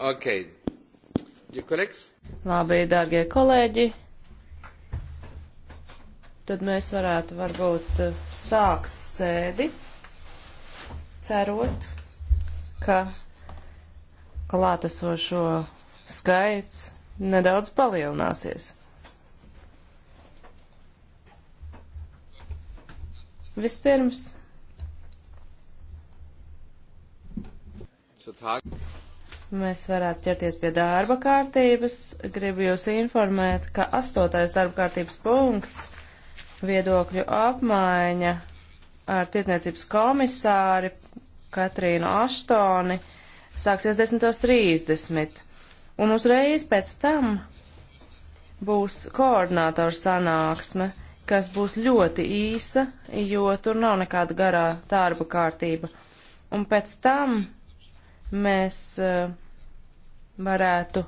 Okay. Labi, dārgie kolēģi, tad mēs varētu varbūt eh, sākt sēdi, cerot, ka klātesošo skaits nedaudz palielināsies. Vispirms mēs varētu ķerties pie darba kārtības. Gribu jūs informēt, ka astotais darba kārtības punkts - viedokļu apmaiņa ar tiesniecības komisāri Katrīnu Aštoni sāksies 10.30. Un uzreiz pēc tam būs koordinātoru sanāksme, kas būs ļoti īsa, jo tur nav nekāda garā darba kārtība. Un pēc tam mēs eh, varētu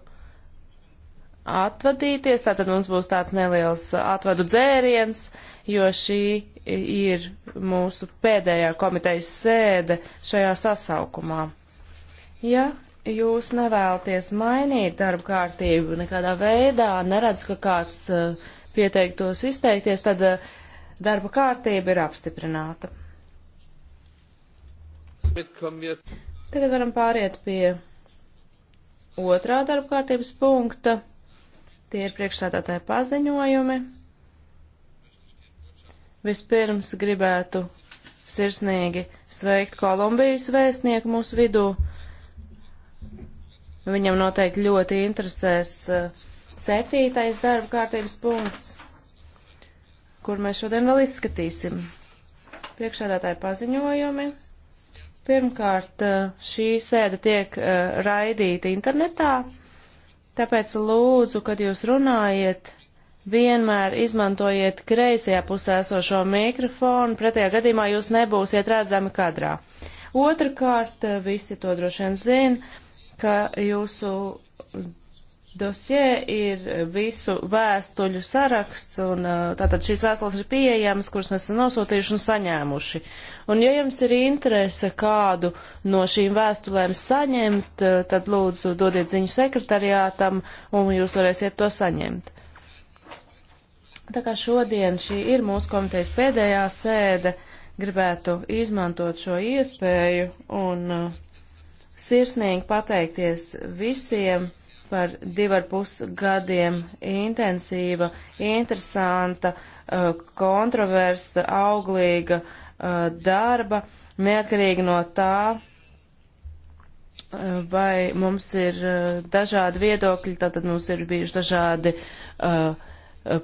atvadīties, tātad mums būs tāds neliels eh, atvadu dzēriens, jo šī ir mūsu pēdējā komitejas sēde šajā sasaukumā. Ja jūs nevēlaties mainīt darba kārtību nekādā veidā, neredz, ka kāds eh, pieteiktos izteikties, tad darba kārtība ir apstiprināta. Bet, Tagad varam pāriet pie otrā darba kārtības punkta. Tie ir priekšsētātāji paziņojumi. Vispirms gribētu sirsnīgi sveikt Kolumbijas vēstnieku mūsu vidū. Viņam noteikti ļoti interesēs uh, septītais darba kārtības punkts, kur mēs šodien vēl izskatīsim. Priekšsēdētāji paziņojumi. Pirmkārt, eh, šī sēde tiek eh, raidīta internetā, tāpēc lūdzu, kad jūs runājiet, vienmēr izmantojiet kreisajā pusē esošo mikrofonu, pretējā gadījumā jūs nebūsiet redzami kadrā. Otrakārt, eh, visi to droši vien zina, ka jūsu dosjē ir visu vēstuļu saraksts, un tātad šīs vēstules ir pieejamas, kuras mēs esam nosūtījuši un saņēmuši. Uh, Un ja jums ir interese kādu no šīm vēstulēm saņemt, eh, tad lūdzu dodiet ziņu sekretariātam un jūs varēsiet to saņemt. Tā kā šodien šī ir mūsu komitejas pēdējā sēde, gribētu izmantot šo iespēju un eh, sirsnīgi pateikties visiem par divu ar pus gadiem intensīva, interesanta, eh, kontroversta, auglīga Uh, darba, neatkarīgi no tā, uh, vai mums ir uh, dažādi viedokļi, tātad mums ir bijuši dažādi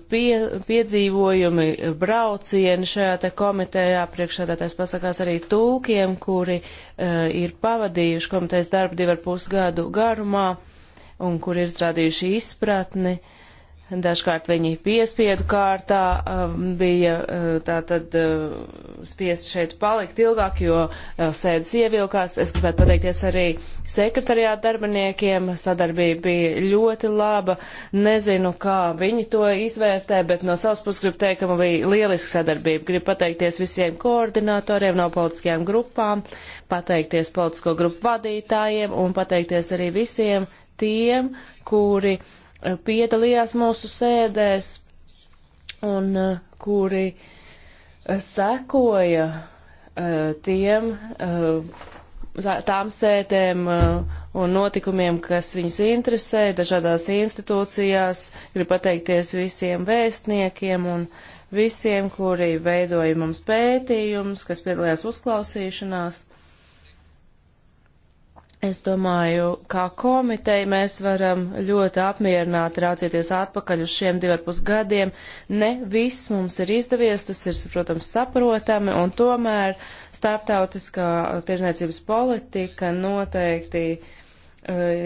pie, piedzīvojumi, braucieni šajā te komitejā, priekšsēdētājs pasakās arī tulkiem, kuri ir pavadījuši komitejas darbu divar pusgadu garumā un kuri ir strādījuši izpratni. Uh, Dažkārt viņi piespiedu kārtā um, bija uh, tātad uh, spiest šeit palikt ilgāk, jo uh, sēdes ievilkās. Es gribētu pateikties arī sekretariāta darbiniekiem. Sadarbība bija ļoti laba. Nezinu, kā viņi to izvērtē, bet no savas puses gribu teikt, ka man bija lieliska sadarbība. Gribu pateikties visiem koordinatoriem no politiskajām grupām, pateikties politisko grupu vadītājiem un pateikties arī visiem tiem, kuri uh, Eh, piedalījās mūsu sēdēs un eh, kuri eh, sekoja tiem, tām sēdēm un notikumiem, kas viņus interesē, dažādās institūcijās. Gribu pateikties visiem vēstniekiem un visiem, kuri veidoja mums pētījumus, kas piedalījās uzklausīšanās. Es domāju, kā komiteja mēs varam ļoti apmierināti raucieties atpakaļ uz šiem divarpus gadiem. Ne viss mums ir izdevies, tas ir, protams, saprotami, un tomēr starptautiskā tirzniecības politika noteikti uh,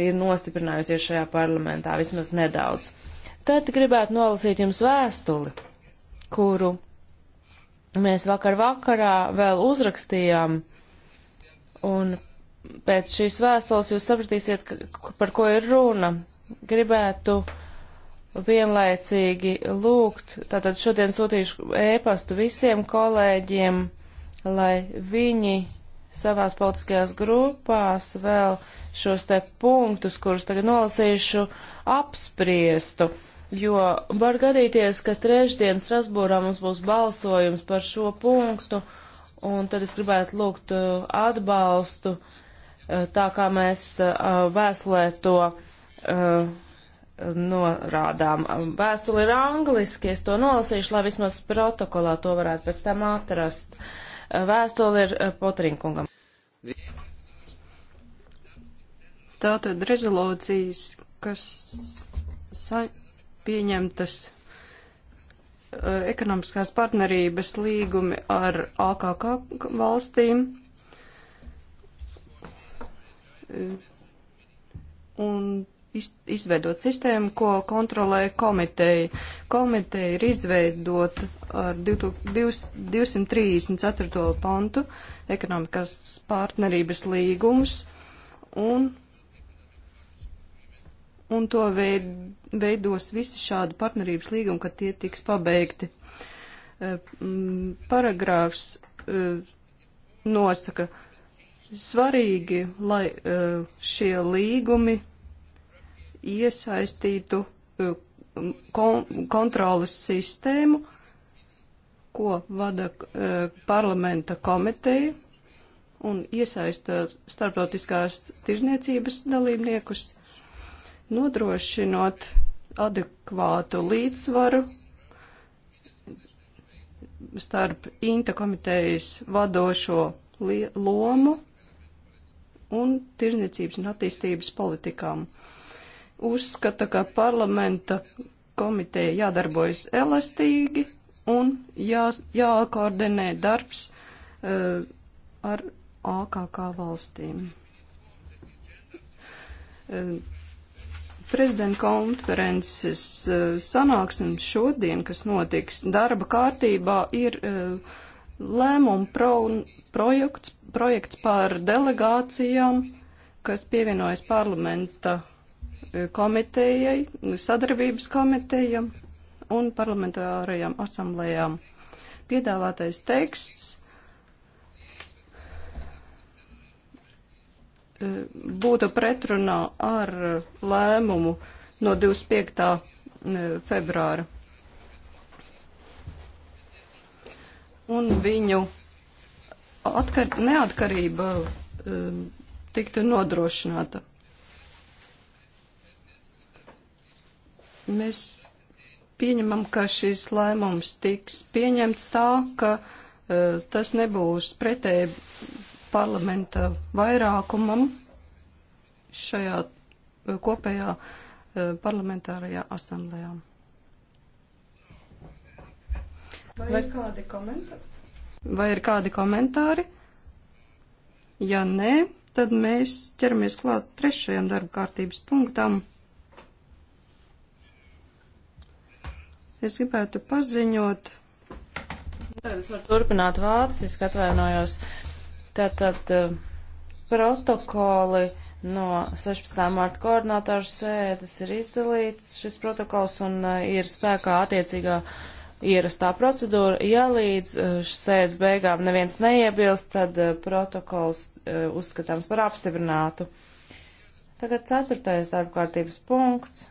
ir nostiprinājusies šajā parlamentā, vismaz nedaudz. Tad gribētu nolasīt jums vēstuli, kuru mēs vakar vakarā vēl uzrakstījām. Un pēc šīs vēstules jūs sapratīsiet, ka, par ko ir runa. Gribētu vienlaicīgi lūgt, tātad šodien sūtīšu ēpastu visiem kolēģiem, lai viņi savās politiskajās grupās vēl šos te punktus, kurus tagad nolasīšu, apspriestu. Jo var gadīties, ka trešdien Strasbūrā mums būs balsojums par šo punktu, un tad es gribētu lūgt uh, atbalstu uh, Eh, tā kā mēs eh, vēstulē to eh, norādām. Vēstule ir angliski, es to nolasīšu, lai vismaz protokolā to varētu pēc tam atrast. Vēstule ir Potrinkungam. Tātad rezolūcijas, kas pieņemtas ekonomiskās partnerības līgumi ar AKK valstīm Eh, un izveidot sistēmu, ko kontrolē komiteja. Komiteja ir izveidota ar 234. pantu ekonomikas partnerības līgums un, un to veid, veidos visi šādi partnerības līgumi, kad tie tiks pabeigti. Eh, paragrāfs eh, nosaka, Svarīgi, lai eh, šie līgumi iesaistītu eh, kontrolas sistēmu, ko vada eh, parlamenta komiteja un iesaista starptautiskās tirzniecības dalībniekus, nodrošinot adekvātu līdzsvaru starp Inta komitejas vadošo lomu un tirniecības un attīstības politikām. Uzskata, ka parlamenta komiteja jādarbojas elastīgi un jā, jākoordinē darbs uh, ar AKK valstīm. Uh, prezidenta konferences eh, sanāksim šodien, kas notiks darba kārtībā, ir lēmumu pro, projekts projekts par delegācijām, kas pievienojas parlamenta e, komitejai, sadarbības komitejam un parlamentārajām asamblējām. Piedāvātais teksts e, būtu pretrunā ar lēmumu no 25. E, februāra. Un viņu atkar, neatkarība um, tiktu nodrošināta. Mēs pieņemam, ka šis lēmums tiks pieņemts tā, ka uh, tas nebūs pretēji parlamenta vairākumam šajā uh, kopējā uh, parlamentārajā asamblējā. Vai ir kādi komentāri? Vai ir kādi komentāri? Ja nē, tad mēs ķeramies klāt trešajam darba kārtības punktam. Es gribētu paziņot. Tagad es varu turpināt vāciski, atvainojos. Tātad eh, protokoli no 16. mārta koordinātāru sēdes ir izdalīts šis protokols un eh, ir spēkā attiecīgā ierastā procedūra. Ja līdz eh, sēdes beigām neviens neiebilst, tad eh, protokols eh, uzskatāms par apstiprinātu. Tagad ceturtais darbkārtības punkts.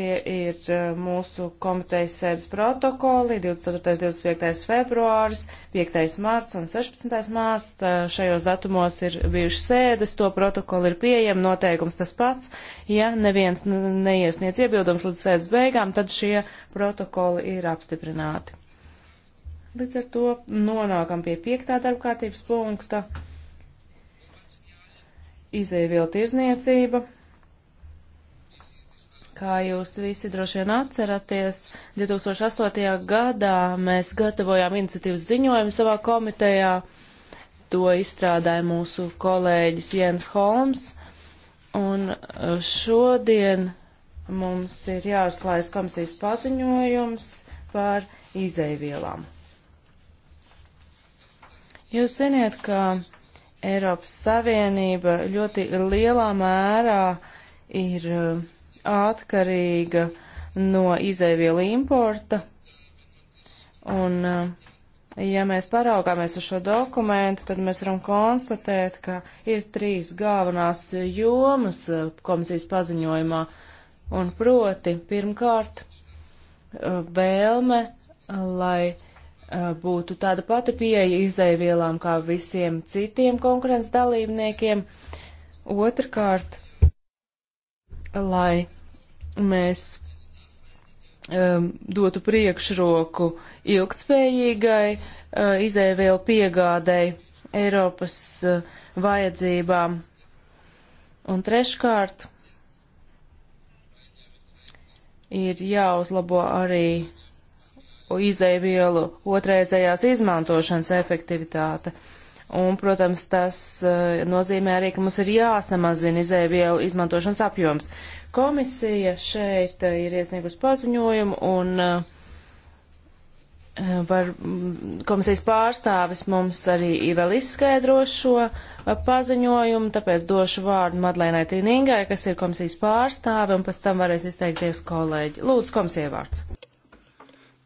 Tie ir e, mūsu komitejas sēdes protokoli 24. 25. februāris, 5. mārts un 16. mārts. Šajos datumos ir bijušas sēdes, to protokoli ir pieejama, noteikums tas pats. Ja neviens neiesniedz iebildums līdz sēdes beigām, tad šie protokoli ir apstiprināti. Līdz ar to nonākam pie 5. darbkārtības punkta. Izēvielu tirzniecība. Kā jūs visi droši vien atceraties, 2008. gadā mēs gatavojām iniciatīvas ziņojumu savā komitejā. To izstrādāja mūsu kolēģis Jens Holms. Un uh, šodien mums ir jāuzklājas komisijas paziņojums par izēvielām. Jūs ziniet, ka Eiropas Savienība ļoti lielā mērā ir uh, atkarīga no izēvielu importa. Un, eh, ja mēs paraugāmies uz šo dokumentu, tad mēs varam konstatēt, ka ir trīs galvenās jomas eh, komisijas paziņojumā. Un proti, pirmkārt, eh, vēlme, lai būtu tāda pati pieeja izēvielām kā visiem citiem konkurences dalībniekiem. Otrkārt, lai mēs um, dotu priekšroku ilgtspējīgai uh, izēvielu piegādai Eiropas uh, vajadzībām. Un treškārt ir jāuzlabo arī izēvielu otrreizējās izmantošanas efektivitāte. Uh, Un, protams, tas eh, nozīmē arī, ka mums ir jāsamazina izēvielu izmantošanas apjoms. Komisija šeit eh, ir iesniegus paziņojumu un eh, var, mm, komisijas pārstāvis mums arī vēl izskaidro šo paziņojumu, tāpēc došu vārdu Madlēnai Tīningai, kas ir komisijas pārstāve, un pēc tam varēs izteikties kolēģi. Lūdzu, komisija vārds.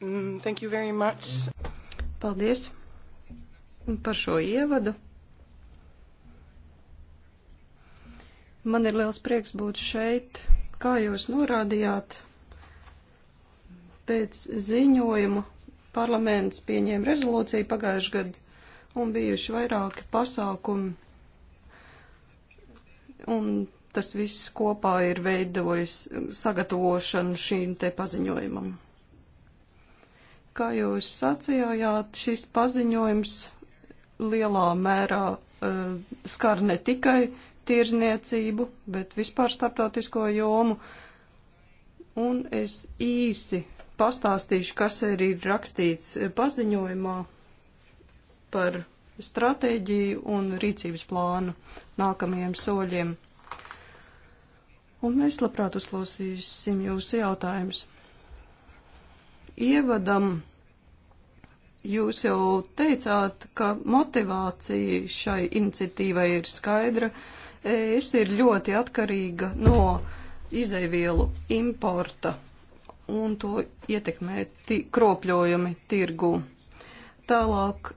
Mm, thank you very much. Paldies par šo ievadu. Man ir liels prieks būt šeit, kā jūs norādījāt. Pēc ziņojuma parlaments pieņēma rezolūciju pagājušajā gadā un bijuši vairāki pasākumi. Un tas viss kopā ir veidojis sagatavošanu šīm te paziņojumam. Kā jūs sacījāt, šis paziņojums lielā mērā e, skar ne tikai tirzniecību, bet vispār starptautisko jomu. Un es īsi pastāstīšu, kas arī ir rakstīts paziņojumā par stratēģiju un rīcības plānu nākamajiem soļiem. Un mēs labprāt uzklausīsim jūsu jautājumus. Ievadam Jūs jau teicāt, ka motivācija šai iniciatīvai ir skaidra. Es ir ļoti atkarīga no izēvielu importa un to ietekmē kropļojumi tirgu. Tālāk e,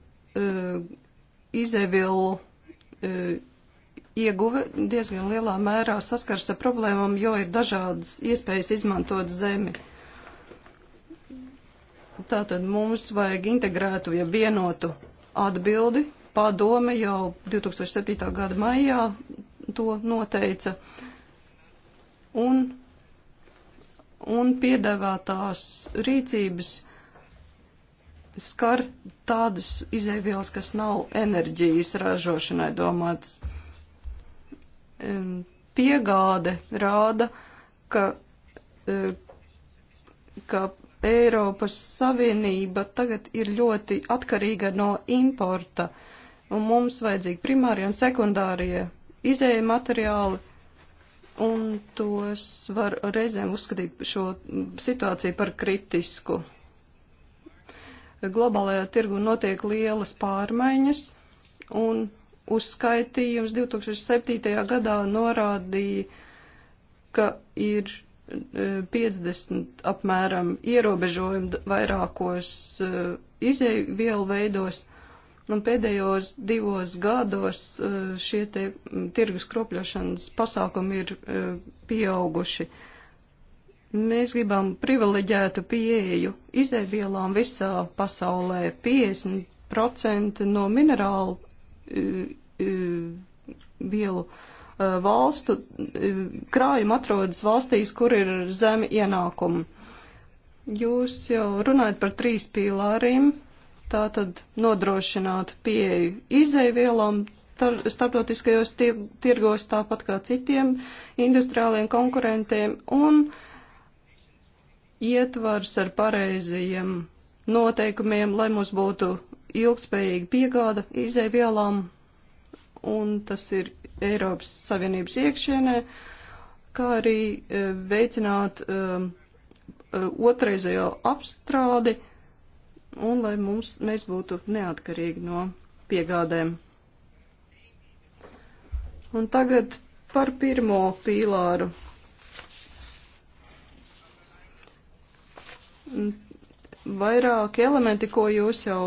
izēvielu e, ieguve diezgan lielā mērā saskars ar problēmām, jo ir dažādas iespējas izmantot zemi. Uh, Tātad mums vajag integrētu, ja vienotu atbildi. Padome jau 2007. gada maijā to noteica. Un, un piedāvātās rīcības skar tādas izēvielas, kas nav enerģijas ražošanai domāts. Piegāde rāda, ka, e, ka Eiropas Savienība tagad ir ļoti atkarīga no importa, un mums vajadzīgi primārie un sekundārie izēja materiāli, un tos var reizēm uzskatīt šo situāciju par kritisku. Globālajā tirgu notiek lielas pārmaiņas, un uzskaitījums 2007. gadā norādīja, ka ir 50 apmēram ierobežojumi vairākos eh, izēvielu veidos, un pēdējos divos gados eh, šie te mm, tirgus kropļošanas pasākumi ir eh, pieauguši. Mēs gribam privileģētu pieeju izēvielām visā pasaulē. 50% no minerālu vielu uh, Eh, valstu eh, krājuma atrodas valstīs, kur ir zemi ienākumi. Jūs jau runājat par trīs pīlāriem, tā tad nodrošināt pieeju izēvielām starptautiskajos tirgos, tāpat kā citiem industriāliem konkurentiem, un ietvars ar pareizajiem noteikumiem, lai mums būtu ilgspējīga piegāda izēvielām un tas ir Eiropas Savienības iekšienē, kā arī e, veicināt e, e, otraizējo apstrādi un lai mums, mēs būtu neatkarīgi no piegādēm. Un tagad par pirmo pīlāru. Vairāki elementi, ko jūs jau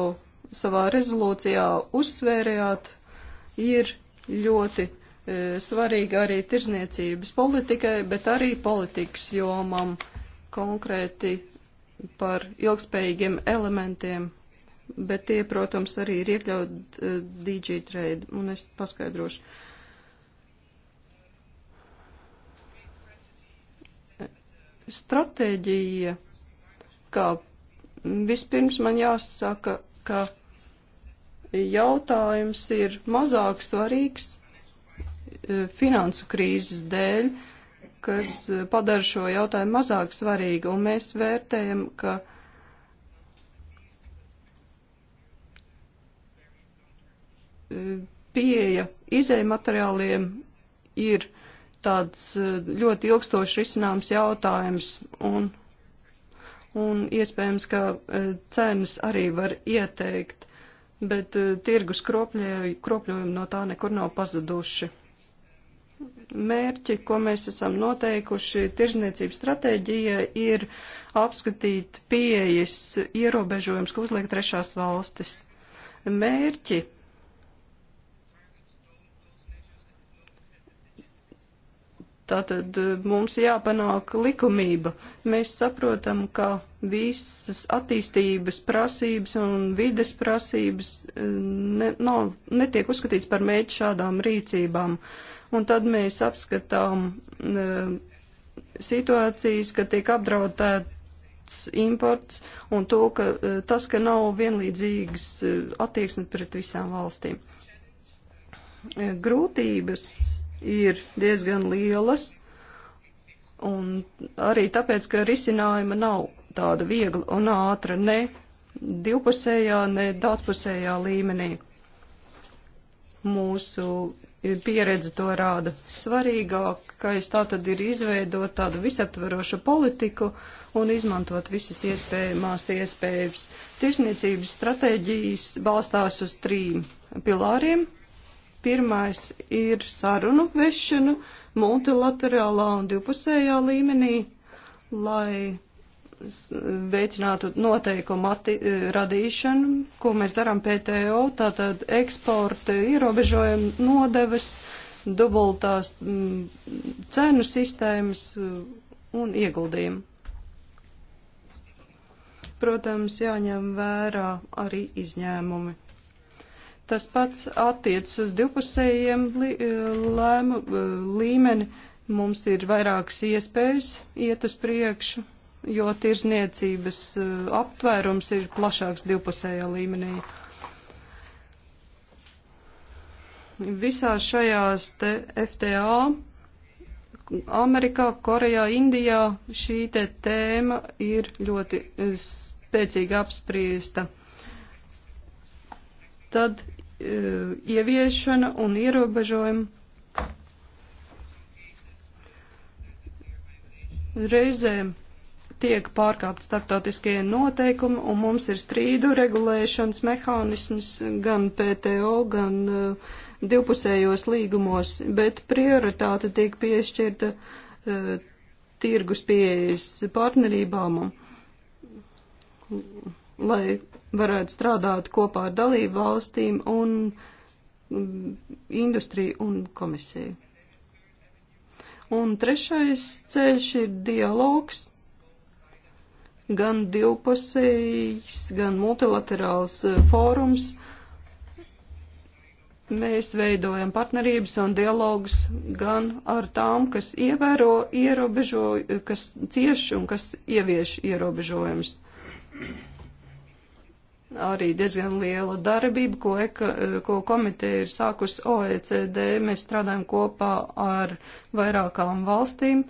savā rezolūcijā uzsvērējāt, ir ļoti e, svarīga arī tirzniecības politikai, bet arī politikas jomam konkrēti par ilgspējīgiem elementiem, bet tie, protams, arī ir iekļaut e, DG trade, un es paskaidrošu. Stratēģija, kā vispirms man jāsaka, ka jautājums ir mazāk svarīgs e, finansu krīzes dēļ, kas e, padara šo jautājumu mazāk svarīgu, un mēs vērtējam, ka e, pieeja izēja materiāliem ir tāds ļoti ilgstošs risināms jautājums, un, un iespējams, ka cenas arī var ieteikt bet uh, tirgus kropļoju, kropļojumi no tā nekur nav pazuduši. Mērķi, ko mēs esam noteikuši tirzniecības stratēģija, ir apskatīt pieejas ierobežojums, ko uzliek trešās valstis. Mērķi Tātad eh, mums jāpanāk likumība. Mēs saprotam, ka visas attīstības prasības un vides prasības eh, ne, nav, netiek uzskatīts par mērķi šādām rīcībām. Un tad mēs apskatām e, situācijas, ka tiek apdraudēts imports un to, ka e, tas, ka nav vienlīdzīgas attieksme pret visām valstīm. E, grūtības ir diezgan lielas, un arī tāpēc, ka risinājuma nav tāda viegla un ātra ne divpusējā, ne daudzpusējā līmenī. Mūsu pieredze to rāda. Svarīgākais tā tad ir izveidot tādu visaptverošu politiku un izmantot visas iespējamās iespējas. Tirzniecības stratēģijas balstās uz trim pilāriem Pirmais ir sarunu vešana multilaterālā un divpusējā līmenī, lai veicinātu noteikumu atti, e, radīšanu, ko mēs darām PTO, tātad eksporta ierobežojumi, nodevas, dubultās cenu sistēmas e, un ieguldījumi. Protams, jāņem vērā arī izņēmumi. Tas pats attiecas uz divpusējiem eh, lēmu eh, līmeni. Mums ir vairākas iespējas iet uz priekšu, jo tirzniecības eh, aptvērums ir plašāks divpusējā līmenī. Visā šajās te FTA Amerikā, Korejā, Indijā šī te tēma ir ļoti spēcīgi apspriesta. Tad Eh, ieviešana un ierobežojumi. Reizēm tiek pārkāpt starptautiskie noteikumi, un mums ir strīdu regulēšanas mehānisms gan PTO, gan uh, divpusējos līgumos, bet prioritāte tiek piešķirta uh, tirgus pieejas partnerībām, lai varētu strādāt kopā ar dalību valstīm un mm, industriju un komisiju. Un trešais ceļš ir dialogs, gan divpusējs, gan multilaterāls eh, fórums. Mēs veidojam partnerības un dialogus gan ar tām, kas ievēro, ierobežo, kas cieš un kas ievieš ierobežojumus arī diezgan liela darbība, ko, eka, ko komiteja ir sākusi OECD. Mēs strādājam kopā ar vairākām valstīm,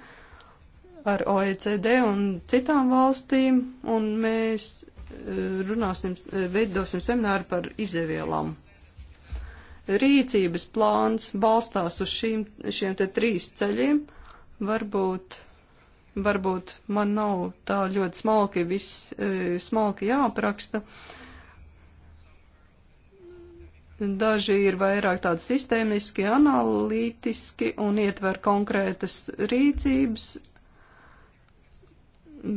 ar OECD un citām valstīm, un mēs e, runāsim, e, veidosim semināru par izēvielām. Rīcības plāns balstās uz šīm, šiem te trīs ceļiem. Varbūt varbūt man nav tā ļoti smalki, viss e, smalki jāapraksta, Daži ir vairāk tādi sistēmiski, analītiski un ietver konkrētas rīcības,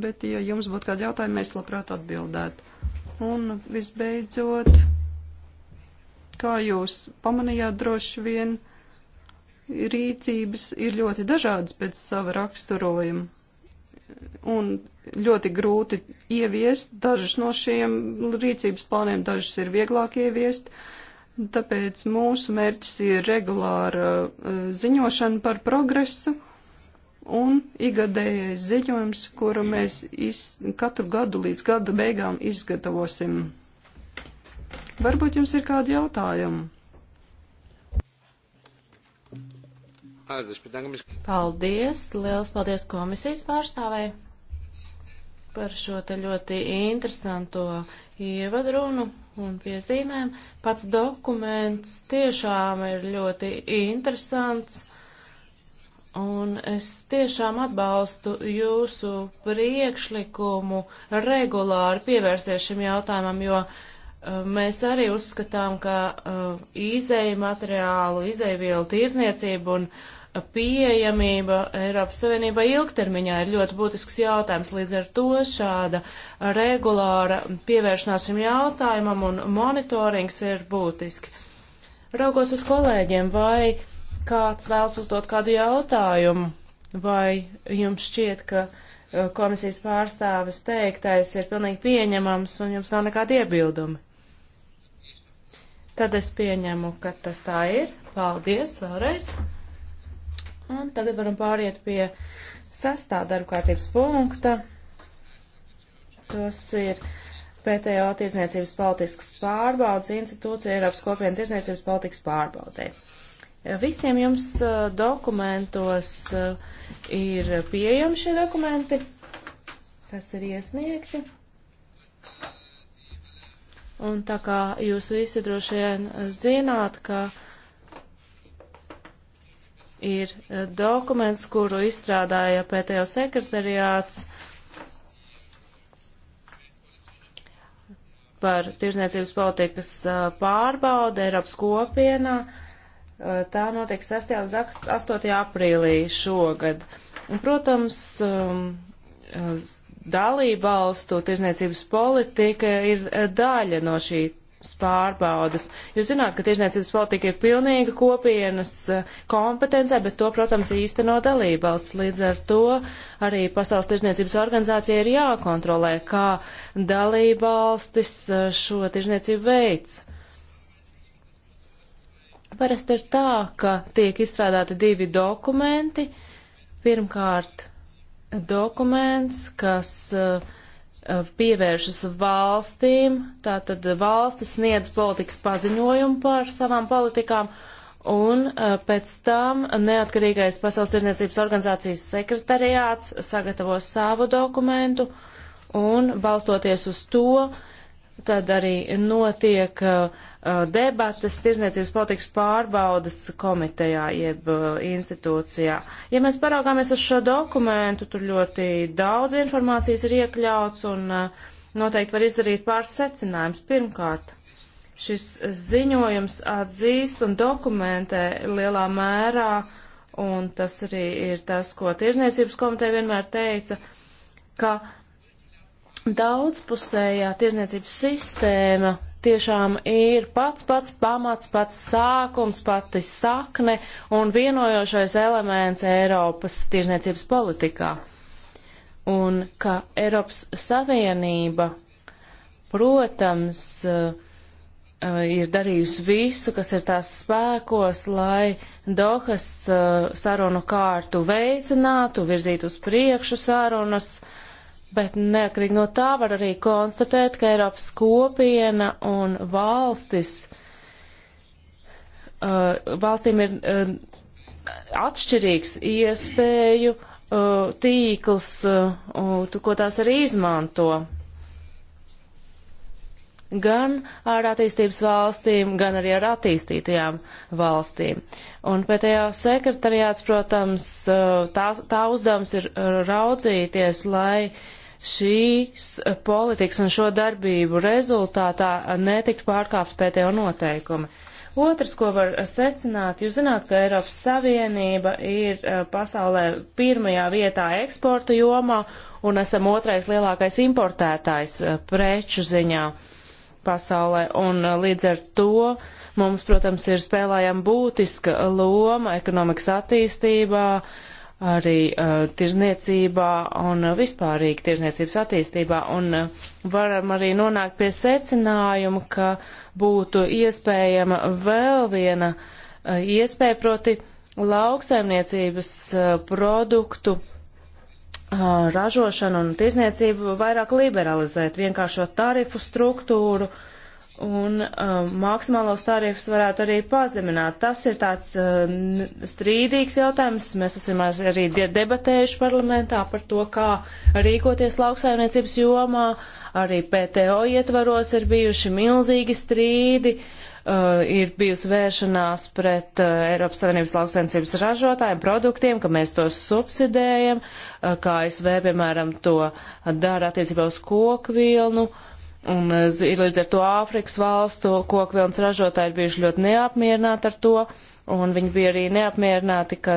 bet, ja jums būtu kādi jautājumi, mēs labprāt atbildētu. Un visbeidzot, kā jūs pamanījāt droši vien, rīcības ir ļoti dažādas pēc sava raksturojuma. Un ļoti grūti ieviest dažas no šiem rīcības plāniem, dažas ir vieglāk ieviest. Uh, Tāpēc mūsu mērķis ir regulāra eh, ziņošana par progresu un igadējais ziņojums, kuru mēs iz, katru gadu līdz gada beigām izgatavosim. Varbūt jums ir kādi jautājumi? Paldies! Liels paldies komisijas pārstāvēji! par šo te ļoti interesanto ievadrunu un piezīmēm. Pats dokuments tiešām ir ļoti interesants, un es tiešām atbalstu jūsu priekšlikumu regulāri pievērsties šim jautājumam, jo uh, mēs arī uzskatām, ka uh, izēju materiālu, izēju vielu tirzniecību un uh, pieejamība Eiropas Savienībā ilgtermiņā ir ļoti būtisks jautājums. Līdz ar to šāda regulāra pievēršanās šim jautājumam un monitorings ir būtiski. Raugos uz kolēģiem, vai kāds vēlas uzdot kādu jautājumu, vai jums šķiet, ka uh, komisijas pārstāvis teiktais ir pilnīgi pieņemams un jums nav nekādi iebildumi? Tad es pieņemu, ka tas tā ir. Paldies vēlreiz! Un tagad varam pāriet pie sastā darba kārtības punkta. Tas ir PTO tiesniecības politikas pārbaudas institūcija Eiropas kopienu tiesniecības politikas pārbaudē. Visiem jums uh, dokumentos uh, ir pieejami šie dokumenti, kas ir iesniegti. Un tā kā jūs visi droši vien zināt, ka uh, ir e, dokuments, kuru izstrādāja PTO sekretariāts par tirzniecības politikas e, pārbaudu Eiropas kopienā. E, Tā notiek 6. līdz 8. aprīlī šogad. Un, protams, um, dalībvalstu tirzniecības politika ir daļa no šī pārbaudas. Jūs zināt, ka tiešniecības politika ir pilnīga kopienas eh, kompetencē, bet to, protams, īsteno dalībvalsts. Līdz ar to arī Pasaules tiešniecības organizācija ir jākontrolē, kā dalībvalstis eh, šo tiešniecību veids. Parasti ir tā, ka tiek izstrādāti divi dokumenti. Pirmkārt, dokuments, kas uh, Uh, pievēršas valstīm, tātad valstis sniedz politikas paziņojumu par savām politikām, un uh, pēc tam neatkarīgais Pasaules tirdzniecības organizācijas sekretariāts sagatavo savu dokumentu, un balstoties uz to, tad arī notiek uh, Uh, debatas tirzniecības politikas pārbaudas komitejā jeb uh, institūcijā. Ja mēs paraugāmies uz šo dokumentu, tur ļoti daudz informācijas ir iekļauts un uh, noteikti var izdarīt pāris secinājumus. Pirmkārt, šis ziņojums atzīst un dokumentē lielā mērā, un tas arī ir tas, ko tirzniecības komiteja vienmēr teica, ka daudzpusējā tirzniecības sistēma tiešām ir pats pats pamats, pats sākums, pati sakne un vienojošais elements Eiropas tirzniecības politikā. Un ka Eiropas Savienība, protams, uh, ir darījusi visu, kas ir tās spēkos, lai Dohas uh, sarunu kārtu veicinātu, virzītu uz priekšu sarunas, uh, Bet neatkarīgi no tā var arī konstatēt, ka Eiropas kopiena un valstis, uh, valstīm ir uh, atšķirīgs iespēju uh, tīkls, uh, ko tās arī izmanto. Gan ar attīstības valstīm, gan arī ar attīstītajām valstīm. Un pēdējā sekretariāts, protams, uh, tā, tā uzdevums ir uh, raudzīties, lai uh, šīs politikas un šo darbību rezultātā netiktu pārkāpt PTO noteikumi. Otrs, ko var secināt, jūs zināt, ka Eiropas Savienība ir eh, pasaulē pirmajā vietā eksporta jomā un esam otrais lielākais importētājs eh, preču ziņā pasaulē. Un eh, līdz ar to mums, protams, ir spēlējama būtiska loma ekonomikas attīstībā, uh, arī uh, tirzniecībā un uh, vispārīgi tirzniecības attīstībā. Un uh, varam arī nonākt pie secinājuma, ka būtu iespējama vēl viena uh, iespēja, proti lauksaimniecības uh, produktu uh, ražošanu un tirzniecību vairāk liberalizēt, vienkāršot tarifu struktūru. Uh, un um, maksimālos tarifus varētu arī pazemināt. Tas ir tāds uh, strīdīgs jautājums. Mēs esam arī debatējuši parlamentā par to, kā rīkoties lauksaimniecības jomā. Arī PTO ietvaros ir bijuši milzīgi strīdi. Uh, ir bijusi vēršanās pret uh, Eiropas Savienības lauksaimniecības ražotājiem, produktiem, ka mēs tos subsidējam, uh, kā ASV, piemēram, to dara attiecībā uz kokvilnu. Uh, Un eh, ir līdz ar to Āfrikas valstu kokvilnas ražotāji ir bijuši ļoti neapmierināti ar to, un viņi bija arī neapmierināti, ka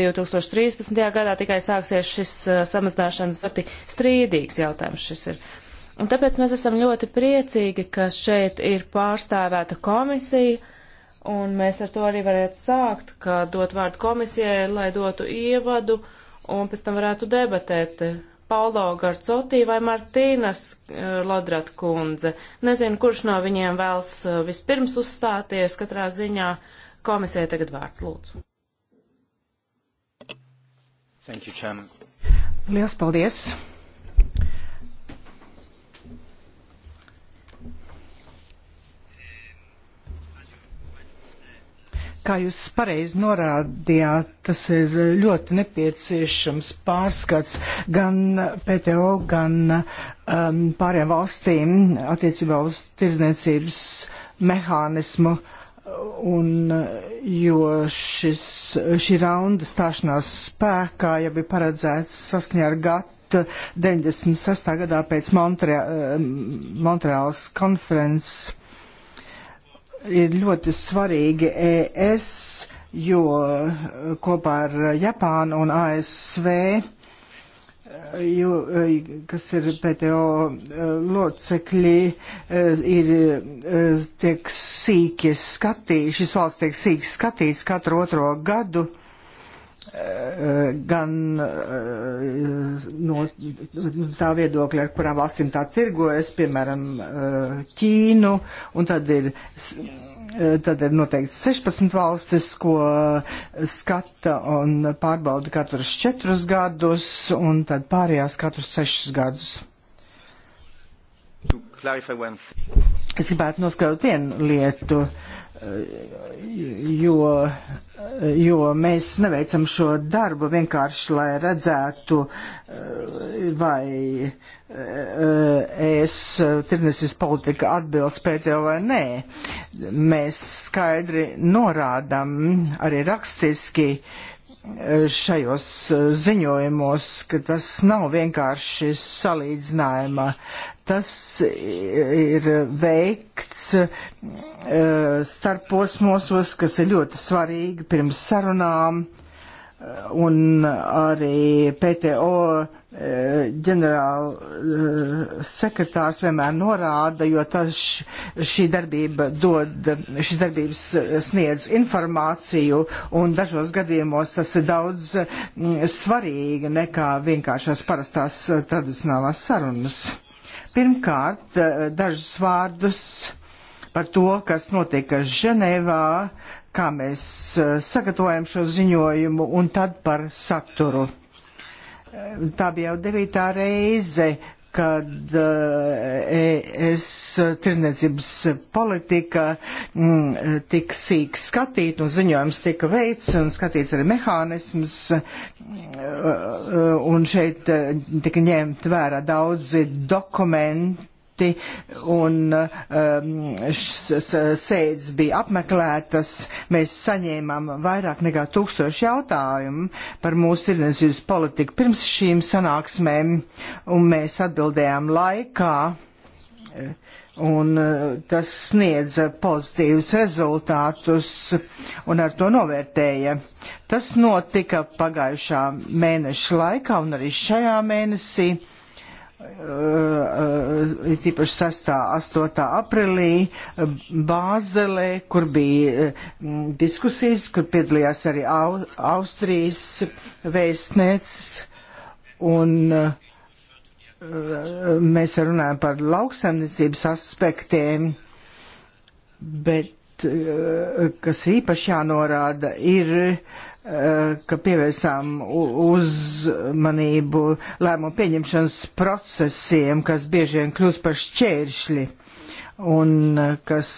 2013. gadā tikai sāksies šis uh, samazināšanas ļoti strīdīgs jautājums šis ir. Un tāpēc mēs esam ļoti priecīgi, ka šeit ir pārstāvēta komisija, un mēs ar to arī varētu sākt, ka dot vārdu komisijai, lai dotu ievadu, un pēc tam varētu debatēt Paulo Garcotī vai Martīnas eh, Lodrat kundze. Nezinu, kurš no viņiem vēls eh, vispirms uzstāties. Katrā ziņā komisija tagad vārds lūdzu. Thank you, Chairman. Liels paldies! kā jūs pareizi norādījāt, tas ir ļoti nepieciešams pārskats gan PTO, gan um, pārējām valstīm attiecībā uz tirdzniecības mehānismu. Un jo šis, šī raunda stāšanās spēkā jau bija paredzēts saskaņā ar GATT 96. gadā pēc um, Montreāls konferences ir ļoti svarīgi ES, jo eh, kopā ar Japānu un ASV, eh, jo, eh, kas ir PTO locekļi, ir tiek sīki skatīti, šis valsts tiek sīki skatīts katru otro gadu. Eh, gan eh, no tā viedokļa, ar kurām valstīm tā tirgojas, piemēram, eh, Ķīnu, un tad ir, tad ir noteikti 16 valstis, ko skata un pārbauda katrus 4 gadus, un tad pārējās katrus 6 gadus. Es gribētu noskaidrot vienu lietu. Uh, jo, jo mēs neveicam šo darbu vienkārši, lai redzētu, eh, vai eh, es eh, tirnesis politika atbilst pēdējo vai nē. Mēs skaidri norādam arī rakstiski, šajos eh, ziņojumos, ka tas nav vienkārši salīdzinājuma. Tas ir veikts eh, starp posmosos, kas ir ļoti svarīgi pirms sarunām, eh, un arī PTO ģenerāla eh, sekretārs vienmēr norāda, jo tas šī darbība dod, šīs darbības sniedz informāciju un dažos gadījumos tas ir daudz mm, svarīgi nekā vienkāršās parastās tradicionālās sarunas. Pirmkārt, eh, dažus vārdus par to, kas notika Ženēvā, kā mēs eh, sagatavojam šo ziņojumu un tad par saturu. Tā bija jau devītā reize, kad eh, es tirdzniecības politika m, mm, tik sīk skatīt, un ziņojums tika veids, un skatīts arī mehānisms, eh, eh, un šeit tika ņemt vērā daudzi dokumenti, apmeklēti un um, sēdes bija apmeklētas. Mēs saņēmām vairāk nekā tūkstoši jautājumu par mūsu tirdzniecības politiku pirms šīm sanāksmēm un mēs atbildējām laikā. Un uh, tas sniedza pozitīvus rezultātus un ar to novērtēja. Tas notika pagājušā mēneša laikā un arī šajā mēnesī. Uh, it īpaši 6. 8. aprīlī uh, Bāzelē, kur bija uh, diskusijas, kur piedalījās arī Au Austrijas vēstniecis, un uh, mēs runājam par lauksaimniecības aspektiem, bet Eh, kas īpaši jānorāda, ir, eh, ka pievērsām uzmanību lēmumu pieņemšanas procesiem, kas bieži vien kļūst par šķēršļi un eh, kas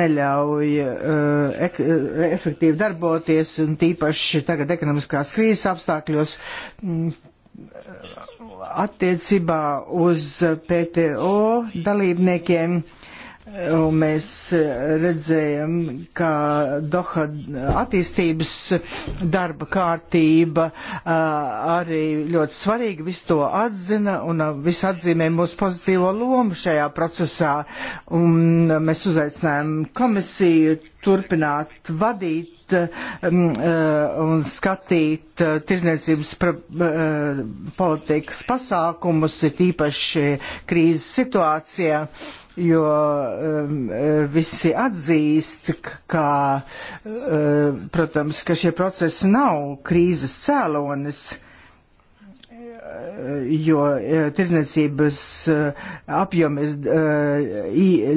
neļauj ek efektīvi darboties, un tīpaši tagad ekonomiskās krīzes apstākļos mm, attiecībā uz PTO dalībniekiem Un mēs e, redzējam, ka Doha attīstības darba kārtība e, arī ļoti svarīga, viss to atzina un e, viss atzīmē mūsu pozitīvo lomu šajā procesā. Un mēs uzaicinājām komisiju turpināt vadīt um, un skatīt uh, tirzniecības pra, uh, politikas pasākumus, ir īpaši krīzes situācijā. Uh, jo um, uh, visi atzīst, ka, um, protams, ka šie procesi nav krīzes cēlonis, uh, jo tirzniecības apjomi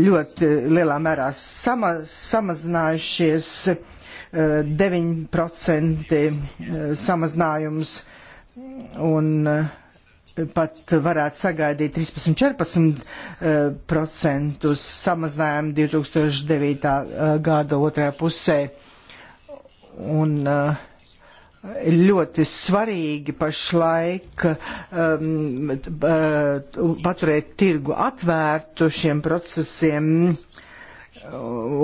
ļoti lielā mērā sama, samazinājušies, 9% samazinājums un uh, pat varētu sagaidīt 13-14% eh, samazinājumu 2009. Eh, gada otrajā pusē. Un eh, ļoti svarīgi pašlaik um, paturēt tirgu atvērtu šiem procesiem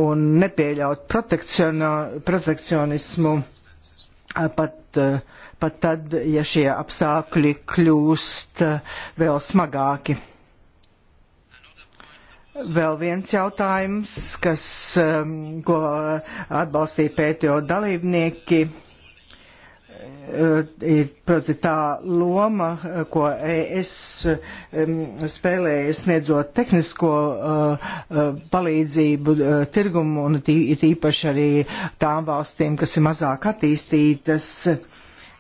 un nepieļaut protekcionismu pat uh, pat tad, ja šie apstākļi kļūst eh, vēl smagāki. Vēl viens jautājums, kas, ehm, ko atbalstīja pētījo dalībnieki, eh, ir proti tā loma, eh, ko es ehm, spēlēju sniedzot tehnisko palīdzību tirgumu un it īpaši arī tām valstīm, kas ir mazāk attīstītas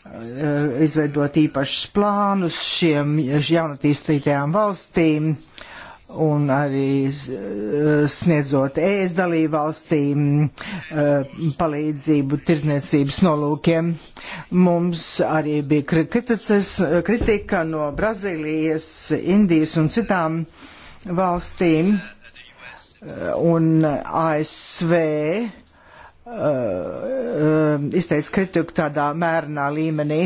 Eh, izveidot īpašus plānus šiem jaunatīstītajām valstīm un arī eh, sniedzot ēst dalību valstīm eh, palīdzību tirzniecības nolūkiem. Mums arī bija kritices, kritika no Brazīlijas, Indijas un citām valstīm un ASV Uh, izteica kritiku tādā mērenā līmenī.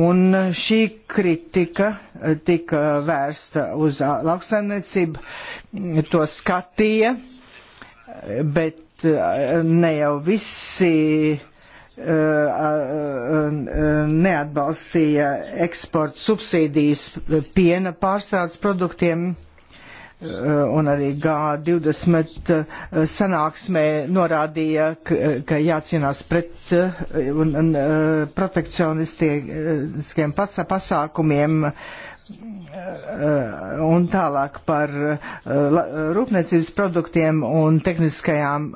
Un šī kritika uh, tika vērsta uz uh, lauksaimniecību, to skatīja, bet ne jau visi neatbalstīja eksporta subsīdijas piena pārstrādes produktiem Eh, un arī G20 eh, sanāksmē norādīja, eh, ka jācīnās pret un, un, protekcionistiskiem pasākumiem un tālāk par rūpniecības produktiem un tehniskajām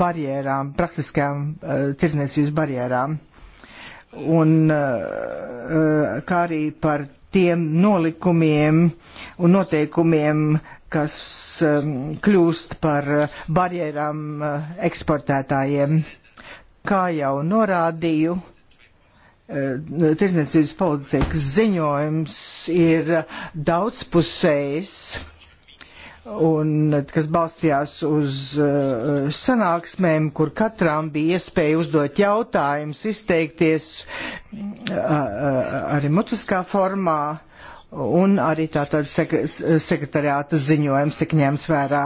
barjerām, praktiskajām tirzniecības barjerām. Un kā arī par tiem nolikumiem un noteikumiem, uh, kas um, kļūst par uh, barjerām uh, eksportētājiem. Kā jau norādīju, uh, tirdzniecības politikas ziņojums ir daudzpusējs un kas balstījās uz uh, sanāksmēm, kur katram bija iespēja uzdot jautājumus, izteikties uh, uh, arī mutiskā formā un arī tātad sek sekretariāta ziņojums tik ņems vērā.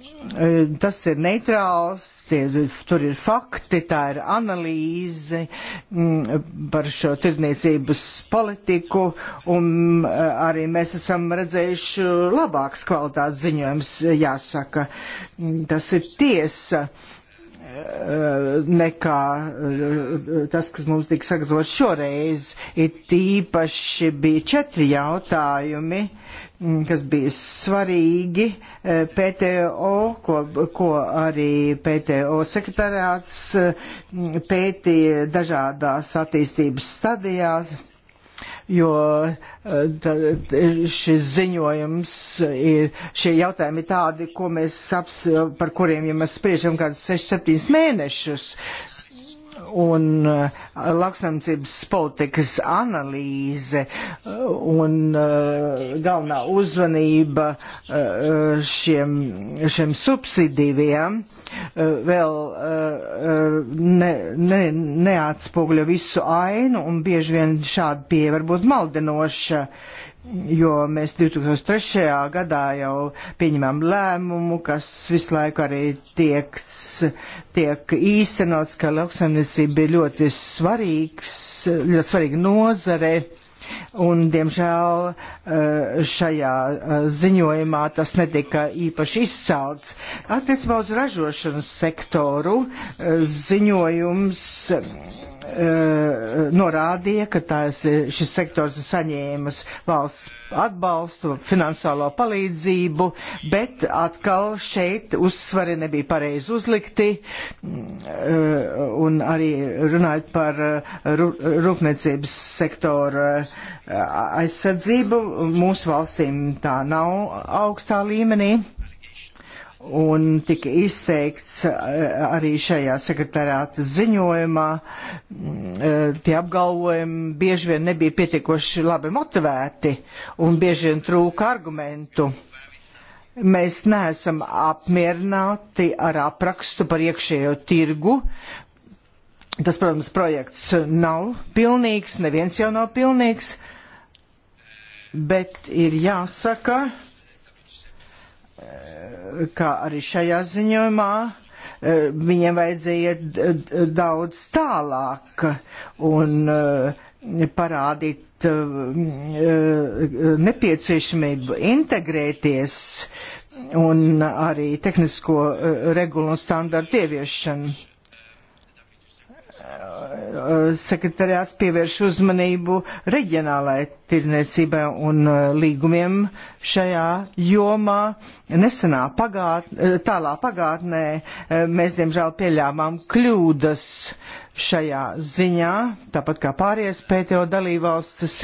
E, tas ir neitrāls, tie, tur ir fakti, tā ir analīze par šo tirdzniecības politiku, un e, arī mēs esam redzējuši labāks kvalitātes ziņojums, jāsaka. Tas ir tiesa. Uh, Eh, nekā eh, tas, kas mums tika sagatavots šoreiz. It īpaši bija četri jautājumi, mm, kas bija svarīgi eh, PTO, ko, ko arī PTO sekretariāts pētīja dažādās attīstības stadijās jo eh, šis ziņojums ir, šie jautājumi tādi, ko mēs aps, par kuriem, ja mēs spriežam kāds 6-7 mēnešus, un eh, lauksaimniecības politikas analīze eh, un eh, galvenā uzmanība šiem, šiem subsidīviem vēl ne, ne, neatspoguļo visu ainu un bieži vien šāda pieeja var būt maldinoša. Uh, jo mēs 2003. gadā jau pieņemam lēmumu, kas visu laiku arī tiek, tiek īstenots, ka lauksaimniecība ir ļoti svarīgs, ļoti svarīga nozare. Un, diemžēl, eh, šajā eh, ziņojumā tas netika īpaši izcelts. Attiecībā uz ražošanas sektoru eh, ziņojums Eh, norādīja, ka tās, eh, šis sektors ir saņēmis valsts atbalstu, finansiālo palīdzību, bet atkal šeit uzsvari nebija pareizi uzlikti eh, un arī runājot par rūpniecības sektoru aizsardzību, mūsu valstīm tā nav augstā līmenī un tika izteikts eh, arī šajā sekretariāta ziņojumā, mm, eh, tie apgalvojumi bieži vien nebija pietiekoši labi motivēti un bieži vien trūka argumentu. Mēs neesam apmierināti ar aprakstu par iekšējo tirgu. Tas, protams, projekts nav pilnīgs, neviens jau nav pilnīgs, bet ir jāsaka, kā arī šajā ziņojumā, e, viņiem vajadzēja iet daudz tālāk un e, parādīt e, nepieciešamību integrēties un arī tehnisko regulu un standartu ieviešanu sekretariāts pievērš uzmanību reģionālai tirniecībai un e, līgumiem šajā jomā. Nesenā pagātnē, e, tālā pagātnē e, mēs diemžēl pieļāvām kļūdas šajā ziņā, tāpat kā pārējais PTO dalībvalstis,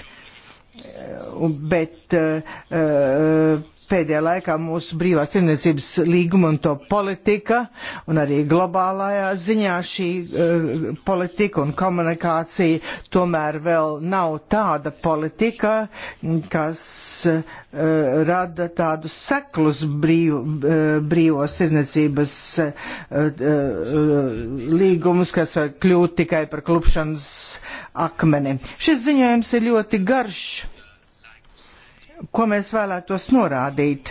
bet uh, pēdējā laikā mūsu brīvās tirniecības līguma un to politika, un arī globālajā ziņā šī uh, politika un komunikācija tomēr vēl nav tāda politika, kas uh, rada tādus seklus brīv, uh, brīvos tirniecības līgumus, kas var kļūt tikai par klupšanas akmeni. Šis ziņojums ir ļoti garš Ko mēs vēlētos norādīt?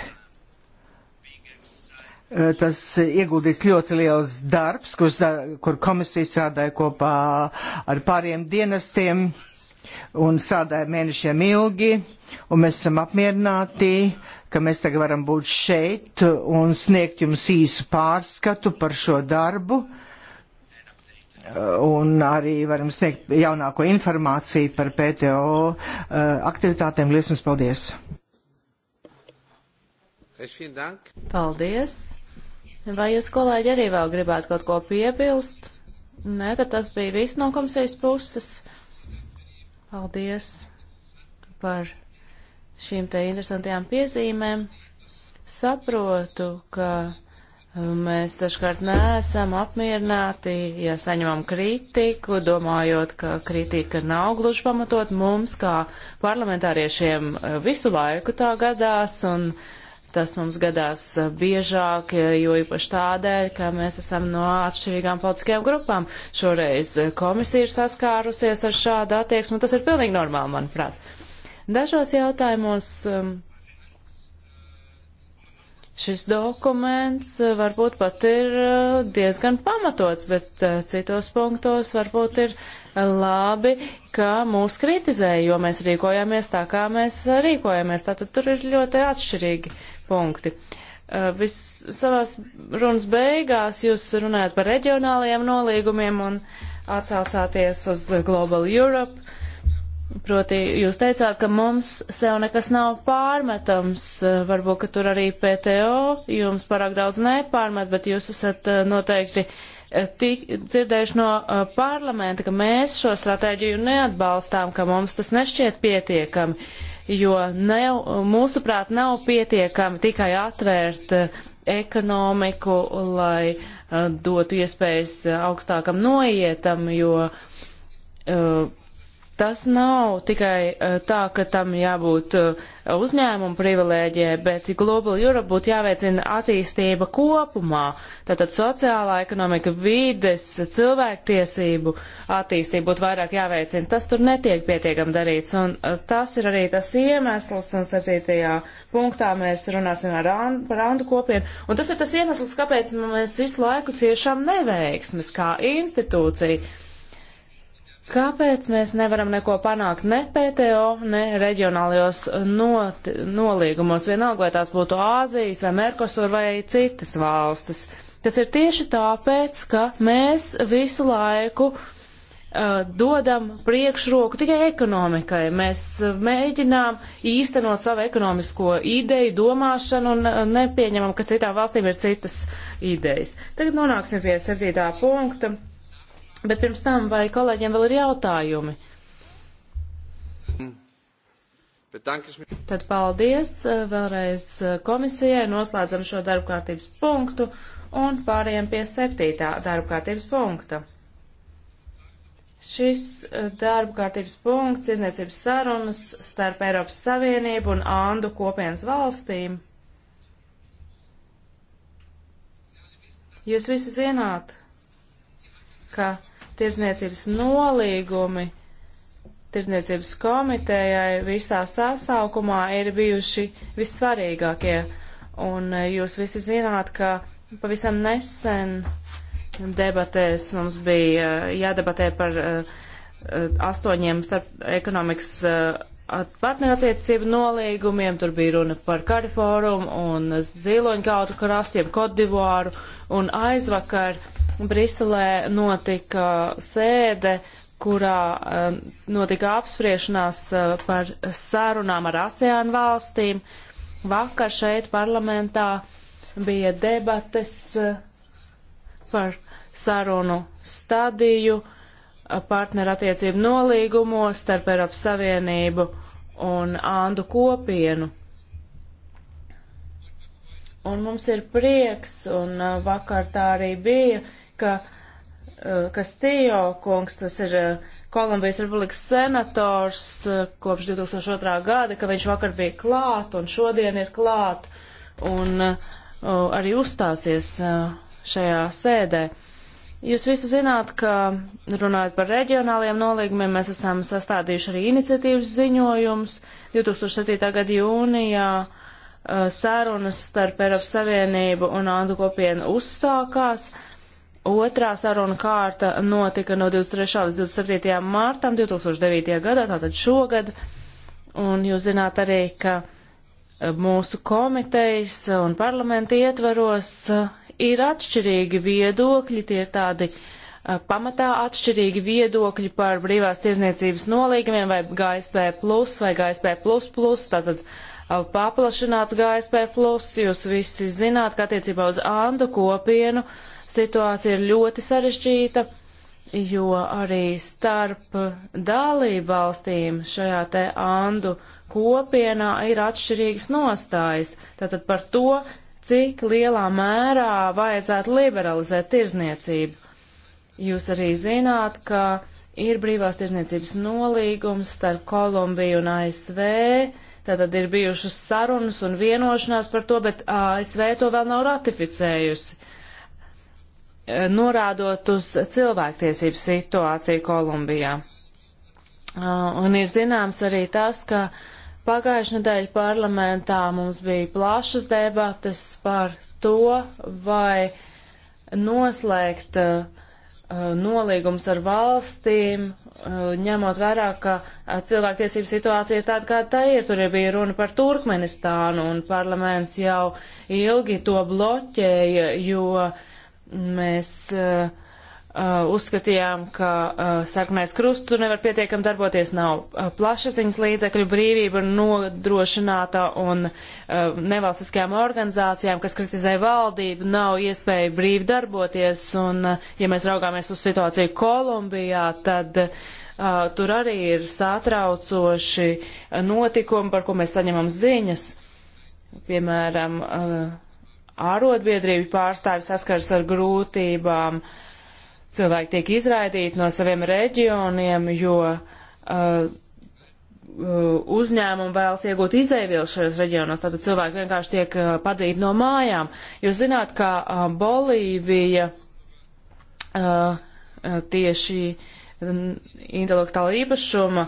Eh, tas ieguldīts ļoti liels darbs, kur, kur komisija strādāja kopā ar pāriem dienestiem un strādāja mēnešiem ilgi, un mēs esam apmierināti, ka mēs tagad varam būt šeit un sniegt jums īsu pārskatu par šo darbu. Uh, Eh, un arī varam sniegt jaunāko informāciju par PTO eh, aktivitātēm. Liels jums paldies! Paldies! Vai jūs, kolēģi, arī vēl gribētu kaut ko piebilst? Nē, tad tas bija viss no komisijas puses. Paldies par šīm te interesantajām piezīmēm. Saprotu, ka Mēs dažkārt neesam apmierināti, ja saņemam kritiku, domājot, ka kritika nav gluži pamatot mums, kā parlamentāriešiem visu laiku tā gadās, un tas mums gadās biežāk, jo īpaši tādēļ, ka mēs esam no atšķirīgām politiskajām grupām. Šoreiz komisija ir saskārusies ar šādu attieksmi, un tas ir pilnīgi normāli, manuprāt. Dažos jautājumos. Um, Šis dokuments eh, varbūt pat ir eh, diezgan pamatots, bet eh, citos punktos varbūt ir labi, ka mūs kritizēja, jo mēs rīkojāmies tā, kā mēs rīkojāmies. Tātad tur ir ļoti atšķirīgi punkti. Vis savās runas beigās jūs runājat par reģionālajiem nolīgumiem un atsaucāties uz Global Europe Proti, jūs teicāt, ka mums sev nekas nav pārmetams, eh, varbūt, ka tur arī PTO jums pārāk daudz nepārmet, bet jūs esat eh, noteikti eh, tik, dzirdējuši no parlamenta, ka mēs šo stratēģiju neatbalstām, ka mums tas nešķiet pietiekami, jo ne, mūsuprāt nav pietiekami tikai atvērt ekonomiku, lai dotu iespējas augstākam noietam, jo. Uh, Tas nav tikai eh, tā, ka tam jābūt eh, uzņēmumu privilēģijai, bet Global Europe būtu jāveicina attīstība kopumā. Tātad sociālā ekonomika, vides, cilvēktiesību attīstība būtu vairāk jāveicina. Tas tur netiek pietiekam darīts. Un eh, tas ir arī tas iemesls, un 7. punktā mēs runāsim ar randu kopienu. Un tas ir tas iemesls, kāpēc mēs visu laiku ciešam neveiksmes kā institūcija Kāpēc mēs nevaram neko panākt ne PTO, ne reģionālajos not, nolīgumos, vienalga vai tās būtu Āzijas vai Merkosur vai citas valstis? Tas ir tieši tāpēc, ka mēs visu laiku uh, dodam priekšroku tikai ekonomikai. Mēs uh, mēģinām īstenot savu ekonomisko ideju, domāšanu un uh, nepieņemam, ka citām valstīm ir citas idejas. Tagad nonāksim pie septītā punkta Bet pirms tam, vai kolēģiem vēl ir jautājumi? Tad paldies eh, vēlreiz eh, komisijai, noslēdzam šo darbkārtības punktu un pāriem pie septītā darbkārtības punkta. Šis eh, darbkārtības punkts izniecības sarunas starp Eiropas Savienību un Andu kopienas valstīm. Jūs visi zināt, ka tirzniecības nolīgumi tirzniecības komitejai visā sasaukumā ir bijuši vissvarīgākie. Un eh, jūs visi zināt, ka pavisam nesen debatēs mums bija eh, jādebatē par eh, astoņiem starp ekonomikas partnerattiecību nolīgumiem, tur bija runa par Kariforumu un Ziloņkautu krastiem, Kodivāru, un aizvakar Briselē notika sēde, kurā eh, notika apspriešanās eh, par sarunām ar ASEAN valstīm. Vakar šeit parlamentā bija debates eh, par sarunu stadiju partnerattiecību nolīgumos starp Eiropas Savienību un Andu kopienu. Un mums ir prieks, un vakar tā arī bija, ka Kastījo kungs, tas ir Kolumbijas Republikas senators kopš 2002. gada, ka viņš vakar bija klāt un šodien ir klāt un arī uzstāsies šajā sēdē. Uh, Jūs visi zināt, ka runājot par reģionāliem nolīgumiem, mēs esam sastādījuši arī iniciatīvas ziņojumus. 2007. gada jūnijā uh, sarunas starp Eiropas Savienību un Andu kopienu uzsākās. Otrā saruna kārta notika no 23. līdz 27. mārtam 2009. gadā, tātad šogad. Un jūs zināt arī, ka uh, mūsu komitejas un parlamenta ietvaros uh, ir atšķirīgi viedokļi, tie ir tādi uh, pamatā atšķirīgi viedokļi par brīvās tirzniecības nolīgumiem vai GSP plus vai GSP plus plus, tātad uh, paplašināts GSP plus, jūs visi zināt, ka attiecībā uz Andu kopienu situācija ir ļoti sarežģīta, jo arī starp dalību valstīm šajā te Andu kopienā ir atšķirīgas nostājas. Tātad par to, cik lielā mērā vajadzētu liberalizēt tirzniecību. Jūs arī zināt, ka ir brīvās tirzniecības nolīgums starp Kolumbiju un ASV, tātad ir bijušas sarunas un vienošanās par to, bet ASV to vēl nav ratificējusi, e, norādot uz cilvēktiesību situāciju Kolumbijā. Un ir zināms arī tas, ka uh, Pagājušajā nedēļā parlamentā mums bija plašas debates par to, vai noslēgt uh, nolīgums ar valstīm, uh, ņemot vērā, ka uh, cilvēktiesību situācija ir tāda, kāda tā ir. Tur jau bija runa par Turkmenistānu, un parlaments jau ilgi to bloķēja, jo mēs uh, Uh, uzskatījām, ka uh, sarkanais krustu nevar pietiekami darboties, nav uh, plašsaziņas līdzekļu brīvība nodrošināta un nevalstiskajām organizācijām, kas kritizē valdību, nav iespēja brīvi darboties. Un, ja mēs raugāmies uz situāciju Kolumbijā, tad tur arī ir satraucoši notikumi, par ko mēs saņemam ziņas. Piemēram, ārotbiedrību pārstāvi saskars ar grūtībām uh, cilvēki tiek izraidīti no saviem reģioniem, jo uh, uh, uzņēmumi vēlas iegūt izēvielas šajos reģionos, tātad cilvēki vienkārši tiek uh, padzīti no mājām. Jūs zināt, ka uh, Bolīvija uh, uh, tieši intelektuāla īpašuma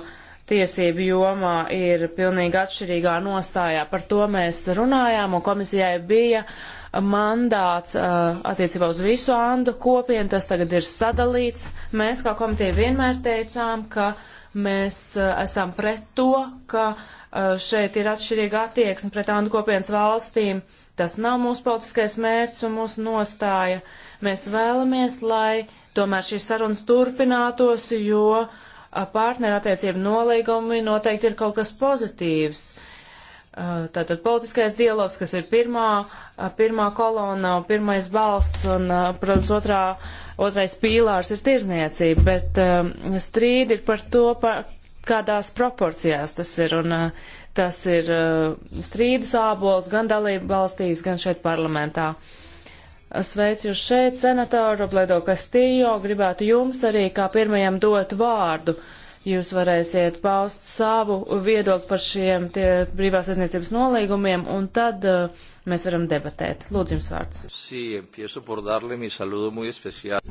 tiesību jomā ir pilnīgi atšķirīgā nostājā. Par to mēs runājām, un komisijai bija uh, mandāts uh, attiecībā uz visu Andu kopienu, tas tagad ir sadalīts. Mēs kā komiteja vienmēr teicām, ka mēs uh, esam pret to, ka uh, šeit ir atšķirīga attieksme pret Andu kopienas valstīm. Tas nav mūsu politiskais mērķis un mūsu nostāja. Mēs vēlamies, lai tomēr šīs sarunas turpinātos, jo partnerattiecību nolīgumi noteikti ir kaut kas pozitīvs. Tātad politiskais dialogs, kas ir pirmā uh, pirmā kolona, pirmais balsts un, protams, otrā, otrais pīlārs ir tirzniecība, bet strīdi ir par to, par kādās proporcijās tas ir. Un, tas ir strīdus ābols gan dalību valstīs, gan šeit parlamentā. Sveicu jūs šeit, senatoru Bledo Kastījo, gribētu jums arī kā pirmajam dot vārdu. Jūs varēsiet paust savu viedokli par šiem brīvās aizniecības nolīgumiem, un tad uh, mēs varam debatēt. Lūdzu, jums vārds.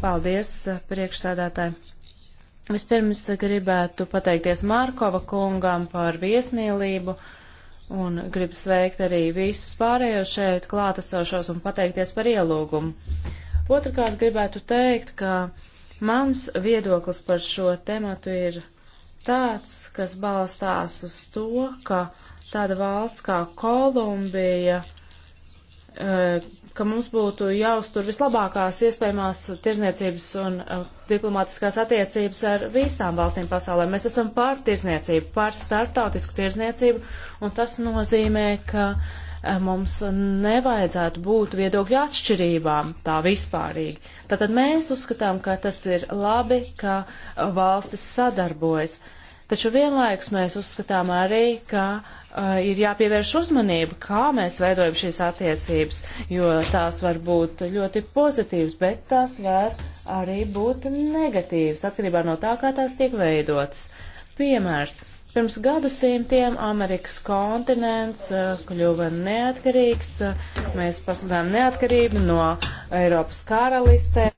Paldies, priekšsēdētāji. Vispirms gribētu pateikties Mārkova kungam par viesmīlību un gribu sveikt arī visus pārējos šeit klātesošos un pateikties par ielūgumu. Otrakārt gribētu teikt, ka mans viedoklis par šo tematu ir tāds, kas balstās uz to, ka tāda valsts kā Kolumbija Eh, ka mums būtu jāuztur vislabākās iespējamās tirzniecības un eh, diplomātiskās attiecības ar visām valstīm pasaulē. Mēs esam pār tirzniecību, pār startautisku tirzniecību, un tas nozīmē, ka eh, mums nevajadzētu būt viedokļu atšķirībām tā vispārīgi. Tātad mēs uzskatām, ka tas ir labi, ka valstis sadarbojas. Uh, Taču vienlaikus mēs uzskatām arī, ka uh, ir jāpievērš uzmanība, kā mēs veidojam šīs attiecības, jo tās var būt ļoti pozitīvas, bet tās var arī būt negatīvas, atkarībā no tā, kā tās tiek veidotas. Piemērs. Pirms gadsimtiem Amerikas kontinents uh, kļuva neatkarīgs, uh, mēs pasludinājām neatkarību no Eiropas karalistē.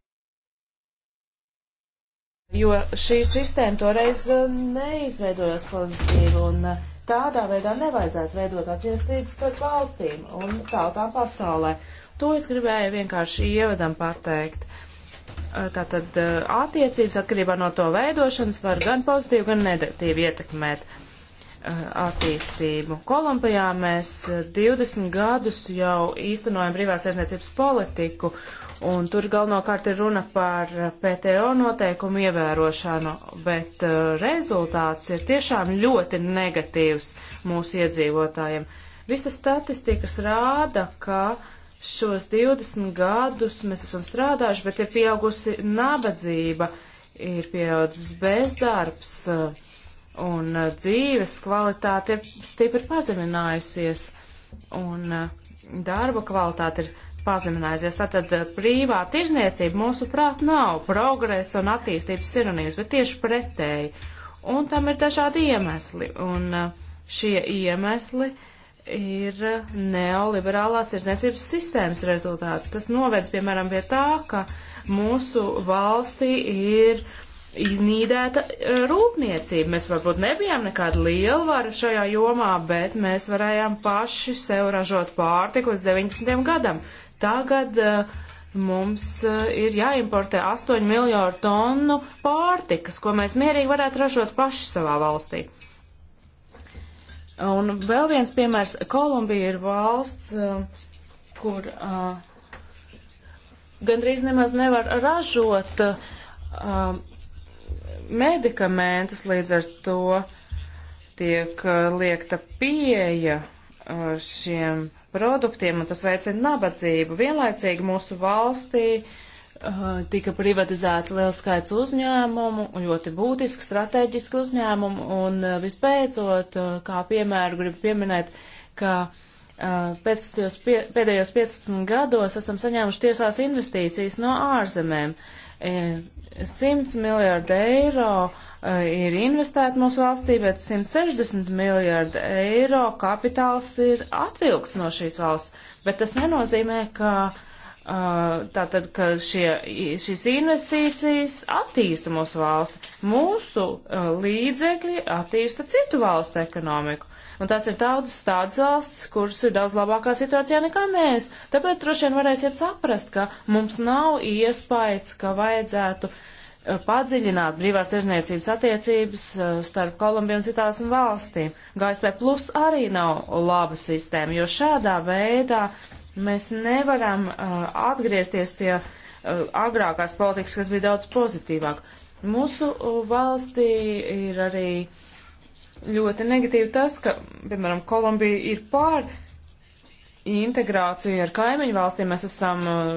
Jo šī sistēma toreiz eh, neizveidojās pozitīvi, un eh, tādā veidā nevajadzētu veidot attiecības starp valstīm un tautām pasaulē. To es gribēju vienkārši ievadam pateikt. Eh, tātad attiecības atkarībā no to veidošanas var gan pozitīvi, gan negatīvi ietekmēt attīstību. Kolumbijā mēs 20 gadus jau īstenojam brīvās aizniecības politiku, Un tur galvenokārt ir runa par PTO noteikumu ievērošanu, bet uh, rezultāts ir tiešām ļoti negatīvs mūsu iedzīvotājiem. Visa statistikas rāda, ka šos 20 gadus mēs esam strādājuši, bet ir pieaugusi nabadzība, ir pieaudzis bezdarbs uh, un uh, dzīves kvalitāte ir stipri pazeminājusies un uh, darba kvalitāte ir pazeminājusies. Tātad eh, brīvā tirzniecība mūsuprāt nav progresa un attīstības sinonīms, bet tieši pretēji. Un tam ir dažādi iemesli. Un eh, šie iemesli ir eh, neoliberālās tirzniecības sistēmas rezultāts. Tas novedz, piemēram, pie tā, ka mūsu valstī ir iznīdēta rūpniecība. Mēs varbūt nebijām nekāda lielvara šajā jomā, bet mēs varējām paši sev ražot pārtiku līdz 90. gadam. Tagad eh, mums eh, ir jāimportē 8 miljonu tonu pārtikas, ko mēs mierīgi varētu ražot paši savā valstī. Un vēl viens piemērs. Kolumbija ir valsts, eh, kur uh, gandrīz nemaz nevar ražot uh, medikamentus, līdz ar to tiek liekta pieeja šiem produktiem, un tas veicina nabadzību. Vienlaicīgi mūsu valstī uh, tika privatizēts liels skaits uzņēmumu, ļoti būtiski strateģiski uzņēmumu, un uh, vispēcot, uh, kā piemēru gribu pieminēt, ka 15, uh, pie, pēdējos 15 gados esam saņēmuši tiešās investīcijas no ārzemēm. E, 100 miljārdi eiro uh, ir investēti mūsu valstī, bet 160 miljārdi eiro kapitāls ir atvilkts no šīs valsts. Bet tas nenozīmē, ka, uh, tātad, ka šie, šīs investīcijas attīsta mūsu valsti. Mūsu uh, līdzekļi attīsta citu valstu ekonomiku. Un tās ir daudzas tādas valsts, kuras ir daudz labākā situācijā nekā mēs. Tāpēc droši vien varēsiet saprast, ka mums nav iespējas, ka vajadzētu eh, padziļināt brīvās tirzniecības attiecības eh, starp Kolumbiju un citās valstīm. GSP plus arī nav laba sistēma, jo šādā veidā mēs nevaram uh, atgriezties pie uh, agrākās politikas, kas bija daudz pozitīvāk. Mūsu valstī ir arī uh, ļoti negatīvi tas, ka, piemēram, Kolumbija ir pār integrāciju ar kaimiņu valstīm. Mēs esam uh,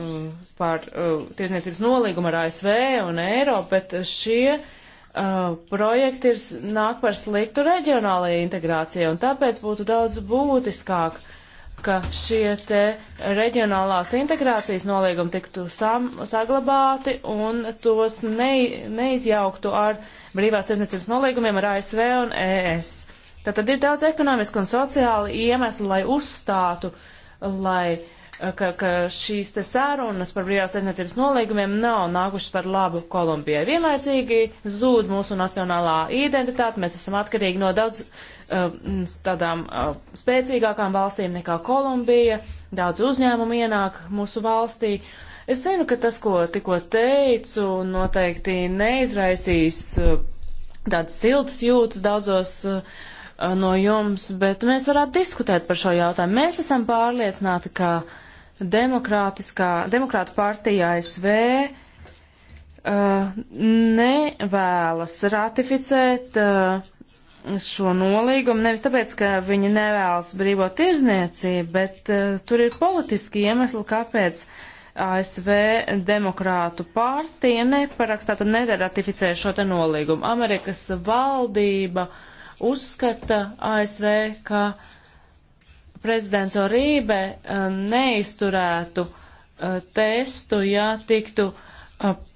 uh pār uh, tiesniecības nolīgumu ar ASV un Eiropu, bet šie uh, projekti ir, nāk par sliktu reģionālajai integrācijai, un tāpēc būtu daudz būtiskāk, ka šie te reģionālās integrācijas nolīgumi tiktu sam, saglabāti un tos ne, neizjauktu ar uh, brīvās tirzniecības nolīgumiem ar ASV un ES. Tātad ir daudz ekonomiski un sociāli iemesli, lai uzstātu, lai eh, ka, ka šīs te sērunas par brīvās aizniecības nolīgumiem nav nākušas par labu Kolumbijai. Vienlaicīgi zūd mūsu nacionālā identitāte, mēs esam atkarīgi no daudz uh, tādām uh, spēcīgākām valstīm nekā Kolumbija, daudz uzņēmumu ienāk mūsu valstī, Es zinu, ka tas, ko tikko teicu, noteikti neizraisīs uh, tādas siltas jūtas daudzos uh, no jums, bet mēs varētu diskutēt par šo jautājumu. Mēs esam pārliecināti, ka demokrātiskā, demokrāta partija ASV uh, nevēlas ratificēt uh, šo nolīgumu, nevis tāpēc, ka viņi nevēlas brīvo tirzniecību, bet uh, tur ir politiski iemesli, kāpēc ASV demokrātu partija neparakstā, tad neratificē šo te nolīgumu. Amerikas valdība uzskata ASV, ka prezidents Orībe eh, neizturētu eh, testu, ja tiktu uh,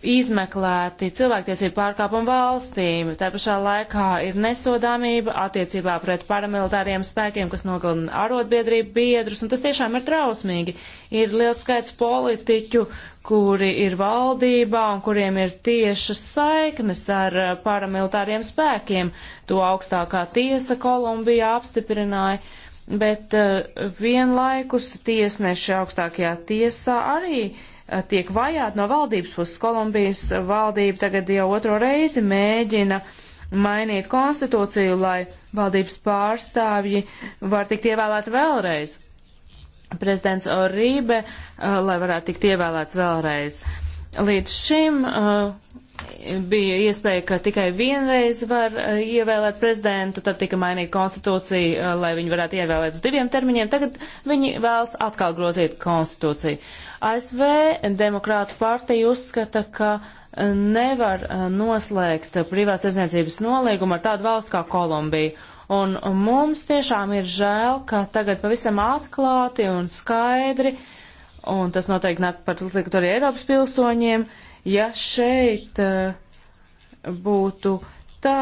izmeklēti cilvēktiesību pārkāpumu valstīm. Tā pašā laikā ir nesodāmība attiecībā pret paramilitāriem spēkiem, kas nogalina arotbiedrību biedrus, un tas tiešām ir trausmīgi. Ir liels skaits politiķu, kuri ir valdībā un kuriem ir tiešas saiknes ar paramilitāriem spēkiem. To augstākā tiesa Kolumbijā apstiprināja. Bet uh, vienlaikus tiesneši augstākajā tiesā arī uh, Eh, tiek vajāti no valdības puses. Kolumbijas valdība tagad jau otro reizi mēģina mainīt konstitūciju, lai valdības pārstāvji var tikt ievēlēti vēlreiz. Prezidents Orībe, eh, lai varētu tikt ievēlēts vēlreiz. Līdz šim eh, bija iespēja, ka tikai vienreiz var ievēlēt prezidentu, tad tika mainīta konstitūcija, lai viņi varētu ievēlēt uz diviem termiņiem. Tagad viņi vēlas atkal grozīt konstitūciju. ASV Demokrātu partija uzskata, ka eh, nevar eh, noslēgt privās tirdzniecības nolīgumu ar tādu valstu kā Kolumbija. Un mums tiešām ir žēl, ka tagad pavisam atklāti un skaidri, un tas noteikti nāk par sliktu arī Eiropas pilsoņiem, ja šeit eh, būtu tā,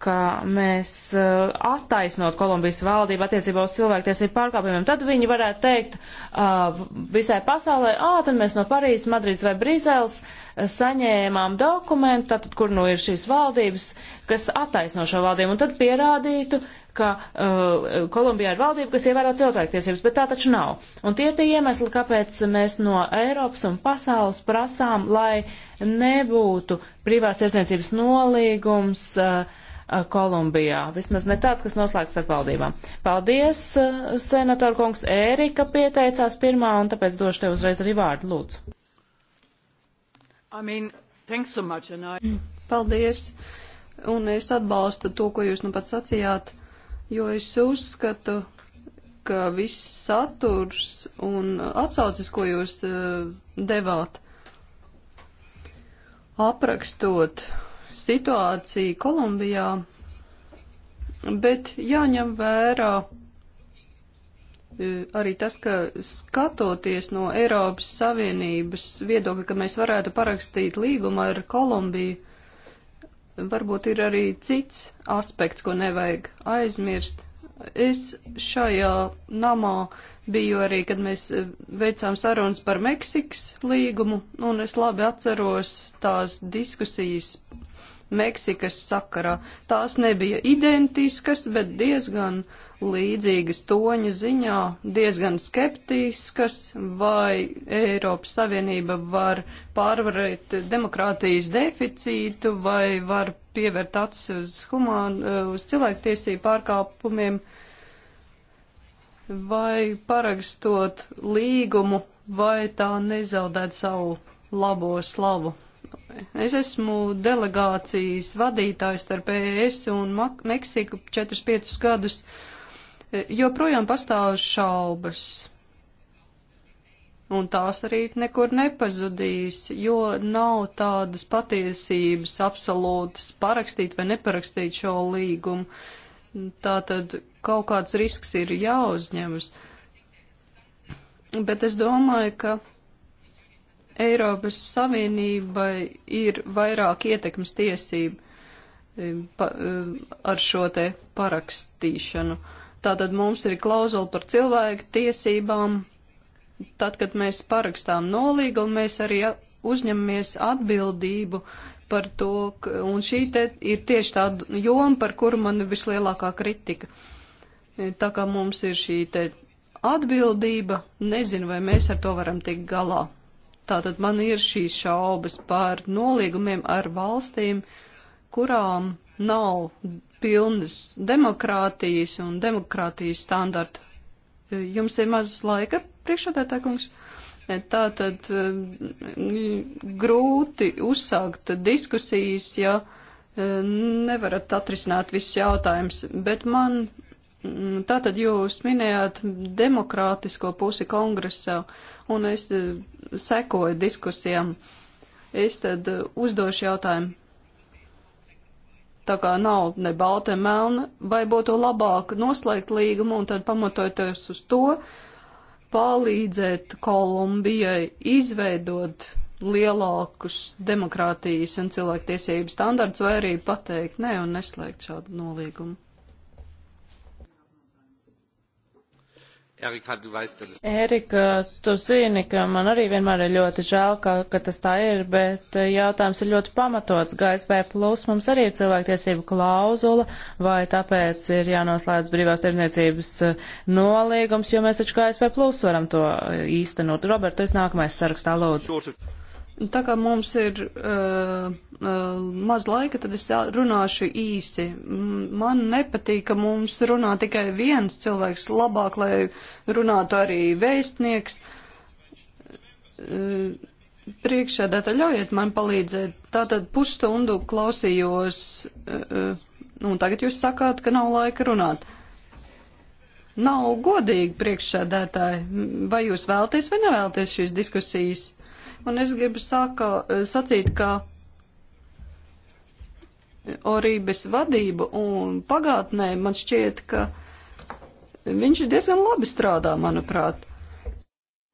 ka mēs uh, attaisnot Kolumbijas valdību attiecībā uz cilvēktiesību pārkāpumiem, tad viņi varētu teikt uh, visai pasaulē, ā, tad mēs no Parīzes, Madrīdas vai Brizeles eh, saņēmām dokumentu, tātad kur nu ir šīs valdības, kas attaisno šo valdību, un tad pierādītu, ka uh, Kolumbijā ir valdība, kas ievēro cilvēktiesības, bet tā taču nav. Un tie ir tie iemesli, kāpēc mēs no Eiropas un pasaules prasām, lai nebūtu privās tiesniecības nolīgums, uh, Kolumbijā. Vismaz ne tāds, kas noslēgts ar valdībām. Paldies, senator kungs Ērika pieteicās pirmā, un tāpēc došu tev uzreiz arī vārdu, lūdzu. I mean, thanks so much, and I... Mm. Paldies, un es atbalstu to, ko jūs nu pat sacījāt, jo es uzskatu, ka viss saturs un atsaucis, ko jūs uh, devāt, aprakstot situācija Kolumbijā, bet jāņem vērā eh, arī tas, ka skatoties no Eiropas Savienības viedokļa, ka mēs varētu parakstīt līgumu ar Kolumbiju, varbūt ir arī cits aspekts, ko nevajag aizmirst. Es šajā namā biju arī, kad mēs eh, veicām sarunas par Meksikas līgumu, un es labi atceros tās diskusijas Meksikas sakarā. Tās nebija identiskas, bet diezgan līdzīgas toņa ziņā, diezgan skeptiskas, vai Eiropas Savienība var pārvarēt demokrātijas deficītu, vai var pievērt acis uz, humān, eh, uz cilvēktiesību pārkāpumiem, vai parakstot līgumu, vai tā nezaudēt savu labo slavu. Es esmu delegācijas vadītājs starp ES un Meksiku 4-5 gadus. E, joprojām pastāv šaubas. Un tās arī nekur nepazudīs, jo nav tādas patiesības absolūtas parakstīt vai neparakstīt šo līgumu. Tātad kaut kāds risks ir jāuzņemas. Bet es domāju, ka Eiropas Savienībai ir vairāk ietekmes tiesību um, pa, um, ar šo te parakstīšanu. Tātad mums ir klauzula par cilvēku tiesībām. Tad, kad mēs parakstām nolīgumu, mēs arī uzņemamies atbildību par to, un šī te ir tieši tā joma, par kuru man ir vislielākā kritika. E, tā kā mums ir šī te atbildība, nezinu, vai mēs ar to varam tikt galā. Tātad man ir šīs šaubas par nolīgumiem ar valstīm, kurām nav pilnas demokrātijas un demokrātijas standarta. Jums ir maz laika, priekšādētāj kungs. Tātad mm, grūti uzsākt diskusijas, ja mm, nevarat atrisināt visus jautājumus, bet man Mm, tātad jūs minējāt demokrātisko pusi kongresā, un es eh, sekoju diskusijām. Es tad eh, uzdošu jautājumu. Tā kā nav ne balta, ne melna, vai būtu labāk noslēgt līgumu un tad pamatojoties uz to, palīdzēt Kolumbijai izveidot lielākus demokrātijas un cilvēktiesību standarts, vai arī pateikt nē ne, un neslēgt šādu nolīgumu? Erika, tu weißt, dass... Erika, tu zini, ka man arī vienmēr ir ļoti žēl, ka, ka tas tā ir, bet eh, jautājums ir ļoti pamatots. GSP plus mums arī ir cilvēktiesību klauzula, vai tāpēc ir jānoslēdz brīvās tirdzniecības eh, nolīgums, jo mēs taču GSP plus varam to eh, īstenot. Roberta, tu esi nākamais sarakstā, lūdzu. Tā kā mums ir. Uh Eh, maz laika, tad es runāšu īsi. Man nepatīk, ka mums runā tikai viens cilvēks. Labāk, lai runātu arī vēstnieks. Eh, Priekšēdētā ļaujiet man palīdzēt. Tātad pusstundu klausījos, eh, un tagad jūs sakāt, ka nav laika runāt. Nav godīgi priekšsēdētāji, vai jūs vēlaties vai nevēlaties šīs diskusijas? Un es gribu sāka, sacīt, ka Orības vadību un pagātnē man šķiet, ka viņš diezgan labi strādā, manuprāt.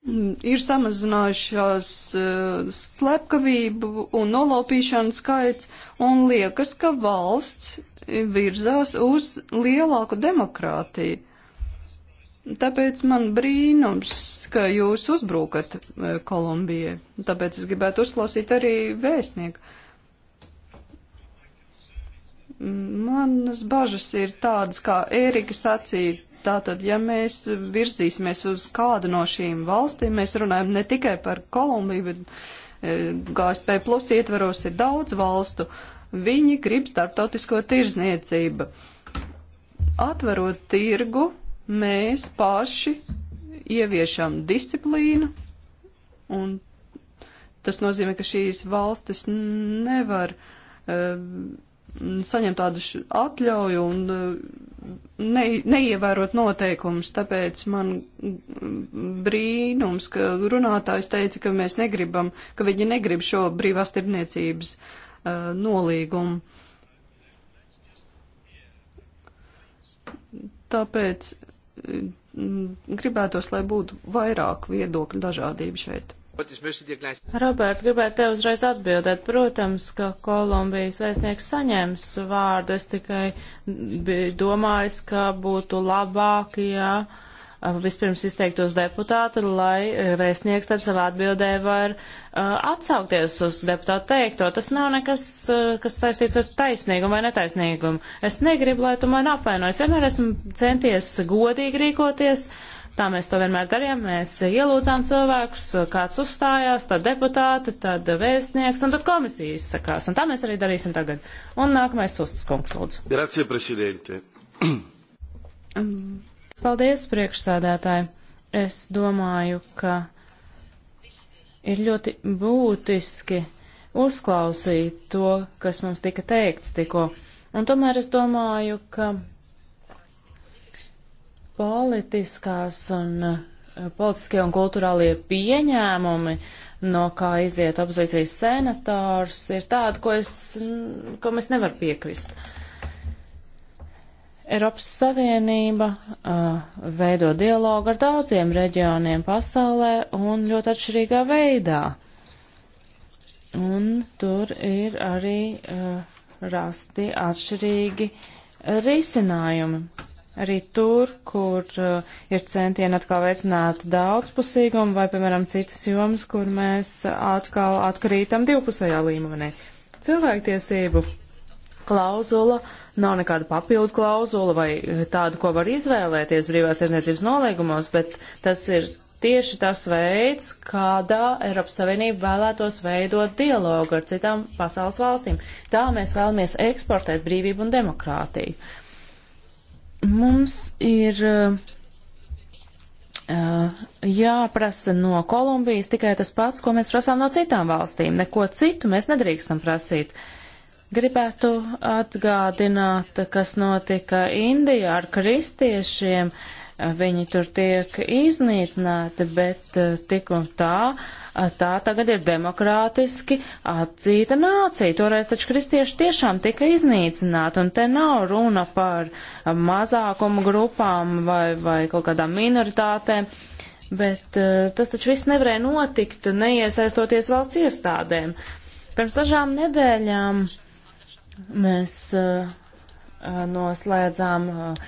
Mm, ir samazinājušās eh, slepkavību un nolaupīšanu skaits, un liekas, ka valsts virzās uz lielāku demokrātiju. Tāpēc man brīnums, ka jūs uzbrukat eh, Kolumbijai. Tāpēc es gribētu uzklausīt arī vēstnieku. Manas bažas ir tādas, kā Ērika sacīja, tātad, ja mēs virzīsimies uz kādu no šīm valstīm, mēs runājam ne tikai par Kolumbiju, bet e, GSP plus ietveros ir daudz valstu, viņi grib starptautisko tirzniecību. Atverot tirgu, mēs paši ieviešam disciplīnu, un tas nozīmē, ka šīs valstis nevar uh, saņemt tādu atļauju un uh, ne, neievērot noteikumus. Tāpēc man brīnums, ka runātājs teica, ka mēs negribam, ka viņi negrib šo brīvās tirniecības uh, nolīgumu. Tāpēc uh, gribētos, lai būtu vairāk viedokļu dažādību šeit. Robert, gribētu tev uzreiz atbildēt. Protams, ka Kolumbijas vēstnieks saņems vārdu. Es tikai domāju, ka būtu labāk, ja vispirms izteiktos deputāti, lai e, vēstnieks tad savā atbildē var atsaukties uz deputātu teikto. Tas nav nekas, kas saistīts ar taisnīgumu vai netaisnīgumu. Es negribu, lai tu mani apvaino. Es vienmēr esmu centies godīgi rīkoties. Uh, Tā mēs to vienmēr darījām. Mēs ielūdzām cilvēkus, kāds uzstājās, tad deputāti, tad vēstnieks un tad komisija izsakās. Un tā mēs arī darīsim tagad. Un nākamais sustas kungs, lūdzu. Grazie, prezidente. Um, paldies, priekšsādātāji. Es domāju, ka ir ļoti būtiski uzklausīt to, kas mums tika teikts tikko. Un tomēr es domāju, ka Politiskās un eh, politiskie un kulturālie pieņēmumi, no kā iziet opozīcijas senators, ir tādi, ko es, ko mēs nevar piekrist. Eiropas Savienība uh, veido dialogu ar daudziem reģioniem pasaulē un ļoti atšķirīgā veidā. Un tur ir arī uh, rasti atšķirīgi risinājumi arī tur, kur uh, ir centieni atkal veicināt daudzpusīgumu vai, piemēram, citas jomas, kur mēs atkal atkrītam divpusējā līmenī. Cilvēktiesību klauzula nav nekāda papildu klauzula vai uh, tāda, ko var izvēlēties brīvās tiesniecības nolīgumos, bet tas ir tieši tas veids, kādā Eiropas Savienība vēlētos veidot dialogu ar citām pasaules valstīm. Tā mēs vēlamies eksportēt brīvību un demokrātiju. Uh, Mums ir uh, jāprasa no Kolumbijas tikai tas pats, ko mēs prasām no citām valstīm. Neko citu mēs nedrīkstam prasīt. Gribētu atgādināt, kas notika Indijā ar kristiešiem. Viņi tur tiek iznīcināti, bet eh, tik un tā uh, tā tagad ir demokrātiski atzīta nācija. Toreiz taču kristieši tiešām tika iznīcināti, un te nav runa par mazākumu grupām vai, vai kaut kādām minoritātēm. Bet eh, tas taču viss nevarēja notikt, neiesaistoties valsts iestādēm. Pirms dažām nedēļām mēs uh, noslēdzām uh,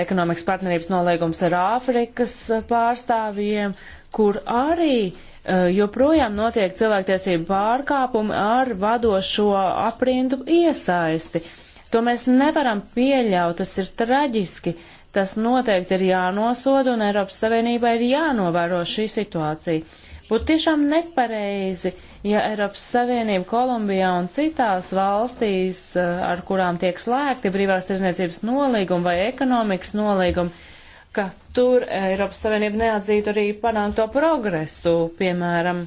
ekonomikas partnerības nolīgums ar Āfrikas pārstāvjiem, kur arī eh, joprojām notiek cilvēktiesību pārkāpumi ar vadošo aprindu iesaisti. To mēs nevaram pieļaut, tas ir traģiski. Tas noteikti ir jānosoda un Eiropas Savienībai ir jānovēro šī situācija. Būtu tiešām nepareizi, ja Eiropas Savienība Kolumbijā un citās valstīs, eh, ar kurām tiek slēgti brīvās tirzniecības nolīgumi vai ekonomikas nolīgumi, ka tur Eiropas Savienība neatzītu arī panākto progresu, piemēram,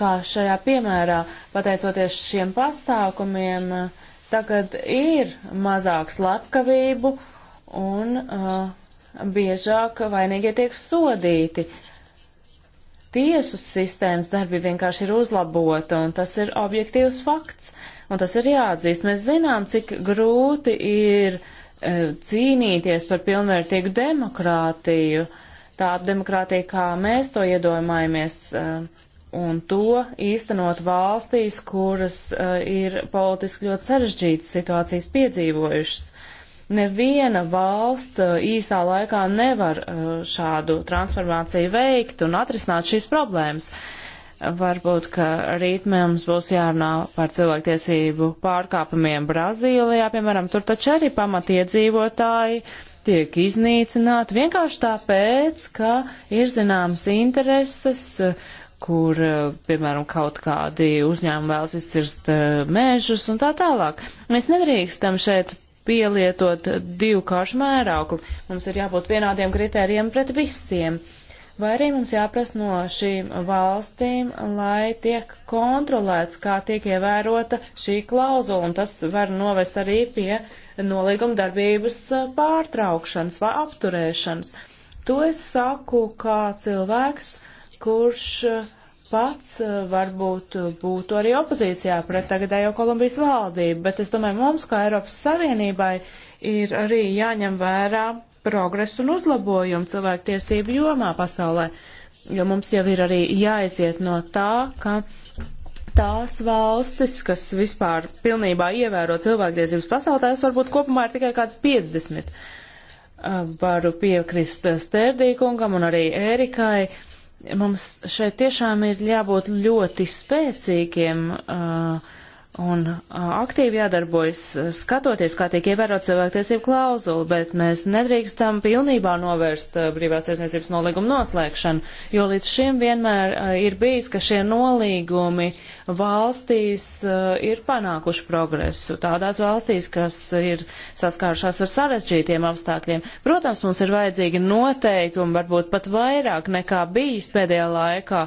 kā šajā piemērā, pateicoties šiem pasākumiem, tagad ir mazāk slepkavību un uh, biežāk vainīgie tiek sodīti. Tiesu sistēmas darbība vienkārši ir uzlabota, un tas ir objektīvs fakts, un tas ir jāatzīst. Mēs zinām, cik grūti ir uh, cīnīties par pilnvērtīgu demokrātiju, tādu demokrātiju, kā mēs to iedomājamies, eh, un to īstenot valstīs, kuras eh, ir politiski ļoti sarežģītas situācijas piedzīvojušas. Neviena valsts eh, īsā laikā nevar šādu transformāciju veikt un atrisināt šīs problēmas. Uh, Varbūt, ka rīt mums būs jārunā par cilvēktiesību pārkāpumiem Brazīlijā, piemēram, tur taču arī pamatiedzīvotāji tiek iznīcināti vienkārši tāpēc, ka ir zināmas intereses, kur, piemēram, kaut kādi uzņēmumi vēlas izcirst eh, mēžus un tā tālāk. Mēs nedrīkstam šeit pielietot divu kāršu mēraukli. Mums ir jābūt vienādiem kritērijiem pret visiem. Uh, vai arī mums jāprasa no šīm valstīm, lai tiek kontrolēts, kā tiek ievērota šī klauzula, un tas var novest arī pie nolīguma darbības pārtraukšanas vai apturēšanas. To es saku kā cilvēks, kurš pats varbūt būtu arī opozīcijā pret tagadējo Kolumbijas valdību, bet es domāju, mums kā Eiropas Savienībai ir arī jāņem vērā progresu un uzlabojumu cilvēktiesību jomā pasaulē, jo mums jau ir arī jāiziet no tā, ka tās valstis, kas vispār pilnībā ievēro cilvēktiesības pasaulē, tās varbūt kopumā ir tikai kāds 50. Uh, varu piekrist Stērdīkungam un arī Ērikai. Mums šeit tiešām ir jābūt ļoti spēcīgiem uh, un aktīvi jādarbojas, skatoties, kā tiek ievērot cilvēktiesību klauzulu, bet mēs nedrīkstam pilnībā novērst brīvās tiesniecības nolīgumu noslēgšanu, jo līdz šim vienmēr ir bijis, ka šie nolīgumi valstīs ir panākuši progresu, tādās valstīs, kas ir saskārušās ar sarežģītiem apstākļiem. Protams, mums ir vajadzīgi noteikumi, varbūt pat vairāk nekā bijis pēdējā laikā,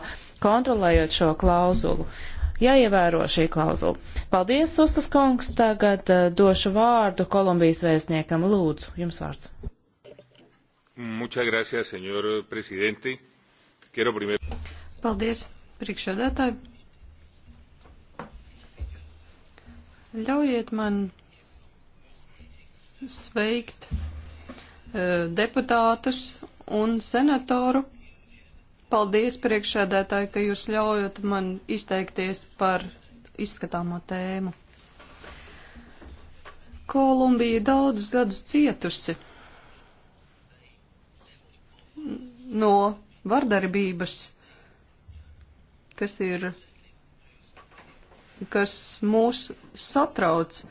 kontrolējot šo klauzulu jāievēro šī klauzula. Paldies, Sustas kungs. Tagad uh, došu vārdu Kolumbijas vēstniekam. Lūdzu, jums vārds. Muchas gracias, senor presidente. Quiero primero. Paldies, priekšsēdētāji. Ļaujiet man sveikt uh, deputātus un senatoru Paldies, priekšsēdētāji, ka jūs ļaujat man izteikties par izskatāmo tēmu. Kolumbija daudzus gadus cietusi no vardarbības, kas ir, kas mūs satrauc.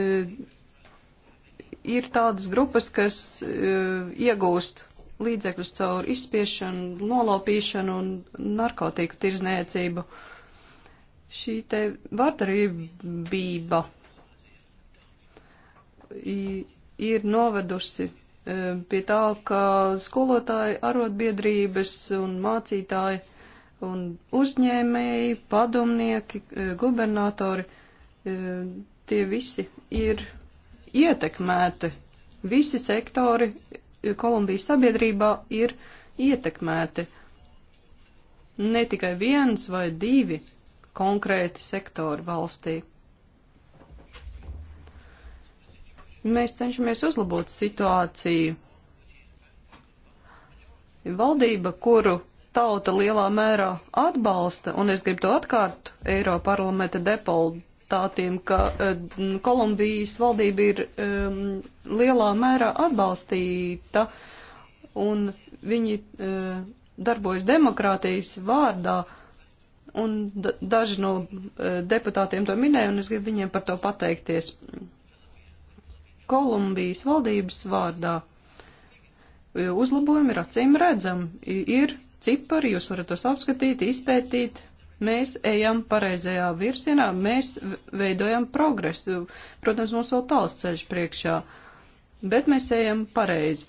Eh, ir tādas grupas, kas eh, iegūst līdzekļus caur izspiešanu, nolaupīšanu un narkotiku tirzniecību. Šī te vardarībība ir novedusi e, pie tā, ka skolotāji, arotbiedrības un mācītāji un uzņēmēji, padomnieki, e, gubernatori, e, tie visi ir ietekmēti. Visi sektori Kolumbijas sabiedrībā ir ietekmēti ne tikai viens vai divi konkrēti sektori valstī. Mēs cenšamies uzlabot situāciju. Valdība, kuru tauta lielā mērā atbalsta, un es gribu to atkārt Eiroparlamenta deputātiem, ka e, Kolumbijas valdība ir um, lielā mērā atbalstīta un viņi uh, darbojas demokrātijas vārdā. Un daži no uh, deputātiem to minēja, un es gribu viņiem par to pateikties. Kolumbijas valdības vārdā uzlabojumi ir acīm redzami. Ir cipari, jūs varat tos apskatīt, izpētīt, Mēs ejam pareizajā virzienā, mēs veidojam progresu. Protams, mums vēl tāls ceļš priekšā, bet mēs ejam pareizi.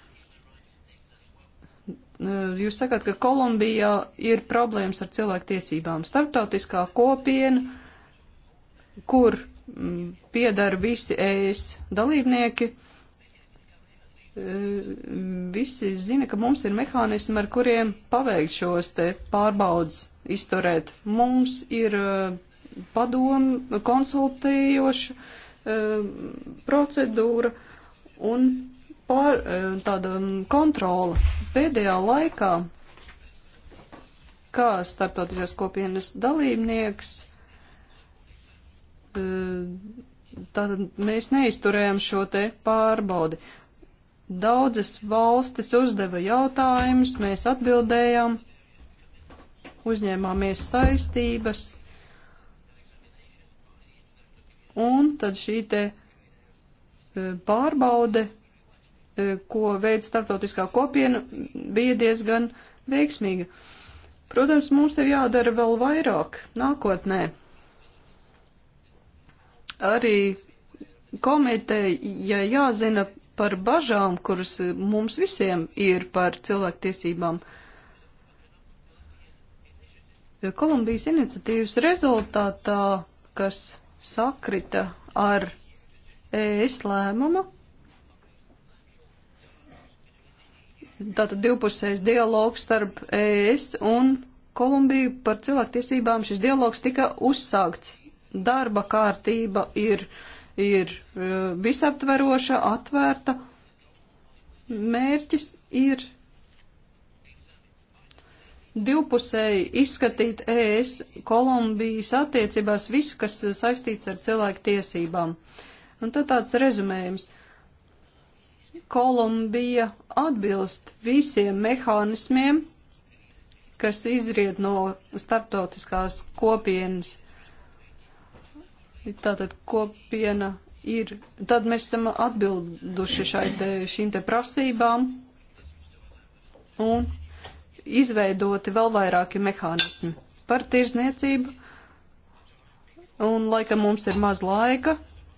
Jūs sakat, ka Kolumbijā ir problēmas ar cilvēktiesībām. Starptautiskā kopiena, kur mm, piedara visi ES dalībnieki, Ehm, visi zina, ka mums ir mehānismi, ar kuriem paveikt šos te pārbaudas izturēt. Mums ir ehm, padomu konsultējoša ehm, procedūra un pār, tāda kontrola pēdējā laikā, kā starptautiskās kopienas dalībnieks. Tātad mēs neizturējam šo te pārbaudi. Uh, Daudzas valstis uzdeva jautājumus, mēs atbildējām, uzņēmāmies saistības, un tad šī te e, pārbaude, e, ko veids starptautiskā kopiena, bija diezgan veiksmīga. Protams, mums ir jādara vēl vairāk nākotnē. Arī komiteja jāzina par bažām, kuras eh, mums visiem ir par cilvēktiesībām. Kolumbijas iniciatīvas rezultātā, kas sakrita ar ES lēmumu, tātad divpusējs dialogs starp ES un Kolumbiju par cilvēktiesībām šis dialogs tika uzsākts. Darba kārtība ir uh, ir e, visaptveroša, atvērta. Mērķis ir divpusēji izskatīt ES Kolumbijas attiecībās visu, kas saistīts ar cilvēku tiesībām. Un tad tāds rezumējums. Kolumbija atbilst visiem mehānismiem, kas izriet no starptautiskās kopienas Tātad kopiena ir, tad mēs esam atbilduši šai te, šīm te prasībām un izveidoti vēl vairāki mehānismi par tirzniecību. Un laikam mums ir maz laika,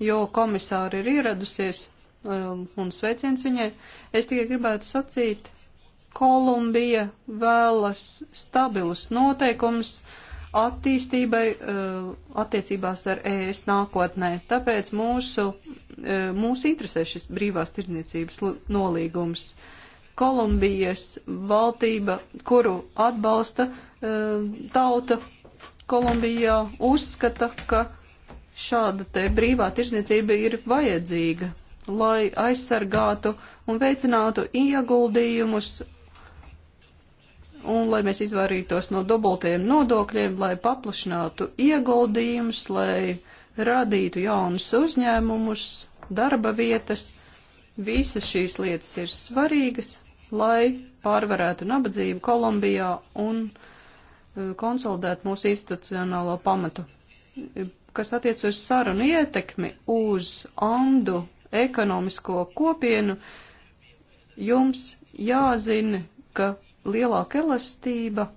jo komisāri ir ieradusies um, un sveiciens viņai. Es tikai gribētu sacīt, Kolumbija vēlas stabilus noteikumus, uh, attīstībai eh, attiecībās ar ES nākotnē. Tāpēc mūsu, eh, mūs interesē šis brīvās tirdzniecības nolīgums. Kolumbijas valdība, kuru atbalsta eh, tauta Kolumbijā, uzskata, ka šāda te brīvā tirdzniecība ir vajadzīga, lai aizsargātu un veicinātu ieguldījumus un lai mēs izvairītos no dubultiem nodokļiem, lai paplašinātu ieguldījumus, lai radītu jaunus uzņēmumus, darba vietas. Visas šīs lietas ir svarīgas, lai pārvarētu nabadzību Kolumbijā un eh, konsolidētu mūsu institucionālo pamatu. Kas attiec uz sarunu ietekmi uz Andu ekonomisko kopienu, jums jāzina, ka lielāka elastība.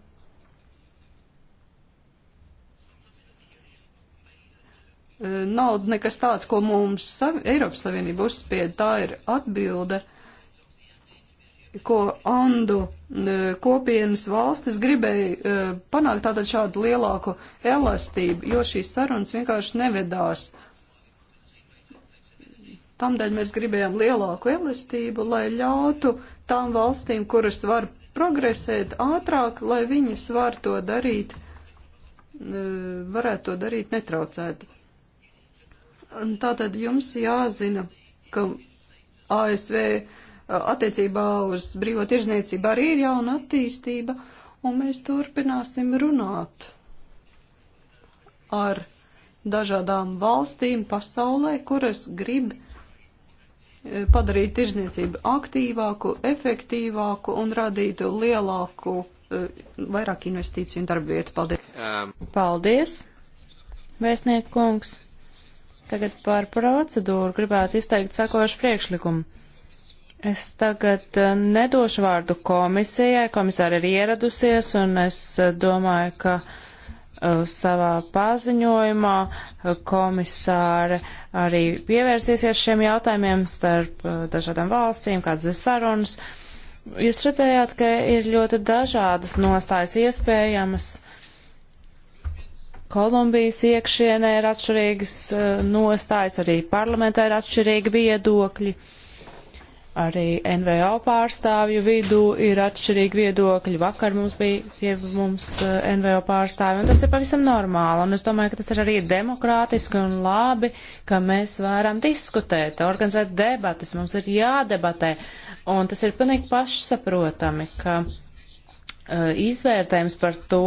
E, Nav nekas tāds, ko mums Eiropas Savienība uzspied, tā ir atbilde, ko Andu e, kopienas valstis gribēja e, panākt tātad šādu lielāku elastību, jo šīs sarunas vienkārši nevedās. Tamdēļ mēs gribējām lielāku elastību, lai ļautu tām valstīm, kuras var progresēt ātrāk, lai viņas var to darīt, e, varētu to darīt netraucēti. Tātad jums jāzina, ka ASV e, attiecībā uz brīvo tirzniecību arī ir jauna attīstība, un mēs turpināsim runāt ar dažādām valstīm pasaulē, kuras grib padarīt tirzniecību aktīvāku, efektīvāku un radītu lielāku, eh, vairāk investīciju un darba vietu. Paldies! Um. Paldies, vēstnieku kungs! Tagad par procedūru gribētu izteikt sakošu priekšlikumu. Es tagad eh, nedošu vārdu komisijai, komisāri ir ieradusies, un es eh, domāju, ka uh, Uh, savā paziņojumā uh, komisāre arī pievērsiesies šiem jautājumiem starp uh, dažādām valstīm, kādas ir sarunas. Jūs redzējāt, ka ir ļoti dažādas nostājas iespējamas. Kolumbijas iekšienē ir atšķirīgas nostājas, arī parlamentā ir atšķirīgi viedokļi. Uh, Arī NVO pārstāvju vidū ir atšķirīgi viedokļi. Vakar mums bija pie mums eh, NVO pārstāvju, un tas ir pavisam normāli. Un es domāju, ka tas ir arī demokrātiski un labi, ka mēs varam diskutēt, organizēt debatas. Mums ir jādebatē. Un tas ir pilnīgi pašsaprotami, ka eh, izvērtējums par to,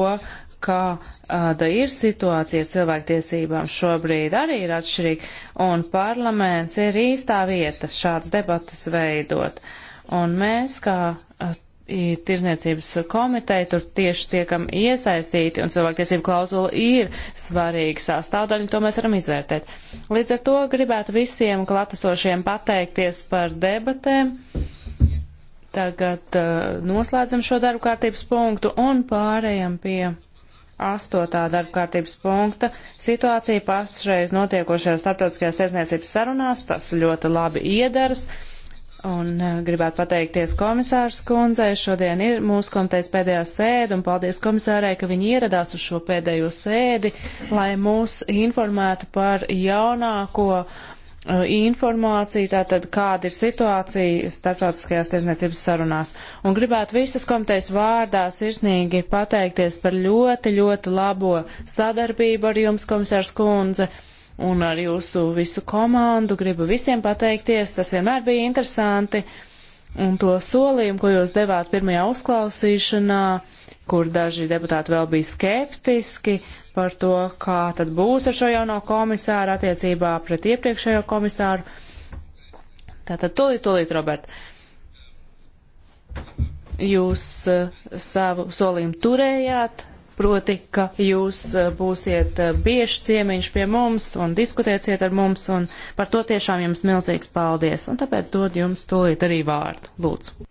kāda ir situācija ar cilvēktiesībām šobrīd arī ir atšķirīga, un parlaments ir īstā vieta šādas debatas veidot. Un mēs, kā tirzniecības komiteja, tur tieši tiekam iesaistīti, un cilvēktiesību klauzula ir svarīga sastāvdaļa, un to mēs varam izvērtēt. Līdz ar to gribētu visiem klātesošiem pateikties par debatēm. Tagad uh, noslēdzam šo darbu kārtības punktu un pārējam pie astotā darba kārtības punkta situācija pašreiz notiekošajās starptautiskajās tiesniecības sarunās. Tas ļoti labi iedaras. Un eh, gribētu pateikties komisārs kundzei. Šodien ir mūsu komitejas pēdējā sēde, un paldies komisārai, ka viņi ieradās uz šo pēdējo sēdi, lai mūs informētu par jaunāko uh, Uh, informāciju, tātad kāda ir situācija starptautiskajās tirzniecības sarunās. Un gribētu visas komitejas vārdā sirsnīgi pateikties par ļoti, ļoti labo sadarbību ar jums, komisārs Kundze, un ar jūsu visu komandu. Gribu visiem pateikties, tas vienmēr bija interesanti, un to solījumu, ko jūs devāt pirmajā uzklausīšanā, uh, kur daži deputāti vēl bija skeptiski par to, kā tad būs ar šo jauno komisāru attiecībā pret iepriekšējo komisāru. Tātad tūlīt, tūlīt, Robert. Jūs uh, savu solījumu turējāt, proti, ka jūs eh, būsiet eh, bieži ciemiņš pie mums un diskutēsiet ar mums, un par to tiešām jums milzīgs paldies, un tāpēc dod jums tūlīt arī vārdu. Lūdzu.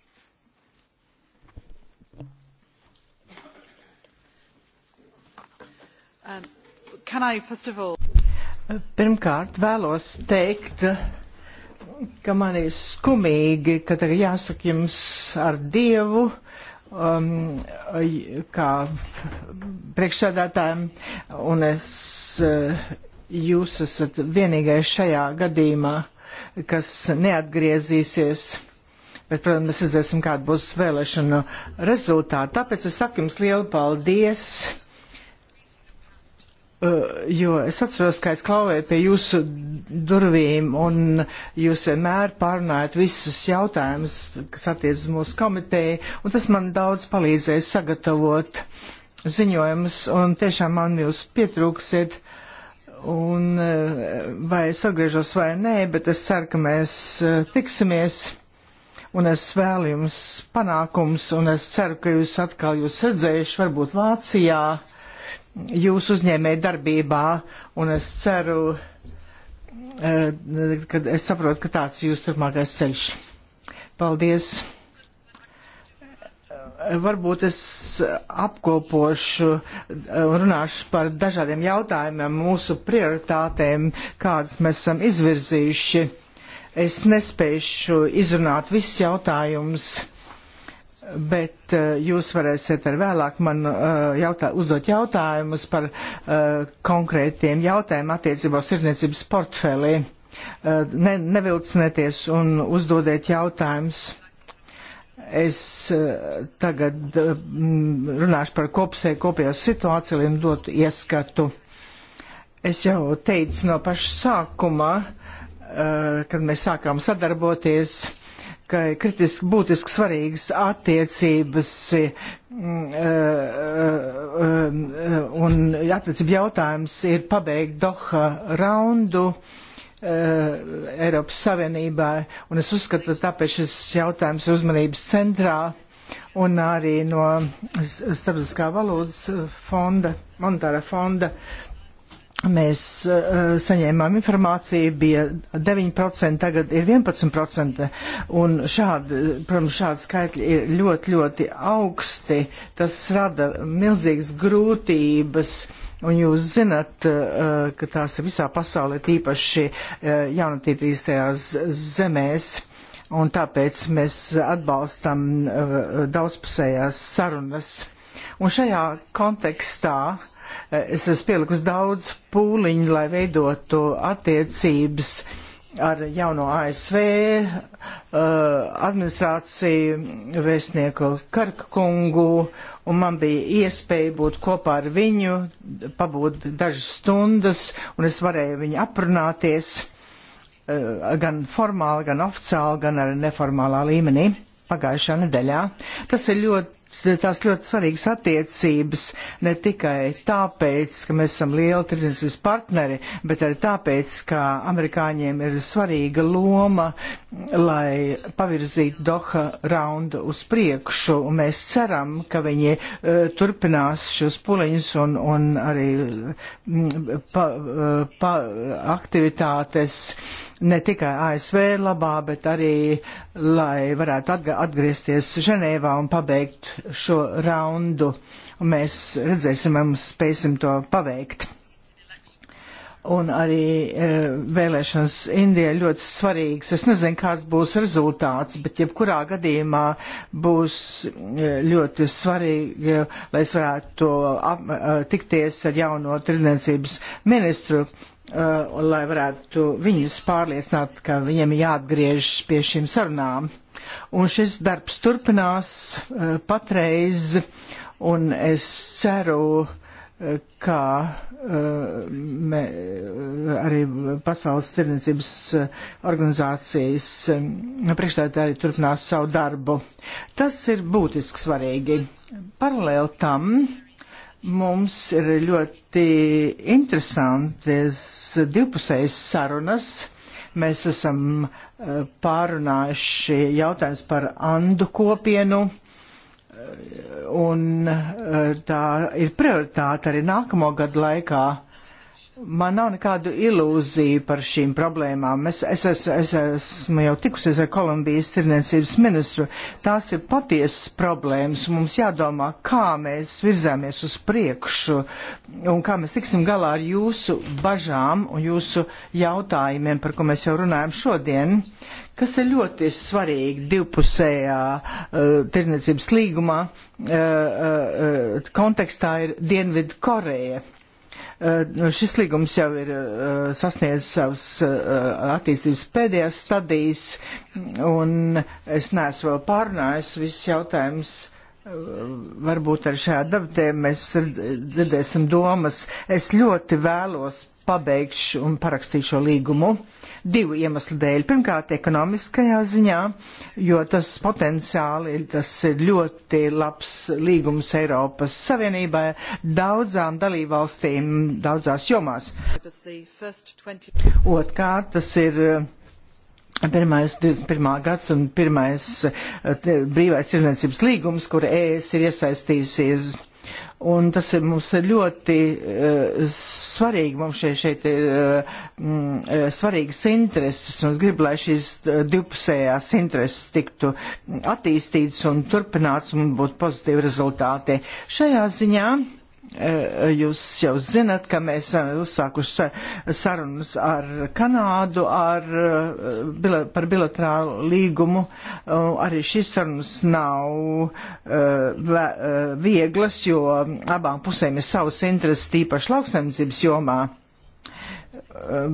all... Pirmkārt, vēlos teikt, ka man ir skumīgi, ka tagad jāsaka jums ar Dievu, um, kā priekšsēdētājiem, un es, uh, jūs esat vienīgais šajā gadījumā, kas neatgriezīsies bet, protams, mēs redzēsim, kāda būs vēlēšanu rezultāti. Tāpēc es saku jums lielu paldies Eh, jo es atceros, ka es klauvēju pie jūsu durvīm, un jūs vienmēr pārunājat visus jautājumus, kas attiecas uz mūsu komiteju, un tas man daudz palīdzēja sagatavot ziņojumus, un tiešām man jūs pietrūksiet, un eh, vai es atgriežos vai nē, bet es ceru, ka mēs eh, tiksimies, un es vēlu jums panākums, un es ceru, ka jūs atkal jūs redzējuši varbūt Vācijā jūsu uzņēmē darbībā, un es ceru, eh, ka es saprotu, ka tāds ir jūsu turpmākais ceļš. Paldies! Varbūt es apkopošu un eh, runāšu par dažādiem jautājumiem, mūsu prioritātēm, kādas mēs esam izvirzījuši. Es nespēšu izrunāt visus jautājumus bet eh, jūs varēsiet ar vēlāk man eh, jautā, uzdot jautājumus par eh, konkrētiem jautājumiem attiecībā uz tirdzniecības portfelī. Ne, nevilcinieties un uzdodiet jautājumus. Es tagad mm, runāšu par kopsē, kopējo situāciju un dotu ieskatu. Es jau teicu no paša sākuma, kad mēs sākām sadarboties, ka ir kritiski būtiski svarīgas attiecības mm, eh, eh, eh, un attiecību jautājums ir pabeigt Doha raundu. Eiropas Savienībā, un es uzskatu, tāpēc šis jautājums ir uzmanības centrā un arī no Starptautiskā valūtas fonda, monetāra fonda uh, Mēs uh, saņēmām informāciju, bija 9%, tagad ir 11%, un šādi, protams, šādi skaitļi ir ļoti, ļoti augsti. Tas rada milzīgas grūtības. Un jūs zinat, uh, ka tās ir visā pasaulē, tīpaši uh, eh, jaunatītīstajās zemēs. Un tāpēc mēs atbalstam uh, daudzpusējās sarunas. Un šajā kontekstā uh, Eh, es esmu pielikusi daudz pūliņu, lai veidotu attiecības ar jauno ASV uh, eh, administrāciju vēstnieku Karkungu, un man bija iespēja būt kopā ar viņu, pabūt dažas stundas, un es varēju viņu aprunāties uh, gan formāli, gan oficiāli, gan arī neformālā līmenī pagājušā nedēļā. Tas ir ļoti tās ļoti svarīgas attiecības ne tikai tāpēc, ka mēs esam lieli tirdzniecības partneri, bet arī tāpēc, ka amerikāņiem ir svarīga loma, lai pavirzītu Doha raundu uz priekšu. Un mēs ceram, ka viņi uh, turpinās šos puliņus un, un arī mm, pa, eh, pa, aktivitātes. Uh, ne tikai ASV labā, bet arī, lai varētu atgriezties Ženēvā un pabeigt šo raundu. Mēs redzēsim, vai mēs spēsim to paveikt. Un arī e, vēlēšanas Indijā ļoti svarīgs. Es nezinu, kāds būs rezultāts, bet jebkurā gadījumā būs e, ļoti svarīgi, lai es varētu ap, e, tikties ar jauno tirdzniecības ministru uh, lai varētu viņus pārliecināt, ka viņiem jāatgriežas pie šīm sarunām. Un šis darbs turpinās uh, patreiz, un es ceru, uh, ka uh, me, uh, arī Pasaules tirdzniecības uh, organizācijas uh, priekšstādātāji turpinās savu darbu. Tas ir būtiski svarīgi. Paralēli tam, uh, Mums ir ļoti interesantas divpusējas sarunas. Mēs esam eh, pārunājuši jautājums par Andu kopienu, eh, un eh, tā ir prioritāte arī nākamo gadu laikā. Man nav nekādu ilūziju par šīm problēmām. Es, es, es, es esmu jau tikusies ar Kolumbijas tirdzniecības ministru. Tās ir patiesas problēmas. Mums jādomā, kā mēs virzāmies uz priekšu un kā mēs tiksim galā ar jūsu bažām un jūsu jautājumiem, par ko mēs jau runājam šodien, kas ir ļoti svarīgi divpusējā uh, tirdzniecības līgumā. Uh, uh, uh kontekstā ir Dienvidu Koreja Eh, nu, šis līgums jau ir eh, sasniedzis savus eh, attīstības pēdējās stadijas, un es neesmu vēl pārnājis visus jautājumus Varbūt ar šādu debatēm mēs dzirdēsim domas. Es ļoti vēlos pabeigt un parakstīt šo līgumu divu iemeslu dēļ. Pirmkārt, ekonomiskajā ziņā, jo tas potenciāli tas ir ļoti labs līgums Eiropas Savienībai daudzām dalībvalstīm daudzās jomās. Otrkārt, tas ir Pirmais 21. gads un pirmais eh, te, brīvais tirdzniecības līgums, kur ES ir iesaistījusies. Un tas ir mums ļoti uh, svarīgi, mums šeit, šeit ir uh, mm, svarīgas intereses, un es gribu, lai šīs uh, divpusējās intereses tiktu attīstītas un turpināts un būtu pozitīvi rezultāti. Šajā ziņā uh, Eh, jūs jau zinat, ka mēs esam eh, uzsākuši sarunas ar Kanādu ar, eh, par bilaterālu līgumu. Arī šīs sarunas nav vieglas, jo abām pusēm ir savas intereses, tīpaši lauksaimniecības jomā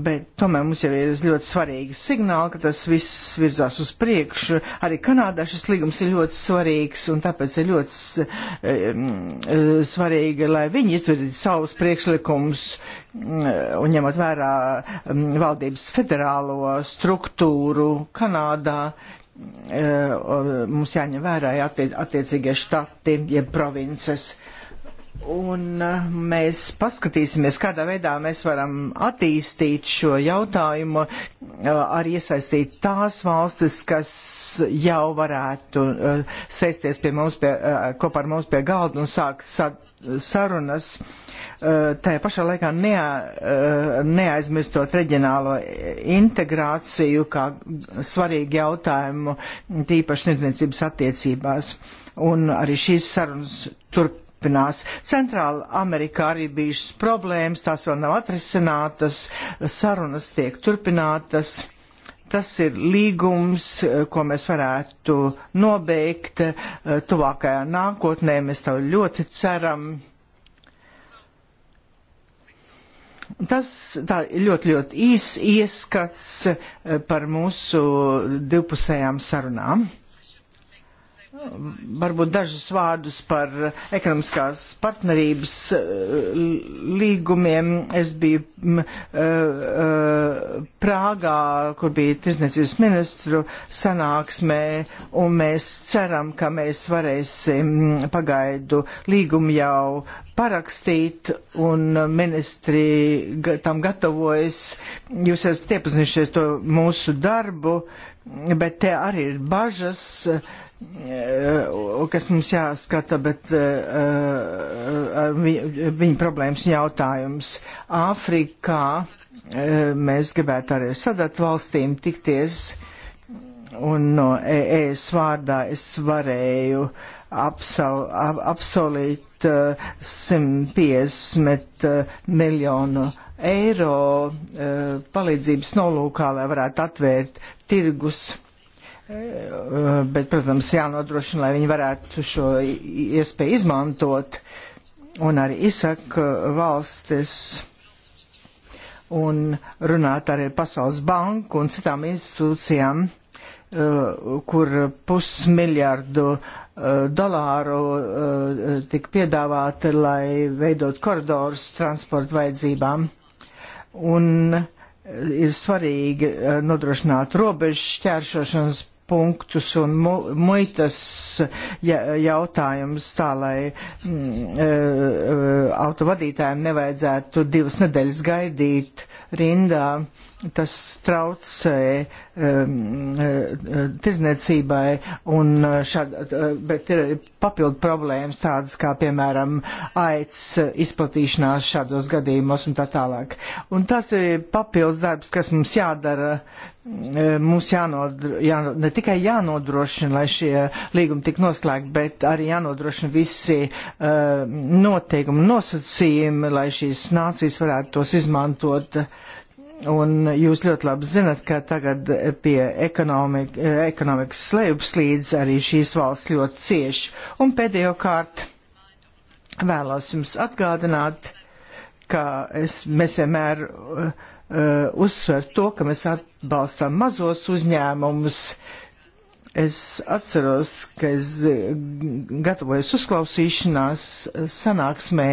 bet tomēr mums jau ir ļoti svarīgi signāli, ka tas viss virzās uz priekšu. Arī Kanādā šis līgums ir ļoti svarīgs, un tāpēc ir ļoti um, svarīgi, lai viņi izvirzītu savus priekšlikumus, mm, un ņemot vērā um, valdības federālo struktūru Kanādā, um, mums jāņem vērā attiecīgie štati, jeb provinces. Uh, Un eh, mēs paskatīsimies, kādā veidā mēs varam attīstīt šo jautājumu, eh, arī iesaistīt tās valstis, kas jau varētu eh, sēsties pie mums, pie, kopā ar mums pie galda un sākt sarunas. Tā pašā laikā nea, neaizmirstot reģionālo integrāciju kā svarīgu jautājumu, tīpaši tirdzniecības attiecībās. Un arī šīs sarunas turpinās turpinās. Centrāla Amerikā arī bijušas problēmas, tās vēl nav atrisinātas, sarunas tiek turpinātas. Tas ir līgums, ko mēs varētu nobeigt eh, tuvākajā nākotnē. Mēs to ļoti ceram. Tas tā ļoti, ļoti īs ieskats eh, par mūsu divpusējām sarunām varbūt dažus vārdus par ekonomiskās partnerības eh, līgumiem. Es biju m, mm, eh, eh, Prāgā, kur bija tirsniecības ministru sanāksmē, un mēs ceram, ka mēs varēsim mm, pagaidu līgumu jau parakstīt, un ministri tam gatavojas. Jūs esat iepazinušies to mūsu darbu, bet te arī ir bažas. Uh, Eh, kas mums jāskata, bet uh, eh, eh, viņa, viņa problēmas un jautājums. Āfrikā uh, mēs gribētu arī sadat valstīm tikties, un no ES e vārdā es varēju apsol, ap, apsolīt uh, 150 miljonu eiro palīdzības nolūkā, lai varētu atvērt tirgus Eh, bet, protams, jānodrošina, lai viņi varētu šo iespēju izmantot un arī izsaka eh, valstis un runāt arī ar Pasaules banku un citām institūcijām, eh, kur pusmiljardu dolāru tika piedāvāti, lai veidot koridors transporta vajadzībām. Un ir svarīgi nodrošināt robežu šķēršošanas punktus un mu, muitas ja, jautājumus tā, lai mm, e, e, autovadītājiem nevajadzētu divas nedēļas gaidīt rindā. Uh, tas traucē um, uh, tirdzniecībai, un uh, šād, uh, bet ir papildu problēmas tādas kā, piemēram, aids izplatīšanās šādos gadījumos un tā tālāk. Un tas ir papildus darbs, kas mums jādara. Mums jānodro, jāno, ne tikai jānodrošina, lai šie līgumi tik noslēgti, bet arī jānodrošina visi uh, noteikumi, nosacījumi, lai šīs nācijas varētu tos izmantot uh, Un jūs ļoti labi zinat, ka tagad pie ekonomik, ekonomikas slēpslīdz arī šīs valsts ļoti cieši. Un pēdējo kārt vēlos jums atgādināt, ka es, mēs vienmēr uh, uh uzsver to, ka mēs atbalstam mazos uzņēmumus. Es atceros, ka es uh, gatavojos uzklausīšanās sanāksmē,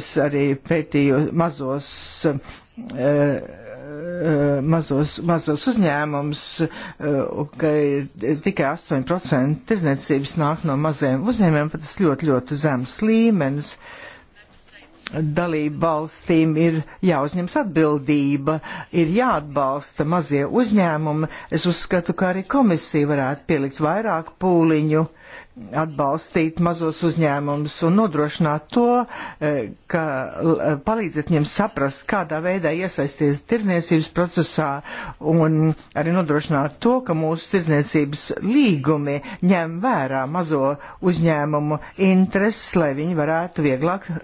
es arī pētīju mazos. Uh, Eh, mazos, mazos uzņēmums, eh, ka tikai 8% tirdzniecības nāk no maziem uzņēmumiem, pat tas ļoti, ļoti zems līmenis dalību valstīm ir jāuzņems atbildība, ir jāatbalsta mazie uzņēmumi. Es uzskatu, ka arī komisija varētu pielikt vairāk pūliņu uh, atbalstīt mazos uzņēmumus un nodrošināt to, e, ka e, palīdzat viņiem saprast, kādā veidā iesaisties tirniecības procesā un arī nodrošināt to, ka mūsu tirniecības līgumi ņem vērā mazo uzņēmumu intereses, lai viņi varētu vieglāk e,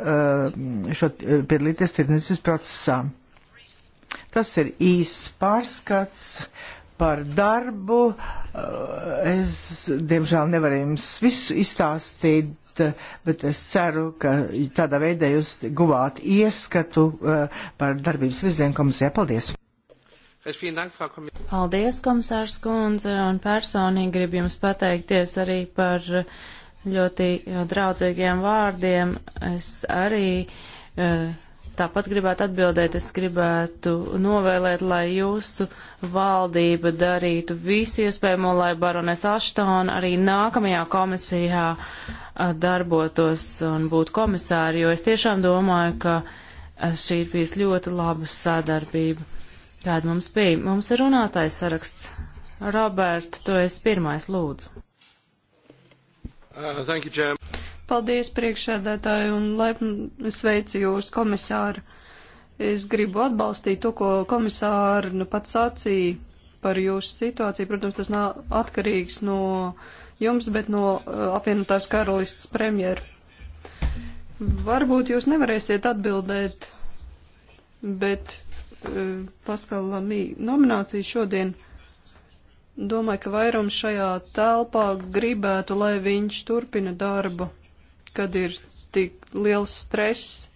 šo, piedalīties tirniecības procesā. Tas ir īsts pārskats par darbu. Eh, es, diemžēl, nevaru jums visu izstāstīt, eh, bet es ceru, ka tādā veidā jūs guvāt ieskatu eh, par darbības virzienu komisijā. Paldies! Paldies, komisārs Kundze, un personīgi gribu jums pateikties arī par ļoti draudzīgiem vārdiem. Es arī uh, Tāpat gribētu atbildēt, es gribētu novēlēt, lai jūsu valdība darītu visu iespējamo, lai barones Aštona arī nākamajā komisijā darbotos un būtu komisāri, jo es tiešām domāju, ka šī ir bijusi ļoti laba sadarbība, kāda mums bija. Mums ir runātājs saraksts. Roberta, tu esi pirmais lūdzu. Uh, thank you, Chair. Paldies, priekšsēdētāji, un laipni sveicu jūs, komisāri. Es gribu atbalstīt to, ko komisāri nu, pats sacīja par jūsu situāciju. Protams, tas nav atkarīgs no jums, bet no uh, apvienotās karalists premjera. Varbūt jūs nevarēsiet atbildēt, bet uh, Paskala Lamī nominācija šodien. Uh, Domāju, ka vairums šajā telpā gribētu, lai viņš turpina darbu, kad ir tik liels stress e,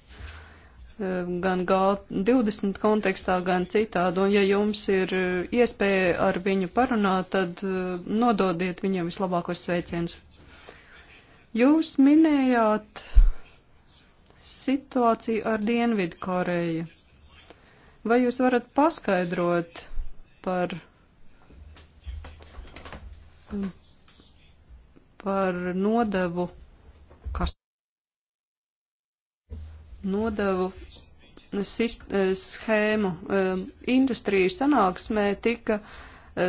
gan G20 kontekstā, gan citādi. Un ja jums ir e, iespēja ar viņu parunāt, tad e, nododiet viņiem vislabākos sveicienus. Jūs minējāt situāciju ar Dienvidu Koreju. Vai jūs varat paskaidrot par par nodevu, kas nodevu eh, eh, schēmu. Eh, Industrijas sanāksmē tika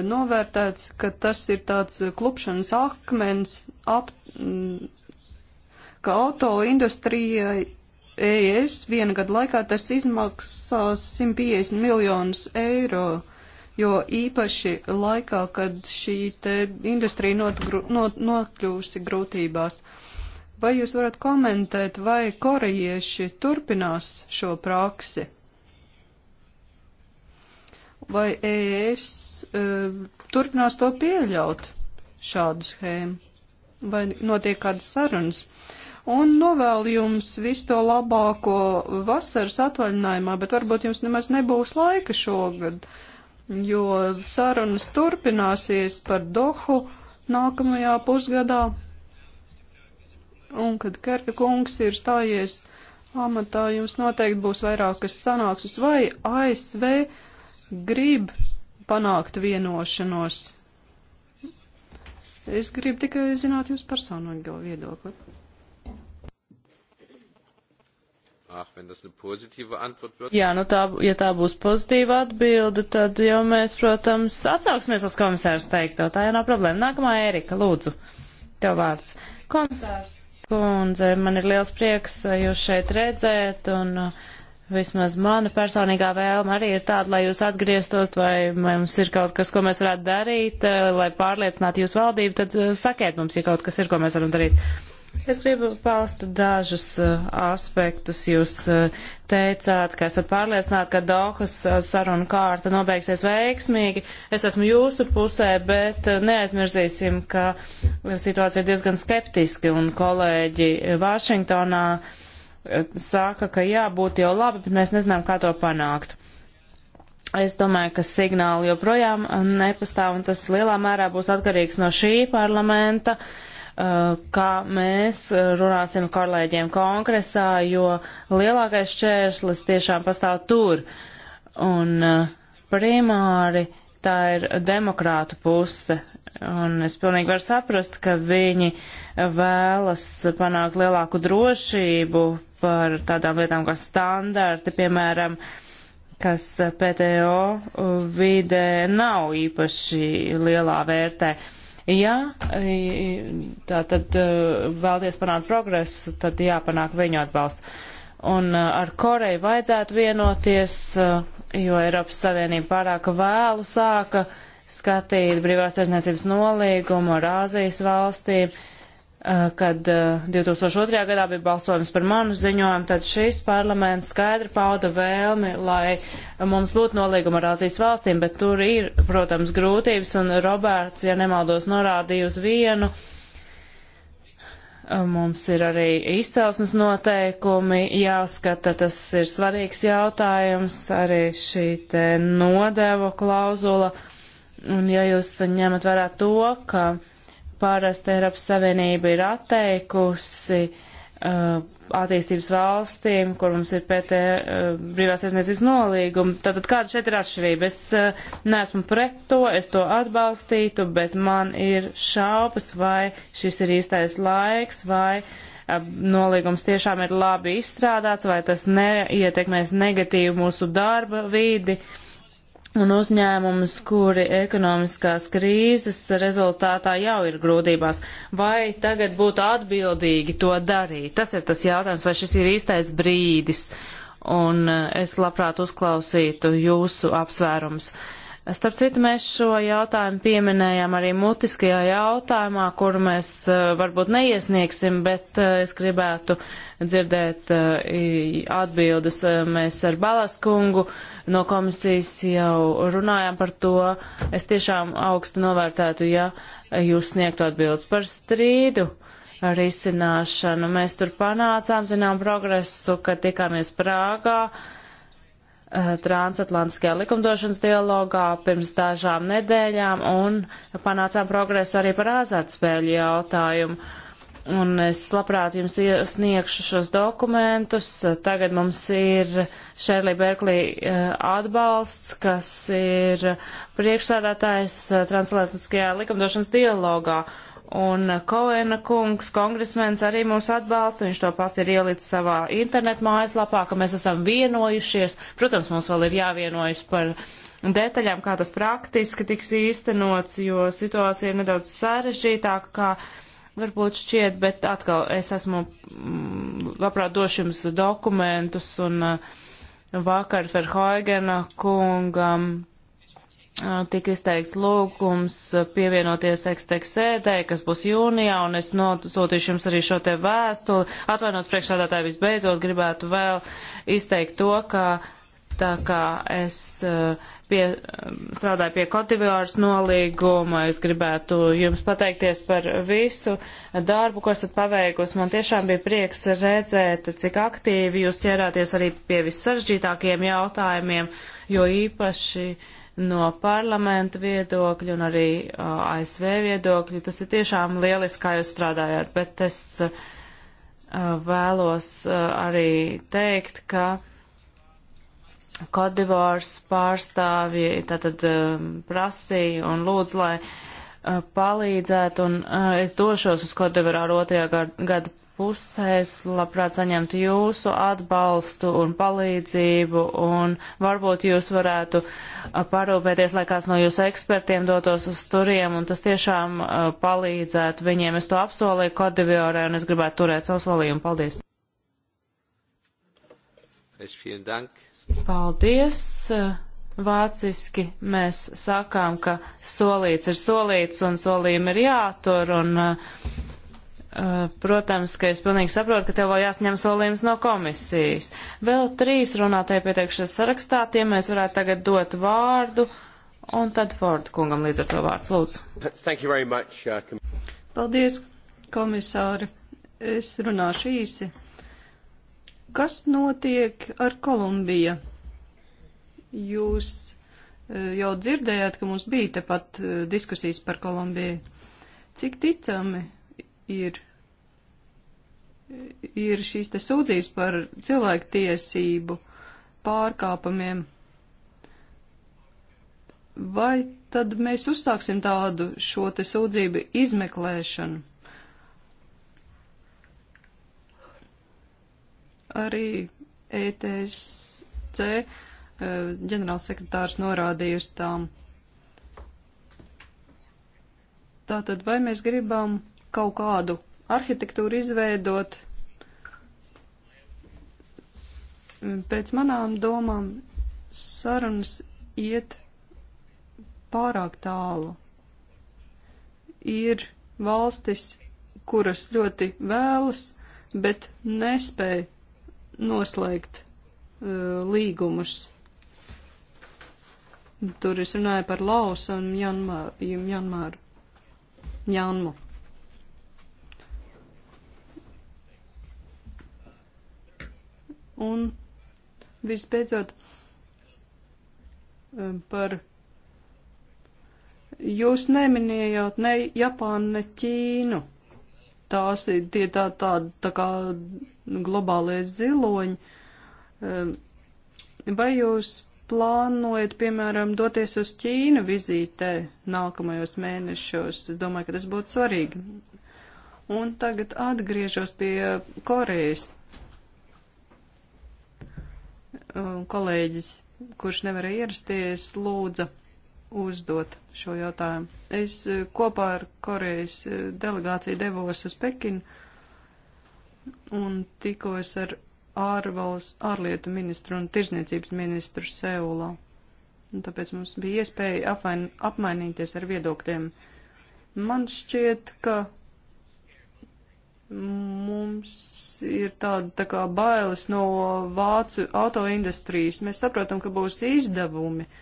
novērtēts, ka tas ir tāds klupšanas akmens, ap, mm, ka auto industrijai ES viena gada laikā tas izmaksās 150 miljonus eiro jo īpaši laikā, kad šī te industrija notgru, not, nokļūsi grūtībās. Vai jūs varat komentēt, vai korejieši turpinās šo praksi? Vai ES e, turpinās to pieļaut šādu schēmu? Vai notiek kādas sarunas? un novēlu jums visu to labāko vasaras atvaļinājumā, bet varbūt jums nemaz nebūs laika šogad jo sarunas turpināsies par Dohu nākamajā pusgadā. Un kad Kerka kungs ir stājies amatā, jums noteikti būs vairākas sanāksmes, vai ASV grib panākt vienošanos. Es gribu tikai zināt jūsu personīgo viedokli. Ach, Jā, nu tā, ja tā būs pozitīva atbilde, tad jau mēs, protams, atsauksimies uz komisārs teikto. Tā jau nav problēma. Nākamā Ērika, lūdzu, tev vārds. Komisārs. Kundze, man ir liels prieks eh, jūs šeit redzēt, un eh, vismaz mana personīgā vēlme arī ir tāda, lai jūs atgrieztos, vai mums ir kaut kas, ko mēs varētu darīt, eh, lai pārliecinātu jūs valdību, tad sakiet mums, ja kaut kas ir, ko mēs varam darīt. Es gribu paust dažus uh, aspektus. Jūs uh, teicāt, ka esat pārliecināti, ka Dohas uh, saruna kārta nobeigsies veiksmīgi. Es esmu jūsu pusē, bet uh, neaizmirsīsim, ka situācija ir diezgan skeptiski un kolēģi Vašingtonā uh, saka, ka jā, būtu jau labi, bet mēs nezinām, kā to panākt. Es domāju, ka signāli joprojām uh, nepastāv, un tas lielā mērā būs atkarīgs no šī parlamenta. Uh, Uh, kā mēs runāsim kolēģiem kongresā, jo lielākais šķērslis tiešām pastāv tur. Un uh, primāri tā ir demokrātu puse. Un es pilnīgi varu saprast, ka viņi vēlas panākt lielāku drošību par tādām lietām kā standarti, piemēram, kas PTO vidē nav īpaši lielā vērtē. Uh, Ja tā tad e, vēlties panākt progresu, tad jāpanāk viņu atbalsts. Un e, ar Koreju vajadzētu vienoties, e, jo Eiropas Savienība pārāk vēlu sāka skatīt brīvās aizniecības nolīgumu ar Āzijas valstīm Eh, kad 2002. Eh, gadā bija balsojums par manu ziņojumu, tad šis parlaments skaidri pauda vēlmi, lai mums būtu nolīguma ar Azijas valstīm, bet tur ir, protams, grūtības, un Roberts, ja nemaldos, norādīja uz vienu. Eh, mums ir arī izcelsmes noteikumi jāskata, tas ir svarīgs jautājums, arī šī te nodevu klauzula. Un ja jūs ņemat vērā to, ka uh, Parasti Eiropas Savienība ir atteikusi uh, attīstības valstīm, kur mums ir PT uh, brīvās aizniecības nolīguma. Tātad kāda šeit ir atšķirība? Es uh, neesmu pret to, es to atbalstītu, bet man ir šaubas, vai šis ir īstais laiks, vai uh, nolīgums tiešām ir labi izstrādāts, vai tas neietekmēs negatīvi mūsu darba vīdi. Uh, un uzņēmumus, kuri ekonomiskās krīzes rezultātā jau ir grūtībās. Vai tagad būtu atbildīgi to darīt? Tas ir tas jautājums, vai šis ir īstais brīdis, un eh, es labprāt uzklausītu jūsu apsvērums. Starp citu, mēs šo jautājumu pieminējām arī mutiskajā jautājumā, kuru mēs eh, varbūt neiesniegsim, bet eh, es gribētu dzirdēt atbildes. Mēs ar Balaskungu kungu no komisijas jau runājām par to. Es tiešām augstu novērtētu, ja jūs sniegtu atbildes par strīdu risināšanu. Mēs tur panācām, zinām, progresu, kad tikāmies Prāgā eh, transatlantiskajā likumdošanas dialogā pirms dažām nedēļām un panācām progresu arī par azartspēļu jautājumu. Uh, un es labprāt jums sniegšu šos dokumentus. Tagad mums ir Šerlī Berklī eh, atbalsts, kas ir priekšsādātājs eh, transatlantiskajā likumdošanas dialogā. Un Koena kungs, kongresmenis, arī mūs atbalsta. Viņš to pat ir ielicis savā internetu mājaslapā, ka mēs esam vienojušies. Protams, mums vēl ir jāvienojas par detaļām, kā tas praktiski tiks īstenots, jo situācija ir nedaudz sarežģītāka, kā varbūt šķiet, bet atkal es esmu mm, labprāt došu jums dokumentus un eh, vakar Ferhaigena kungam eh, tika izteikts lūgums pievienoties eksteks sēdē, kas būs jūnijā, un es nosūtīšu jums arī šo te vēstuli. Atvainos priekšādātāji visbeidzot gribētu vēl izteikt to, ka tā kā es uh, pie, um, strādāju pie Kotivāras nolīguma. Es gribētu jums pateikties par visu darbu, ko esat paveikusi. Man tiešām bija prieks redzēt, cik aktīvi jūs ķērāties arī pie vissaržģītākajiem jautājumiem, jo īpaši no parlamenta viedokļa un arī uh, ASV viedokļa. Tas ir tiešām lieliski, kā jūs strādājāt, bet es uh, vēlos uh, arī teikt, ka Kodivārs pārstāvji tātad um, prasīja un lūdz, lai uh, palīdzētu, un uh, es došos uz Kodivāru otrajā gada pusēs, labprāt saņemtu jūsu atbalstu un palīdzību, un varbūt jūs varētu uh, parūpēties, lai kāds no jūsu ekspertiem dotos uz turiem, un tas tiešām palīdzētu viņiem. Es to apsolīju Kodivārai, un es gribētu turēt savu solījumu. Paldies! Es vielen Dank. Paldies! Vāciski mēs sakām, ka solīts ir solīts un solījumi ir jātur. Un, uh, protams, ka es pilnīgi saprotu, ka tev vēl jāsņem solījums no komisijas. Vēl trīs runātāji pieteikšies sarakstā, tiem mēs varētu tagad dot vārdu. Un tad Forda kungam līdz ar to vārds lūdzu. Much, uh, Paldies, komisāri. Es runāšu īsi. Kas notiek ar Kolumbiju? Jūs e, jau dzirdējāt, ka mums bija tepat e, diskusijas par Kolumbiju. Cik ticami ir, ir šīs te sūdzības par cilvēktiesību pārkāpumiem? Vai tad mēs uzsāksim tādu šo te sūdzību izmeklēšanu? arī ETSC eh, ģenerālsekretārs norādīja uz tām. Tātad, vai mēs gribam kaut kādu arhitektūru izveidot? Mm, pēc manām domām sarunas iet pārāk tālu. Ir valstis, kuras ļoti vēlas, bet nespēja noslēgt uh, līgumus. Tur es runāju par Laos un Janmāru. Janmu. Un visbeidzot uh, par jūs neminējāt ne Japānu, ne Ķīnu tās ir tie tā, tā, tā kā globālie ziloņi. Ehm, vai jūs plānojat, piemēram, doties uz Ķīnu vizītē nākamajos mēnešos? Es domāju, ka tas būtu svarīgi. Un tagad atgriežos pie Korejas ehm, kolēģis, kurš nevarēja ierasties, lūdza uzdot šo jautājumu. Es eh, kopā ar Korejas eh, delegāciju devos uz Pekinu un tikos ar ārvalsts, ārlietu ministru un tirzniecības ministru Seulā. Un tāpēc mums bija iespēja apvain, apmainīties ar viedokļiem. Man šķiet, ka mums ir tāda tā kā bailes no vācu autoindustrijas. Mēs saprotam, ka būs izdevumi. Uh,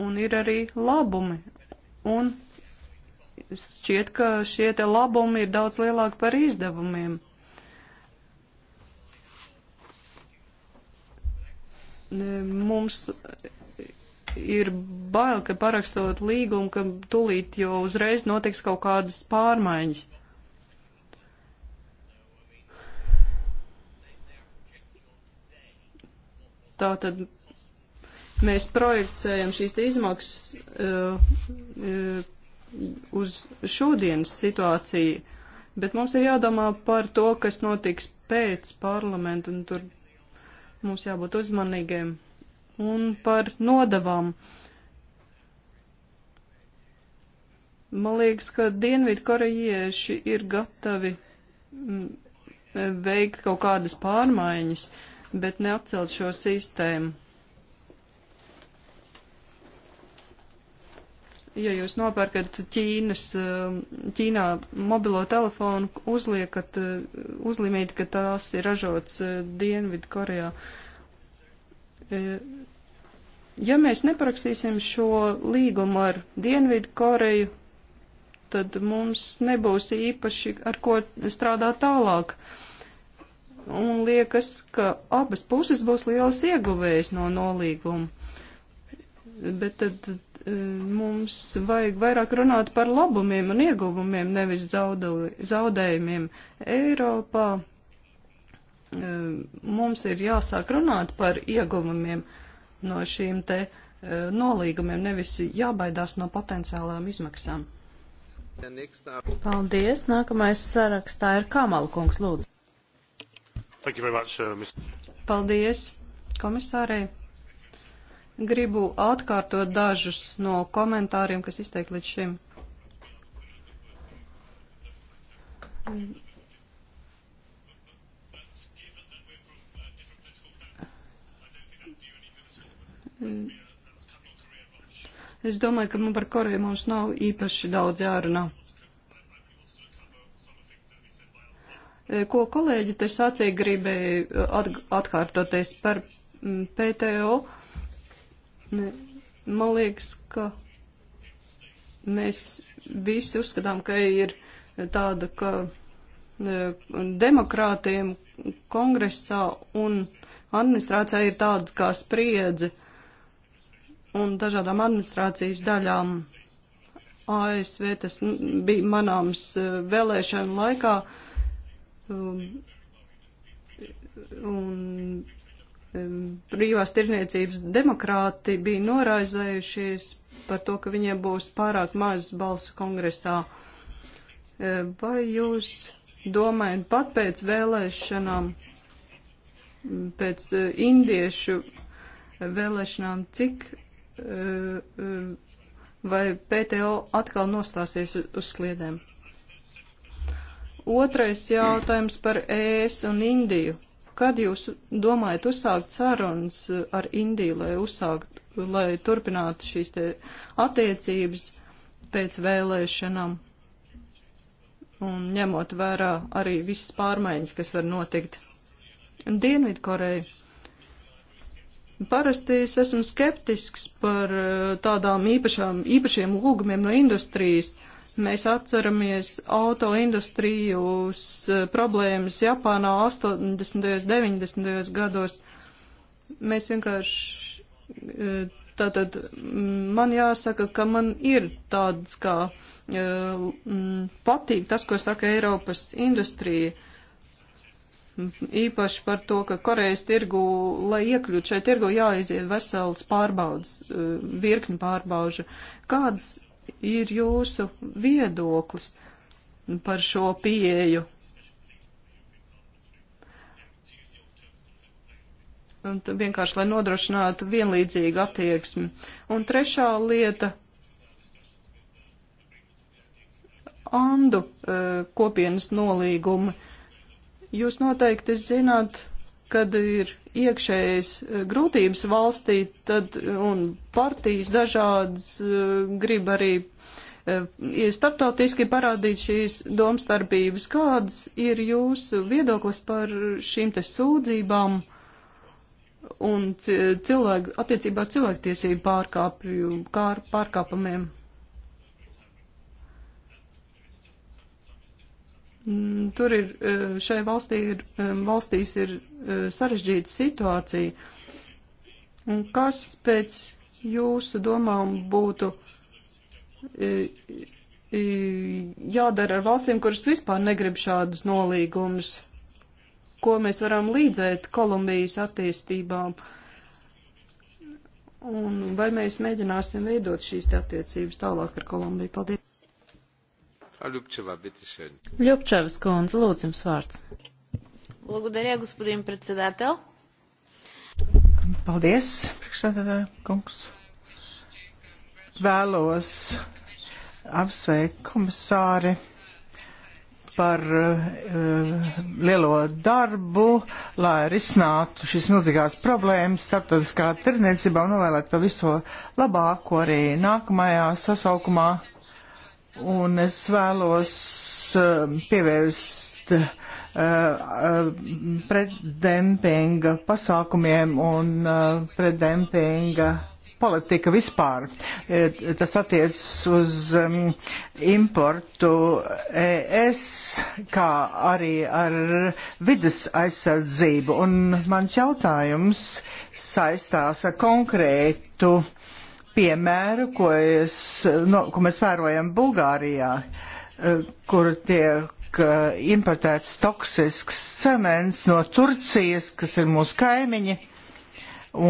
un ir arī labumi. Un šķiet, ka šie te labumi ir daudz lielāki par izdevumiem. Mums ir bail, ka parakstot līgumu, ka tulīt jau uzreiz notiks kaut kādas pārmaiņas. Tātad Mēs projekcējam šīs izmaksas uh, uh, uz šodienas situāciju, bet mums ir jādomā par to, kas notiks pēc parlamenta, un tur mums jābūt uzmanīgiem. Un par nodavām. Man liekas, ka dienvidu korejieši ir gatavi mm, veikt kaut kādas pārmaiņas, bet neatcelt šo sistēmu. ja jūs nopērkat Ķīnas, um, Ķīnā mobilo telefonu, uzliekat, uh, uzlīmīt, ka tās ir ražots uh, Dienvidu Korejā. Uh, ja mēs neparakstīsim šo līgumu ar Dienvidu Koreju, tad mums nebūs īpaši ar ko strādāt tālāk. Un liekas, ka abas puses būs lielas ieguvējas no nolīguma. Bet tad mums vajag vairāk runāt par labumiem un ieguvumiem, nevis zaudējumiem. Eiropā eh, mums ir jāsāk runāt par ieguvumiem no šīm te eh, nolīgumiem, nevis jābaidās no potenciālām izmaksām. Paldies. Nākamais sarakstā ir Kamala kungs, lūdzu. Much, uh, Paldies komisārei. Gribu atkārtot dažus no komentāriem, kas izteikti līdz šim. Es domāju, ka man par Koreju mums nav īpaši daudz jārunā. Ko kolēģi te sacīja, gribēju atkārtoties par mm, PTO. Uh, Man liekas, ka mēs visi uzskatām, ka ir tāda, ka demokrātiem kongresā un administrācijā ir tāda kā spriedze un dažādām administrācijas daļām. ASV tas bija manāms e, vēlēšana laikā. Um, un brīvās tirniecības demokrāti bija noraizējušies par to, ka viņiem būs pārāk maz balsu kongresā. Vai jūs domājat pat pēc vēlēšanām, pēc e, indiešu vēlēšanām, cik e, e, vai PTO atkal nostāsies uz sliedēm? Otrais jautājums par ES un Indiju Kad jūs domājat uzsākt sarunas ar Indiju, lai uzsākt, lai turpinātu šīs te attiecības pēc vēlēšanām? Un ņemot vērā arī visas pārmaiņas, kas var notikt. Dienvidkoreja. Parasti es esmu skeptisks par eh, tādām īpašām, īpašiem lūgumiem no industrijas. Uh, Mēs atceramies autoindustrijas eh, problēmas Japānā 80. un 90. gados. Mēs vienkārši, eh, tātad mm, man jāsaka, ka man ir tāds kā eh, mm, patīk tas, ko saka Eiropas industrija. Īpaši par to, ka Korejas tirgu, lai iekļūtu šai tirgu, jāiziet vesels pārbaudas, virkni pārbaužu. Kāds ir jūsu viedoklis par šo pieeju? Un vienkārši, lai nodrošinātu vienlīdzīgu attieksmi. Un trešā lieta - Andu eh, kopienas nolīgumi. Jūs noteikti zināt, kad ir iekšējas eh, grūtības valstī, tad un partijas dažādas eh, grib arī eh, ir starptautiski parādīt šīs domstarpības. Kāds ir jūsu viedoklis par šīm te sūdzībām un cilvēku, attiecībā cilvēktiesību pārkāpumiem? Mm, tur ir, eh, šai valstī ir, eh, valstīs ir eh, sarežģīta situācija. Un kas pēc jūsu domām būtu jādara ar valstīm, kuras vispār negrib šādus nolīgumus? Ko mēs varam līdzēt Kolumbijas attīstībām? Un vai mēs mēģināsim veidot šīs attiecības tālāk ar Kolumbiju? Paldies! Ļupčevā, bitišēn. Ļupčevas kundze, lūdzu jums vārds. Благодаря, господин председател. Paldies, priekšsēdētāja kungs. Vēlos apsveikt komisāri par uh, lielo darbu, lai risinātu šīs milzīgās problēmas starptautiskā tirniecībā un novēlēt to viso labāko arī nākamajā sasaukumā. Un es vēlos uh, pievērst uh, uh, pretdempinga pasākumiem un uh, pretdempinga politika vispār. E, tas attiecas uz um, importu ES, kā arī ar vidas aizsardzību. Un mans jautājums saistās ar konkrētu uh, piemēru, ko, es, no, ko mēs vērojam Bulgārijā, eh, kur tiek eh, importēts toksisks cements no Turcijas, kas ir mūsu kaimiņi.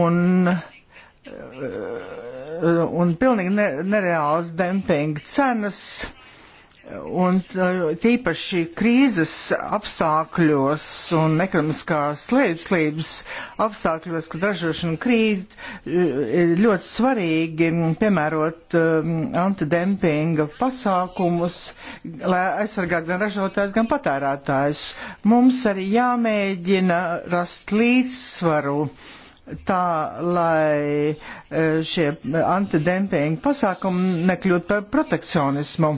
Un, eh, un pilnīgi nereāls dempinga cenas Un tīpaši krīzes apstākļos un ekonomiskā slēpslības apstākļos, kad ražošana krīt, ir e, ļoti svarīgi piemērot um, antidempinga pasākumus, lai aizsargātu gan ražotājs, gan patērētājs. Mums arī jāmēģina rast līdzsvaru tā, lai e, šie antidempinga pasākumi nekļūtu par protekcionismu.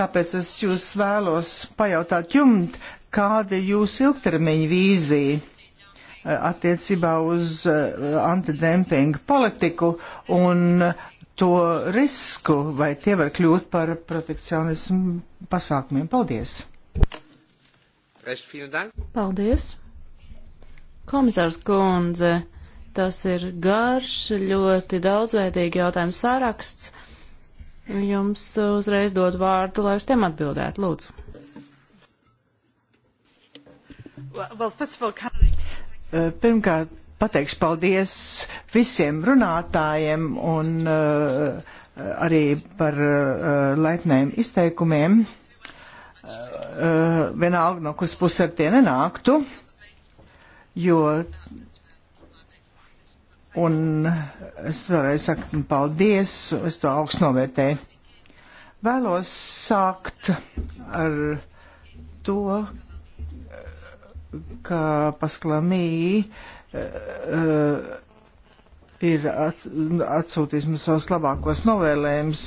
Tāpēc es jūs vēlos pajautāt jums, kāda ir jūsu ilgtermiņa vīzija e, attiecībā uz e, antidempinga politiku un to risku, vai tie var kļūt par protekcionismu pasākumiem. Paldies! Paldies! Komisārs Kundze! Tas ir garš, ļoti daudzveidīgi jautājums saraksts. Jums uzreiz dod vārdu, lai uz tiem atbildētu, lūdzu. Eh, pirmkārt, pateikšu paldies visiem runātājiem un uh, arī par uh, laipniem izteikumiem. Uh, vienalga, no kuras puses ar tie nenāktu, jo Un es vēlreiz saku paldies, es to augstu novērtēju. Vēlos sākt ar to, ka pasklamī uh, eh, eh, ir at, atsūtījis mums savus labākos novēlējumus.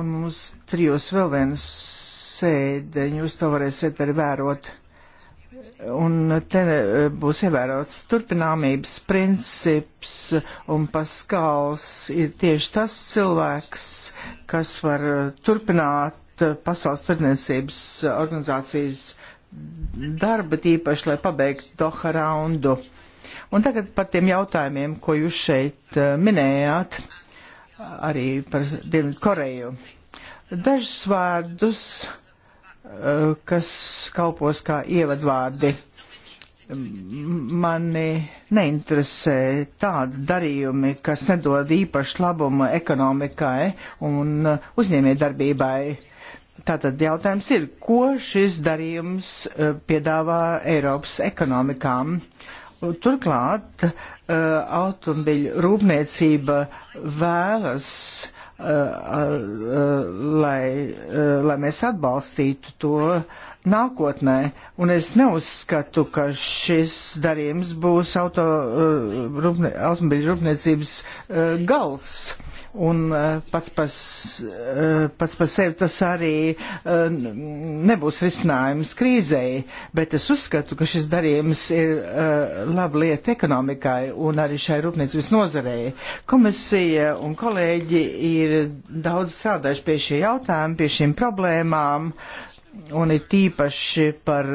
Un mums trijos vēl viena sēde, jūs to varēsiet arī vērot. Un te eh, būs ievērots turpināmības princips, un Paskals ir tieši tas cilvēks, kas var eh, turpināt eh, Pasaules tirdzniecības organizācijas darba, tīpaši, lai pabeigtu Doha raundu. Un tagad par tiem jautājumiem, ko jūs šeit minējāt, arī par Dienvidu Koreju. Dažus vārdus kas kalpos kā ievadvārdi. Mani neinteresē tādi darījumi, kas nedod īpašu labumu ekonomikai un uzņēmējdarbībai. Tātad jautājums ir, ko šis darījums eh, piedāvā Eiropas ekonomikām? Turklāt eh, automobiļu rūpniecība vēlas uh, Uh, uh, lai, uh, lai mēs atbalstītu to nākotnē. Un es neuzskatu, ka šis darījums būs auto, rūpne, automobiļu rūpniecības gals. Un eh, pats par eh, pats pa sevi tas arī eh, nebūs risinājums krīzei, bet es uzskatu, ka šis darījums ir laba lieta ekonomikai un arī šai rūpniecības nozarei. Komisija un kolēģi ir daudz strādājuši pie šī jautājuma, pie šīm problēmām un ir tīpaši par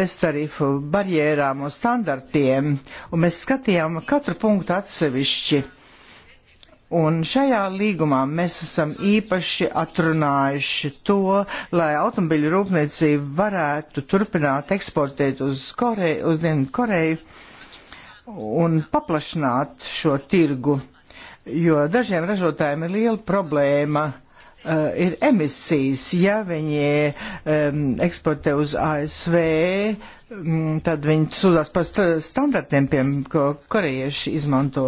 beztarifu barjērām un standartiem, un mēs skatījām katru punktu atsevišķi. Un šajā līgumā mēs esam īpaši atrunājuši to, lai automobiļu rūpniecība varētu turpināt eksportēt uz, Koreju, uz Dienu Koreju un paplašināt šo tirgu, jo dažiem ražotājiem ir liela problēma uh, uh, ir emisijas. Ja viņi um, eksportē uz ASV, um, mm, tad viņi sūdzās par st standartiem, piem, ko korejieši izmanto,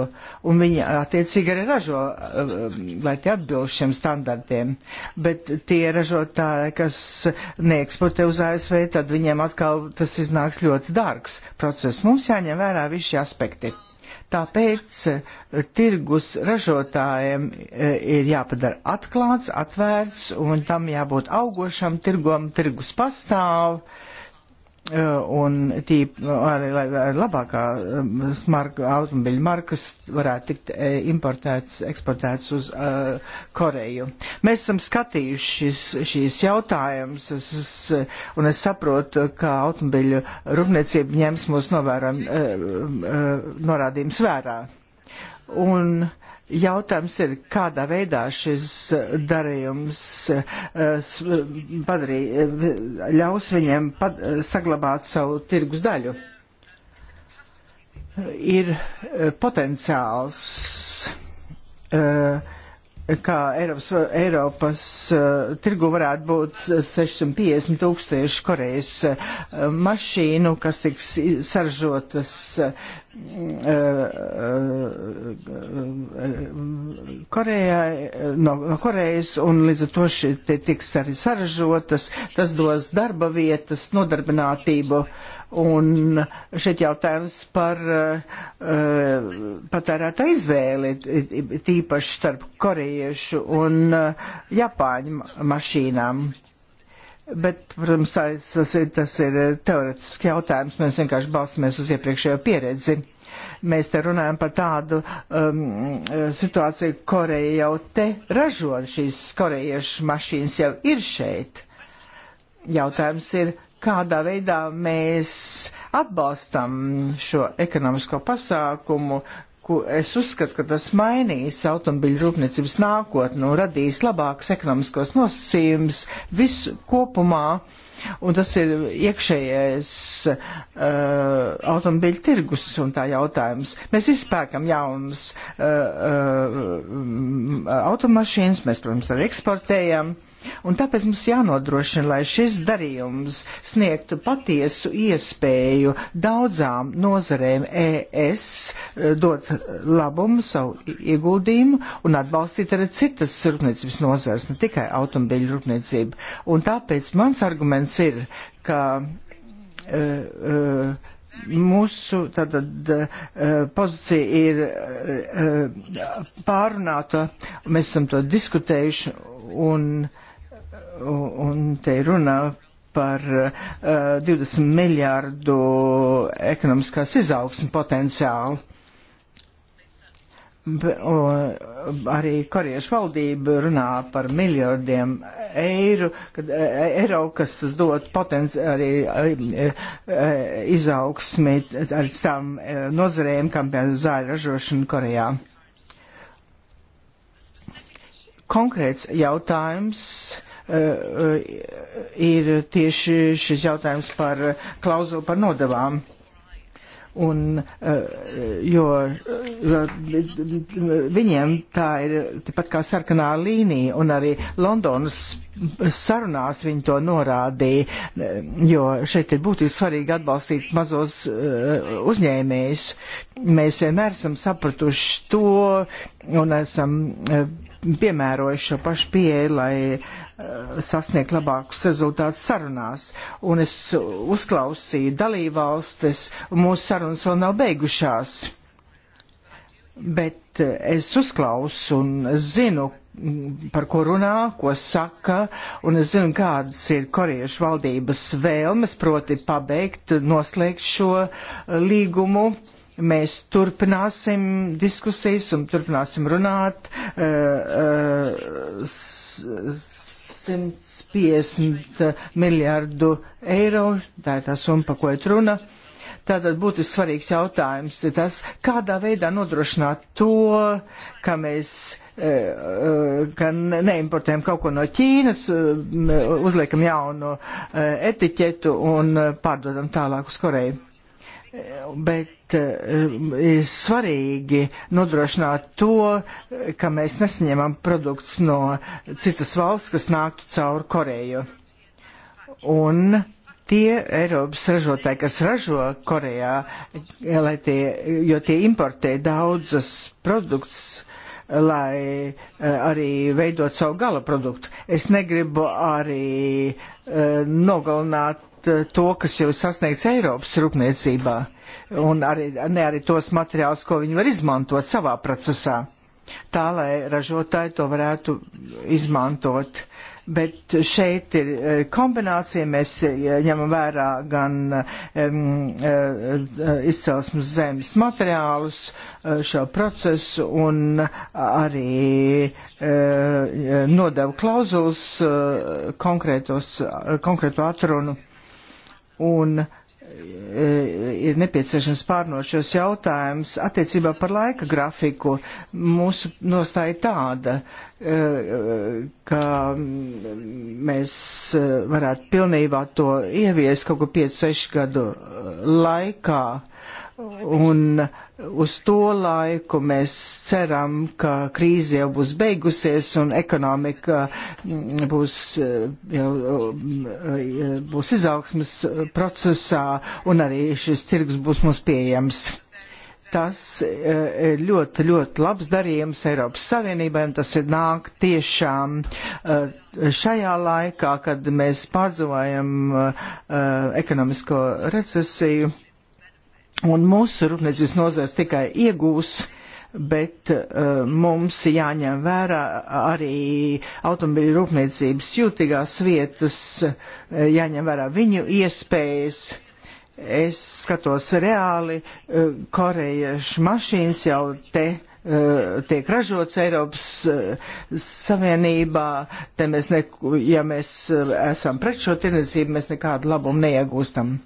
un viņi attiecīgi arī ražo, um, lai tie atbilst šiem standartiem. Bet tie ražotāji, kas neeksportē uz ASV, tad viņiem atkal tas iznāks ļoti dārgs process. Mums jāņem vērā visi šie aspekti. Tāpēc eh, tirgus ražotājiem eh, ir jāpadara atklāts, atvērts un tam jābūt augošam tirgom, tirgus pastāv. Uh, Eh, un tīp, arī lai ar labākā eh, smarka, automobiļu markas varētu tikt eh, importēts, eksportēts uz uh, Koreju. Mēs esam skatījuši šīs jautājumus, es, un es saprotu, ka automobiļu rūpniecība ņems mūsu novēram, uh, uh, norādījums vērā. Un, uh, Jautājums ir, kādā veidā šis darījums eh, padarī, eh, ļaus viņiem pad, eh, saglabāt savu tirgus daļu. Ir potenciāls. Uh, ka Eiropas, Eiropas uh, tirgu varētu būt 650 tūkstieši Korejas uh, mašīnu, kas tiks saražotas uh, eh, Korejai, no, no Korejas, un līdz ar to šie tiks arī saražotas, tas dos darba vietas, nodarbinātību Un šeit jautājums par uh, eh, patērēta izvēli, tīpaši starp koriešu un uh, japāņu mašīnām. Bet, protams, tā, tas ir, tas ir teoretiski jautājums, mēs vienkārši balstamies uz iepriekšējo pieredzi. Mēs te runājam par tādu um, situāciju, Koreja jau te ražo šīs korejiešu mašīnas, jau ir šeit. Jautājums ir, kādā veidā mēs atbalstam šo ekonomisko pasākumu, ko es uzskatu, ka tas mainīs automobiļu rūpniecības nākotnu un radīs labākus ekonomiskos nosacījumus visu kopumā. Un tas ir iekšējais uh, automobīļu tirgus un tā jautājums. Mēs visi pērkam jaunas uh, uh, automašīnas, mēs, protams, arī eksportējam. Uh, Un tāpēc mums jānodrošina, lai šis darījums sniegtu patiesu iespēju daudzām nozarēm ES eh, dot labumu, savu ieguldījumu un atbalstīt arī citas rūpniecības nozares, ne tikai automobiļu rūpniecību. Un tāpēc mans arguments ir, ka. Uh, uh, Mūsu tātad pozīcija ir pārunāta, mēs esam to diskutējuši un uh, un te ir runā par uh, eh, 20 miljārdu ekonomiskās izaugsmes potenciālu. B un arī koriešu valdība runā par miljardiem eiro, kad, e, e eiro kas tas dod potenci arī e e izaugsmi ar tām e, nozarēm, kam ir zāļu ražošana Korejā konkrēts jautājums Eh, eh, ir tieši šis jautājums par klauzulu par nodevām. Un, eh, jo, jo viņiem tā ir pat kā sarkanā līnija, un arī Londonas sarunās viņi to norādīja, jo šeit ir būtiski svarīgi atbalstīt mazos uh, uzņēmējus. Mēs vienmēr esam sapratuši to un esam. Uh, piemērojuši šo pašu pieeju, lai uh, sasniegt labākus rezultātus sarunās. Un es uzklausīju dalībvalstis, un mūsu sarunas vēl nav beigušās. Bet eh, es uzklausu un es zinu, mm, par ko runā, ko saka, un es zinu, kādas ir koriešu valdības vēlmes, proti pabeigt, noslēgt šo eh, līgumu Mēs turpināsim diskusijas un turpināsim runāt. Uh, uh, 150 miljardu eiro, tā ir tā summa, pa ko ir runa. Tātad būtu svarīgs jautājums ir tas, kādā veidā nodrošināt to, ka mēs eh, eh, ka neimportējam kaut ko no Ķīnas, eh, uzliekam jaunu etiķetu un pārdodam tālāk uz Koreju. Bet bet um, ir svarīgi nodrošināt to, ka mēs nesaņemam produkts no citas valsts, kas nāktu caur Koreju. Un tie Eiropas ražotāji, kas ražo Korejā, tie, jo tie importē daudzas produkts, lai eh, arī veidot savu gala produktu. Es negribu arī eh, nogalināt eh, to, kas jau ir sasniegts Eiropas rūpniecībā, un arī, ne arī tos materiālus, ko viņi var izmantot savā procesā, tā lai ražotāji to varētu izmantot. Uh, bet šeit ir eh, kombinācija, mēs eh, ņemam vērā gan um, izcelsmes zemes materiālus, šo procesu un arī uh, nodevu klauzulas uh, konkrētos, konkrēto atrunu. Un uh, Eh, ir nepieciešams pārnot šos jautājumus attiecībā par laika grafiku. Mūsu nostāja tāda, eh, ka mēs eh, varētu pilnībā to ieviest kaut kur 5-6 gadu laikā. Un uz to laiku mēs ceram, ka krīze jau būs beigusies un ekonomika būs, jau, būs izaugsmas procesā un arī šis tirgus būs mums pieejams. Tas e, ir ļoti, ļoti labs darījums Eiropas Savienībai, un tas ir nāk tiešām e, šajā laikā, kad mēs pārdzīvojam e, ekonomisko recesiju un mūsu rūpniecības nozars tikai iegūs bet uh, mums jāņem vērā arī automobīļu rūpniecības jūtīgās vietas, uh, jāņem vērā viņu iespējas. Es skatos reāli, uh, korejiešu mašīnas jau te uh, tiek ražots Eiropas uh, Savienībā, te mēs, ne, ja mēs uh, esam pret šo tirdzniecību, mēs nekādu labumu neiegūstam.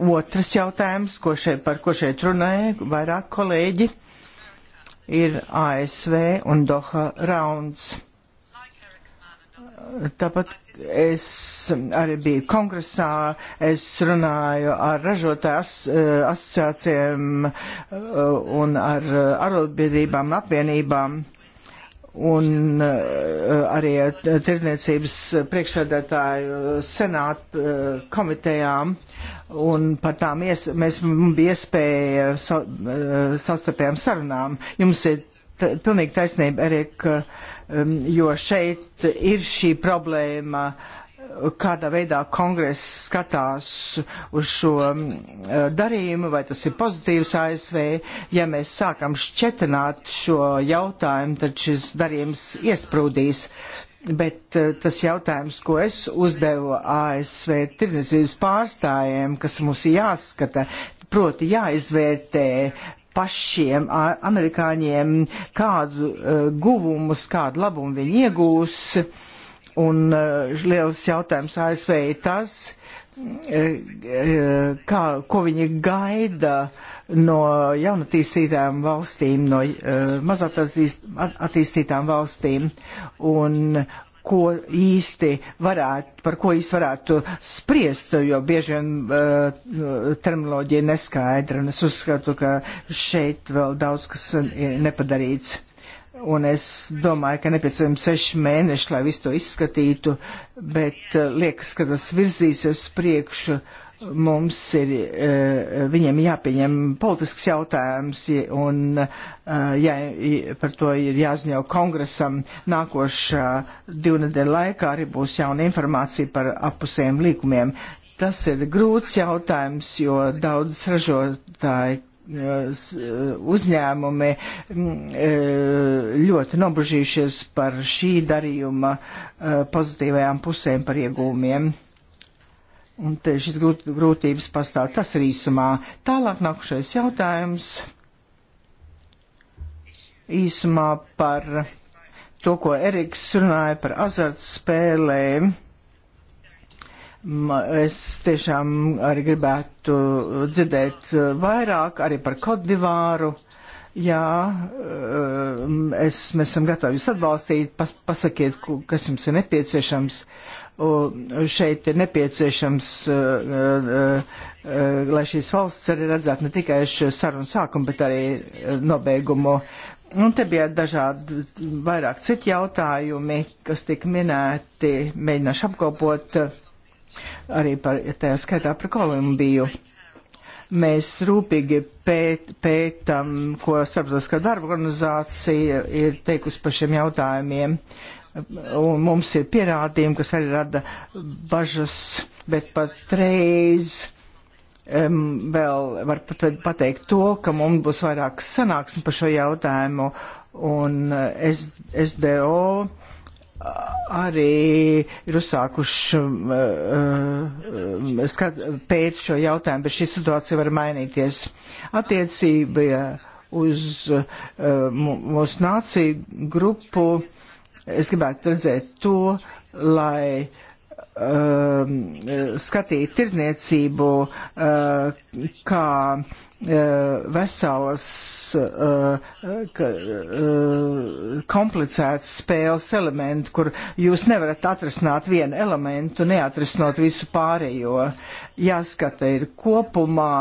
Otrs jautājums, ko šeit, par ko šeit runāja vairāk kolēģi, ir ASV un Doha rauns. Tāpat es arī biju kongresā, es runāju ar ražotāju as, eh, asociācijām eh, un ar eh, arotbiedrībām un apvienībām un eh, arī tirdzniecības priekšsēdētāju eh, senātu eh, komitejām. Un par tām ies, mēs bija iespēja sa, savstarpējām sarunām. Jums ir pilnīgi taisnība, Erika, jo šeit ir šī problēma uh, kādā veidā kongress skatās uz šo mm, eh, darījumu, vai tas ir pozitīvs ASV. Ja mēs sākam šķetināt šo jautājumu, tad šis darījums iesprūdīs. Bet eh, tas jautājums, ko es uzdevu ASV tirdzniecības pārstājiem, kas mums ir jāskata, proti jāizvērtē pašiem amerikāņiem, kādu uh, guvumus, kādu labumu viņi iegūs. Uh, Un eh, liels jautājums ASV ir tas, eh, eh, kā, ko viņi gaida no jaunatīstītām valstīm, no uh, mazattīstītām valstīm. Un ko īsti varētu, par ko īsti varētu spriest, jo bieži vien uh, terminoloģija neskaidra, un es uzskatu, ka šeit vēl daudz kas nepadarīts un es domāju, ka nepieciešams seši mēneši, lai visu to izskatītu, bet eh, liekas, ka tas virzīsies priekšu. Mums ir eh, viņiem jāpieņem politisks jautājums, un eh, jā, par to ir jāziņo kongresam. Nākošā divnedēļa laikā arī būs jauna informācija par apusējiem līkumiem. Tas ir grūts jautājums, jo daudz ražotāji uzņēmumi e, ļoti nobežījušies par šī darījuma e, pozitīvajām pusēm par iegūmiem. Un te šis grūt, grūtības pastāv tas ir īsumā. Tālāk nākušais jautājums īsumā par to, ko Eriks runāja par azartspēlēm. spēlēm Es tiešām arī gribētu dzirdēt uh, vairāk arī par Kodivāru. Jā, uh, es, mēs esam gatavi jūs atbalstīt, pas, pasakiet, kas jums ir nepieciešams. Šeit ir nepieciešams, uh, lai šīs valsts arī redzētu ne tikai sarunu sākumu, bet arī nobeigumu. Un te bija dažādi vairāk citi jautājumi, kas tika minēti, mēģināšu apkopot. Uh, arī par, tajā skaitā par Kolumbiju. Mēs rūpīgi pēt, pētam, ko starptautiskā darba organizācija ir teikusi par šiem jautājumiem. Un mums ir pierādījumi, kas arī rada bažas, bet patreiz um, vēl var pat, pateikt to, ka mums būs vairāk sanāksmi par šo jautājumu. Un eh, SDO arī ir uzsākuši um, uh, um, skat, pēt šo jautājumu, bet šī situācija var mainīties. Attiecība uz uh, mūsu nāciju grupu, es gribētu redzēt to, lai uh, um, skatītu tirzniecību uh, kā Eh, veselas, eh, eh, komplicētas spēles elementi, kur jūs nevarat atrisināt vienu elementu, neatrisinot visu pārējo. Jāskata ir kopumā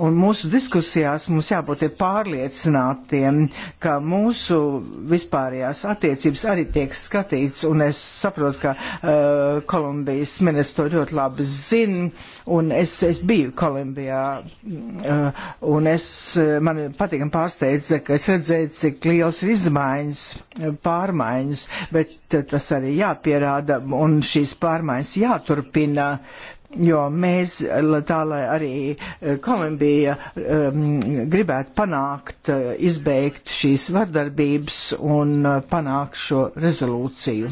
Un mūsu diskusijās mums jābūt pārliecinātiem, ka mūsu vispārējās attiecības arī tiek skatīts, un es saprotu, ka uh, Kolumbijas ministrs to ļoti labi zina, un es, es biju Kolumbijā, uh, un es, eh, man patīkam pārsteidza, ka es redzēju, cik liels ir izmaiņas, pārmaiņas, bet tas arī jāpierāda, un šīs pārmaiņas jāturpina Jo mēs tā, lai arī eh, Kolumbija um, gribētu panākt, eh, izbeigt šīs vardarbības un eh, panākt šo rezolūciju.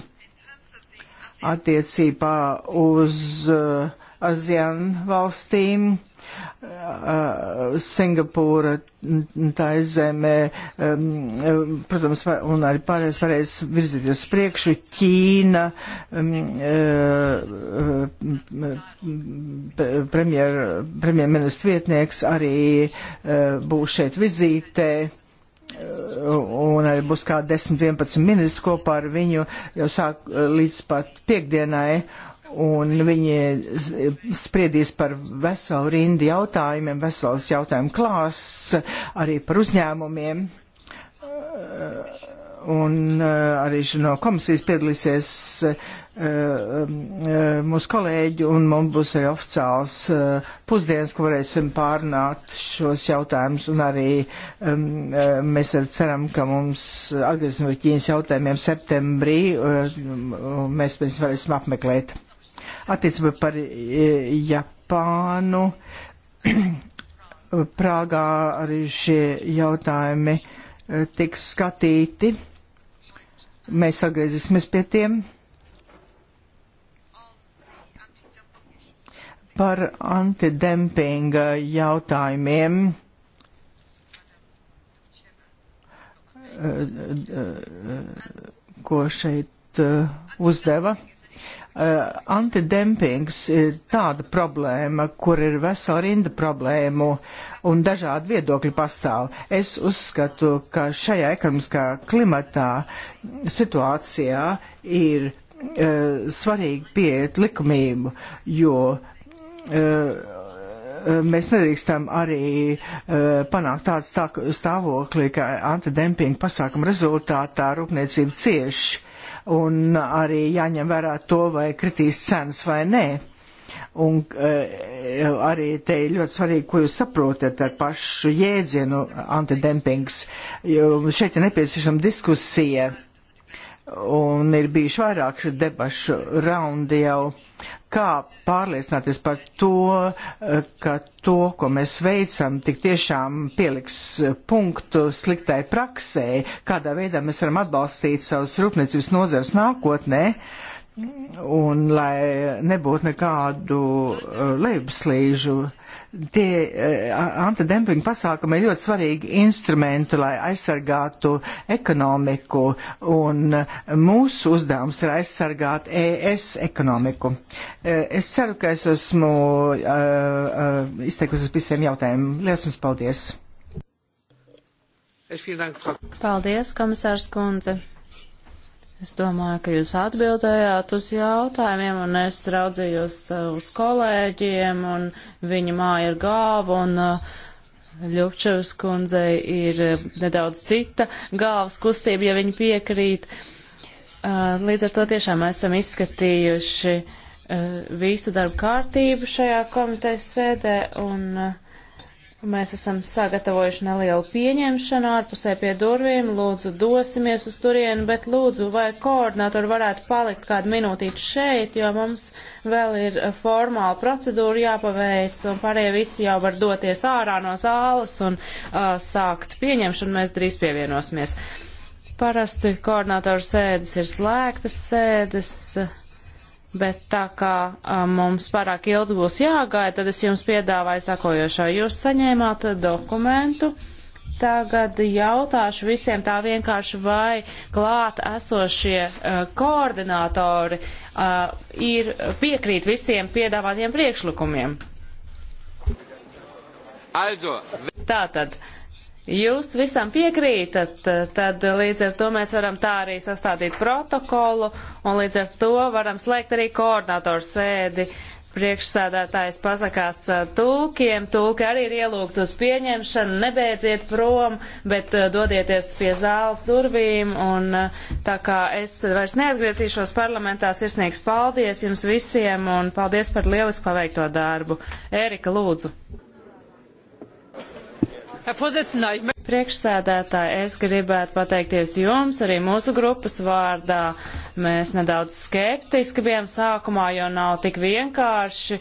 Attiecībā uz uh, ASEAN valstīm Uh, Singapūra, tā ir zemē, um, um, protams, un arī pārējais varēs virzīties priekšu, Ķīna, um, uh, uh, premjer, premjerministra vietnieks arī būs šeit vizītē un arī būs kā 10-11 ministri kopā ar viņu jau sāk līdz pat piekdienai. Un viņi spriedīs par veselu rindu jautājumiem, veselas jautājumu klāsts, arī par uzņēmumiem. Uh, un uh, arī no komisijas piedalīsies uh, um, mūsu kolēģi, un mums būs arī oficiāls pusdienas, kur varēsim pārnāt šos jautājumus, un arī um, mēs arī ceram, ka mums atgriezīsim no Ķīnas jautājumiem septembrī, mēs viņus varēsim apmeklēt attiecībā par e, Japānu. Prāgā arī šie jautājumi e, tiks skatīti. Mēs atgriezīsimies pie tiem. Par antidempinga jautājumiem. E, ko šeit uzdeva. Eh, antidempings ir tāda problēma, kur ir vesela rinda problēmu un dažādi viedokļi pastāv. Es uzskatu, ka šajā ekonomiskā klimatā situācijā ir eh, svarīgi pieiet likumību, jo eh, mēs nedrīkstam arī uh, panākt tādu stāvokli, ka antidempinga pasākuma rezultātā rūpniecība cieš un arī jāņem vērā to, vai kritīs cenas vai nē. Un e, arī te ir ļoti svarīgi, ko jūs saprotat ar pašu jēdzienu antidempings, jo šeit ir nepieciešama diskusija un ir bijuši vairāki debašu raundi jau. Kā pārliecināties par to, ka to, ko mēs veicam, tik tiešām pieliks punktu sliktai praksē, kādā veidā mēs varam atbalstīt savus rūpniecības nozars nākotnē? Uh, un lai nebūtu nekādu uh, lejupslīžu, tie uh, antidempinga pasākumi ir ļoti svarīgi instrumenti, lai aizsargātu ekonomiku, un uh, mūsu uzdevums ir aizsargāt ES ekonomiku. Es ceru, ka es esmu izteikusi visiem jautājumiem. Lielas jums paldies! Paldies, komisārs Kundze! Es domāju, ka jūs atbildējāt uz jautājumiem, un es raudzījos uh, uz kolēģiem, un viņa māja ir galva, un uh, Ļupčevs kundzei ir uh, nedaudz cita galvas kustība, ja viņa piekrīt. Līdz ar to tiešām esam izskatījuši visu darbu kārtību šajā komitejas sēdē, un uh, Mēs esam sagatavojuši nelielu pieņemšanu ārpusē pie durvīm. Lūdzu, dosimies uz turieni, bet lūdzu, vai koordinātori varētu palikt kādu minūtīti šeit, jo mums vēl ir eh, formāla procedūra jāpaveic, un pārējie visi jau var doties ārā no zāles un uh, sākt pieņemšanu. Mēs drīz pievienosimies. Parasti koordinātoru sēdes ir slēgtas sēdes. Uh, Bet tā kā mums pārāk ilgi būs jāgaida, tad es jums piedāvāju sakojošo. Jūs saņēmāt dokumentu. Tagad jautāšu visiem tā vienkārši, vai klāt esošie uh, koordinātori uh, ir piekrīt visiem piedāvātiem priekšlikumiem. Also. Tātad. Uh, jūs visam piekrītat, tad līdz ar to mēs varam tā arī sastādīt protokolu un līdz ar to varam slēgt arī koordinatoru sēdi. Priekšsēdētājs pasakās tulkiem, tulki arī ir ielūgt uz pieņemšanu, nebeidziet prom, bet eh, dodieties pie zāles durvīm, un eh, tā kā es vairs neatgriezīšos parlamentā, sirsnīgs paldies jums visiem, un paldies par lielisko veikto darbu. Ērika, lūdzu! Priekšsēdētāji, es gribētu pateikties jums, arī mūsu grupas vārdā. Mēs nedaudz skeptiski bijām sākumā, jo nav tik vienkārši,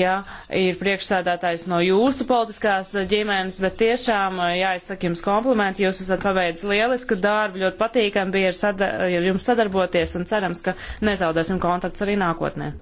ja ir priekšsēdētājs no jūsu politiskās ģimenes, bet tiešām eh, jāizsaka jums komplimenti. Jūs esat paveicis lielisku darbu, ļoti patīkami bija ar, sadar ar jums sadarboties un cerams, ka nezaudēsim kontakts arī nākotnē.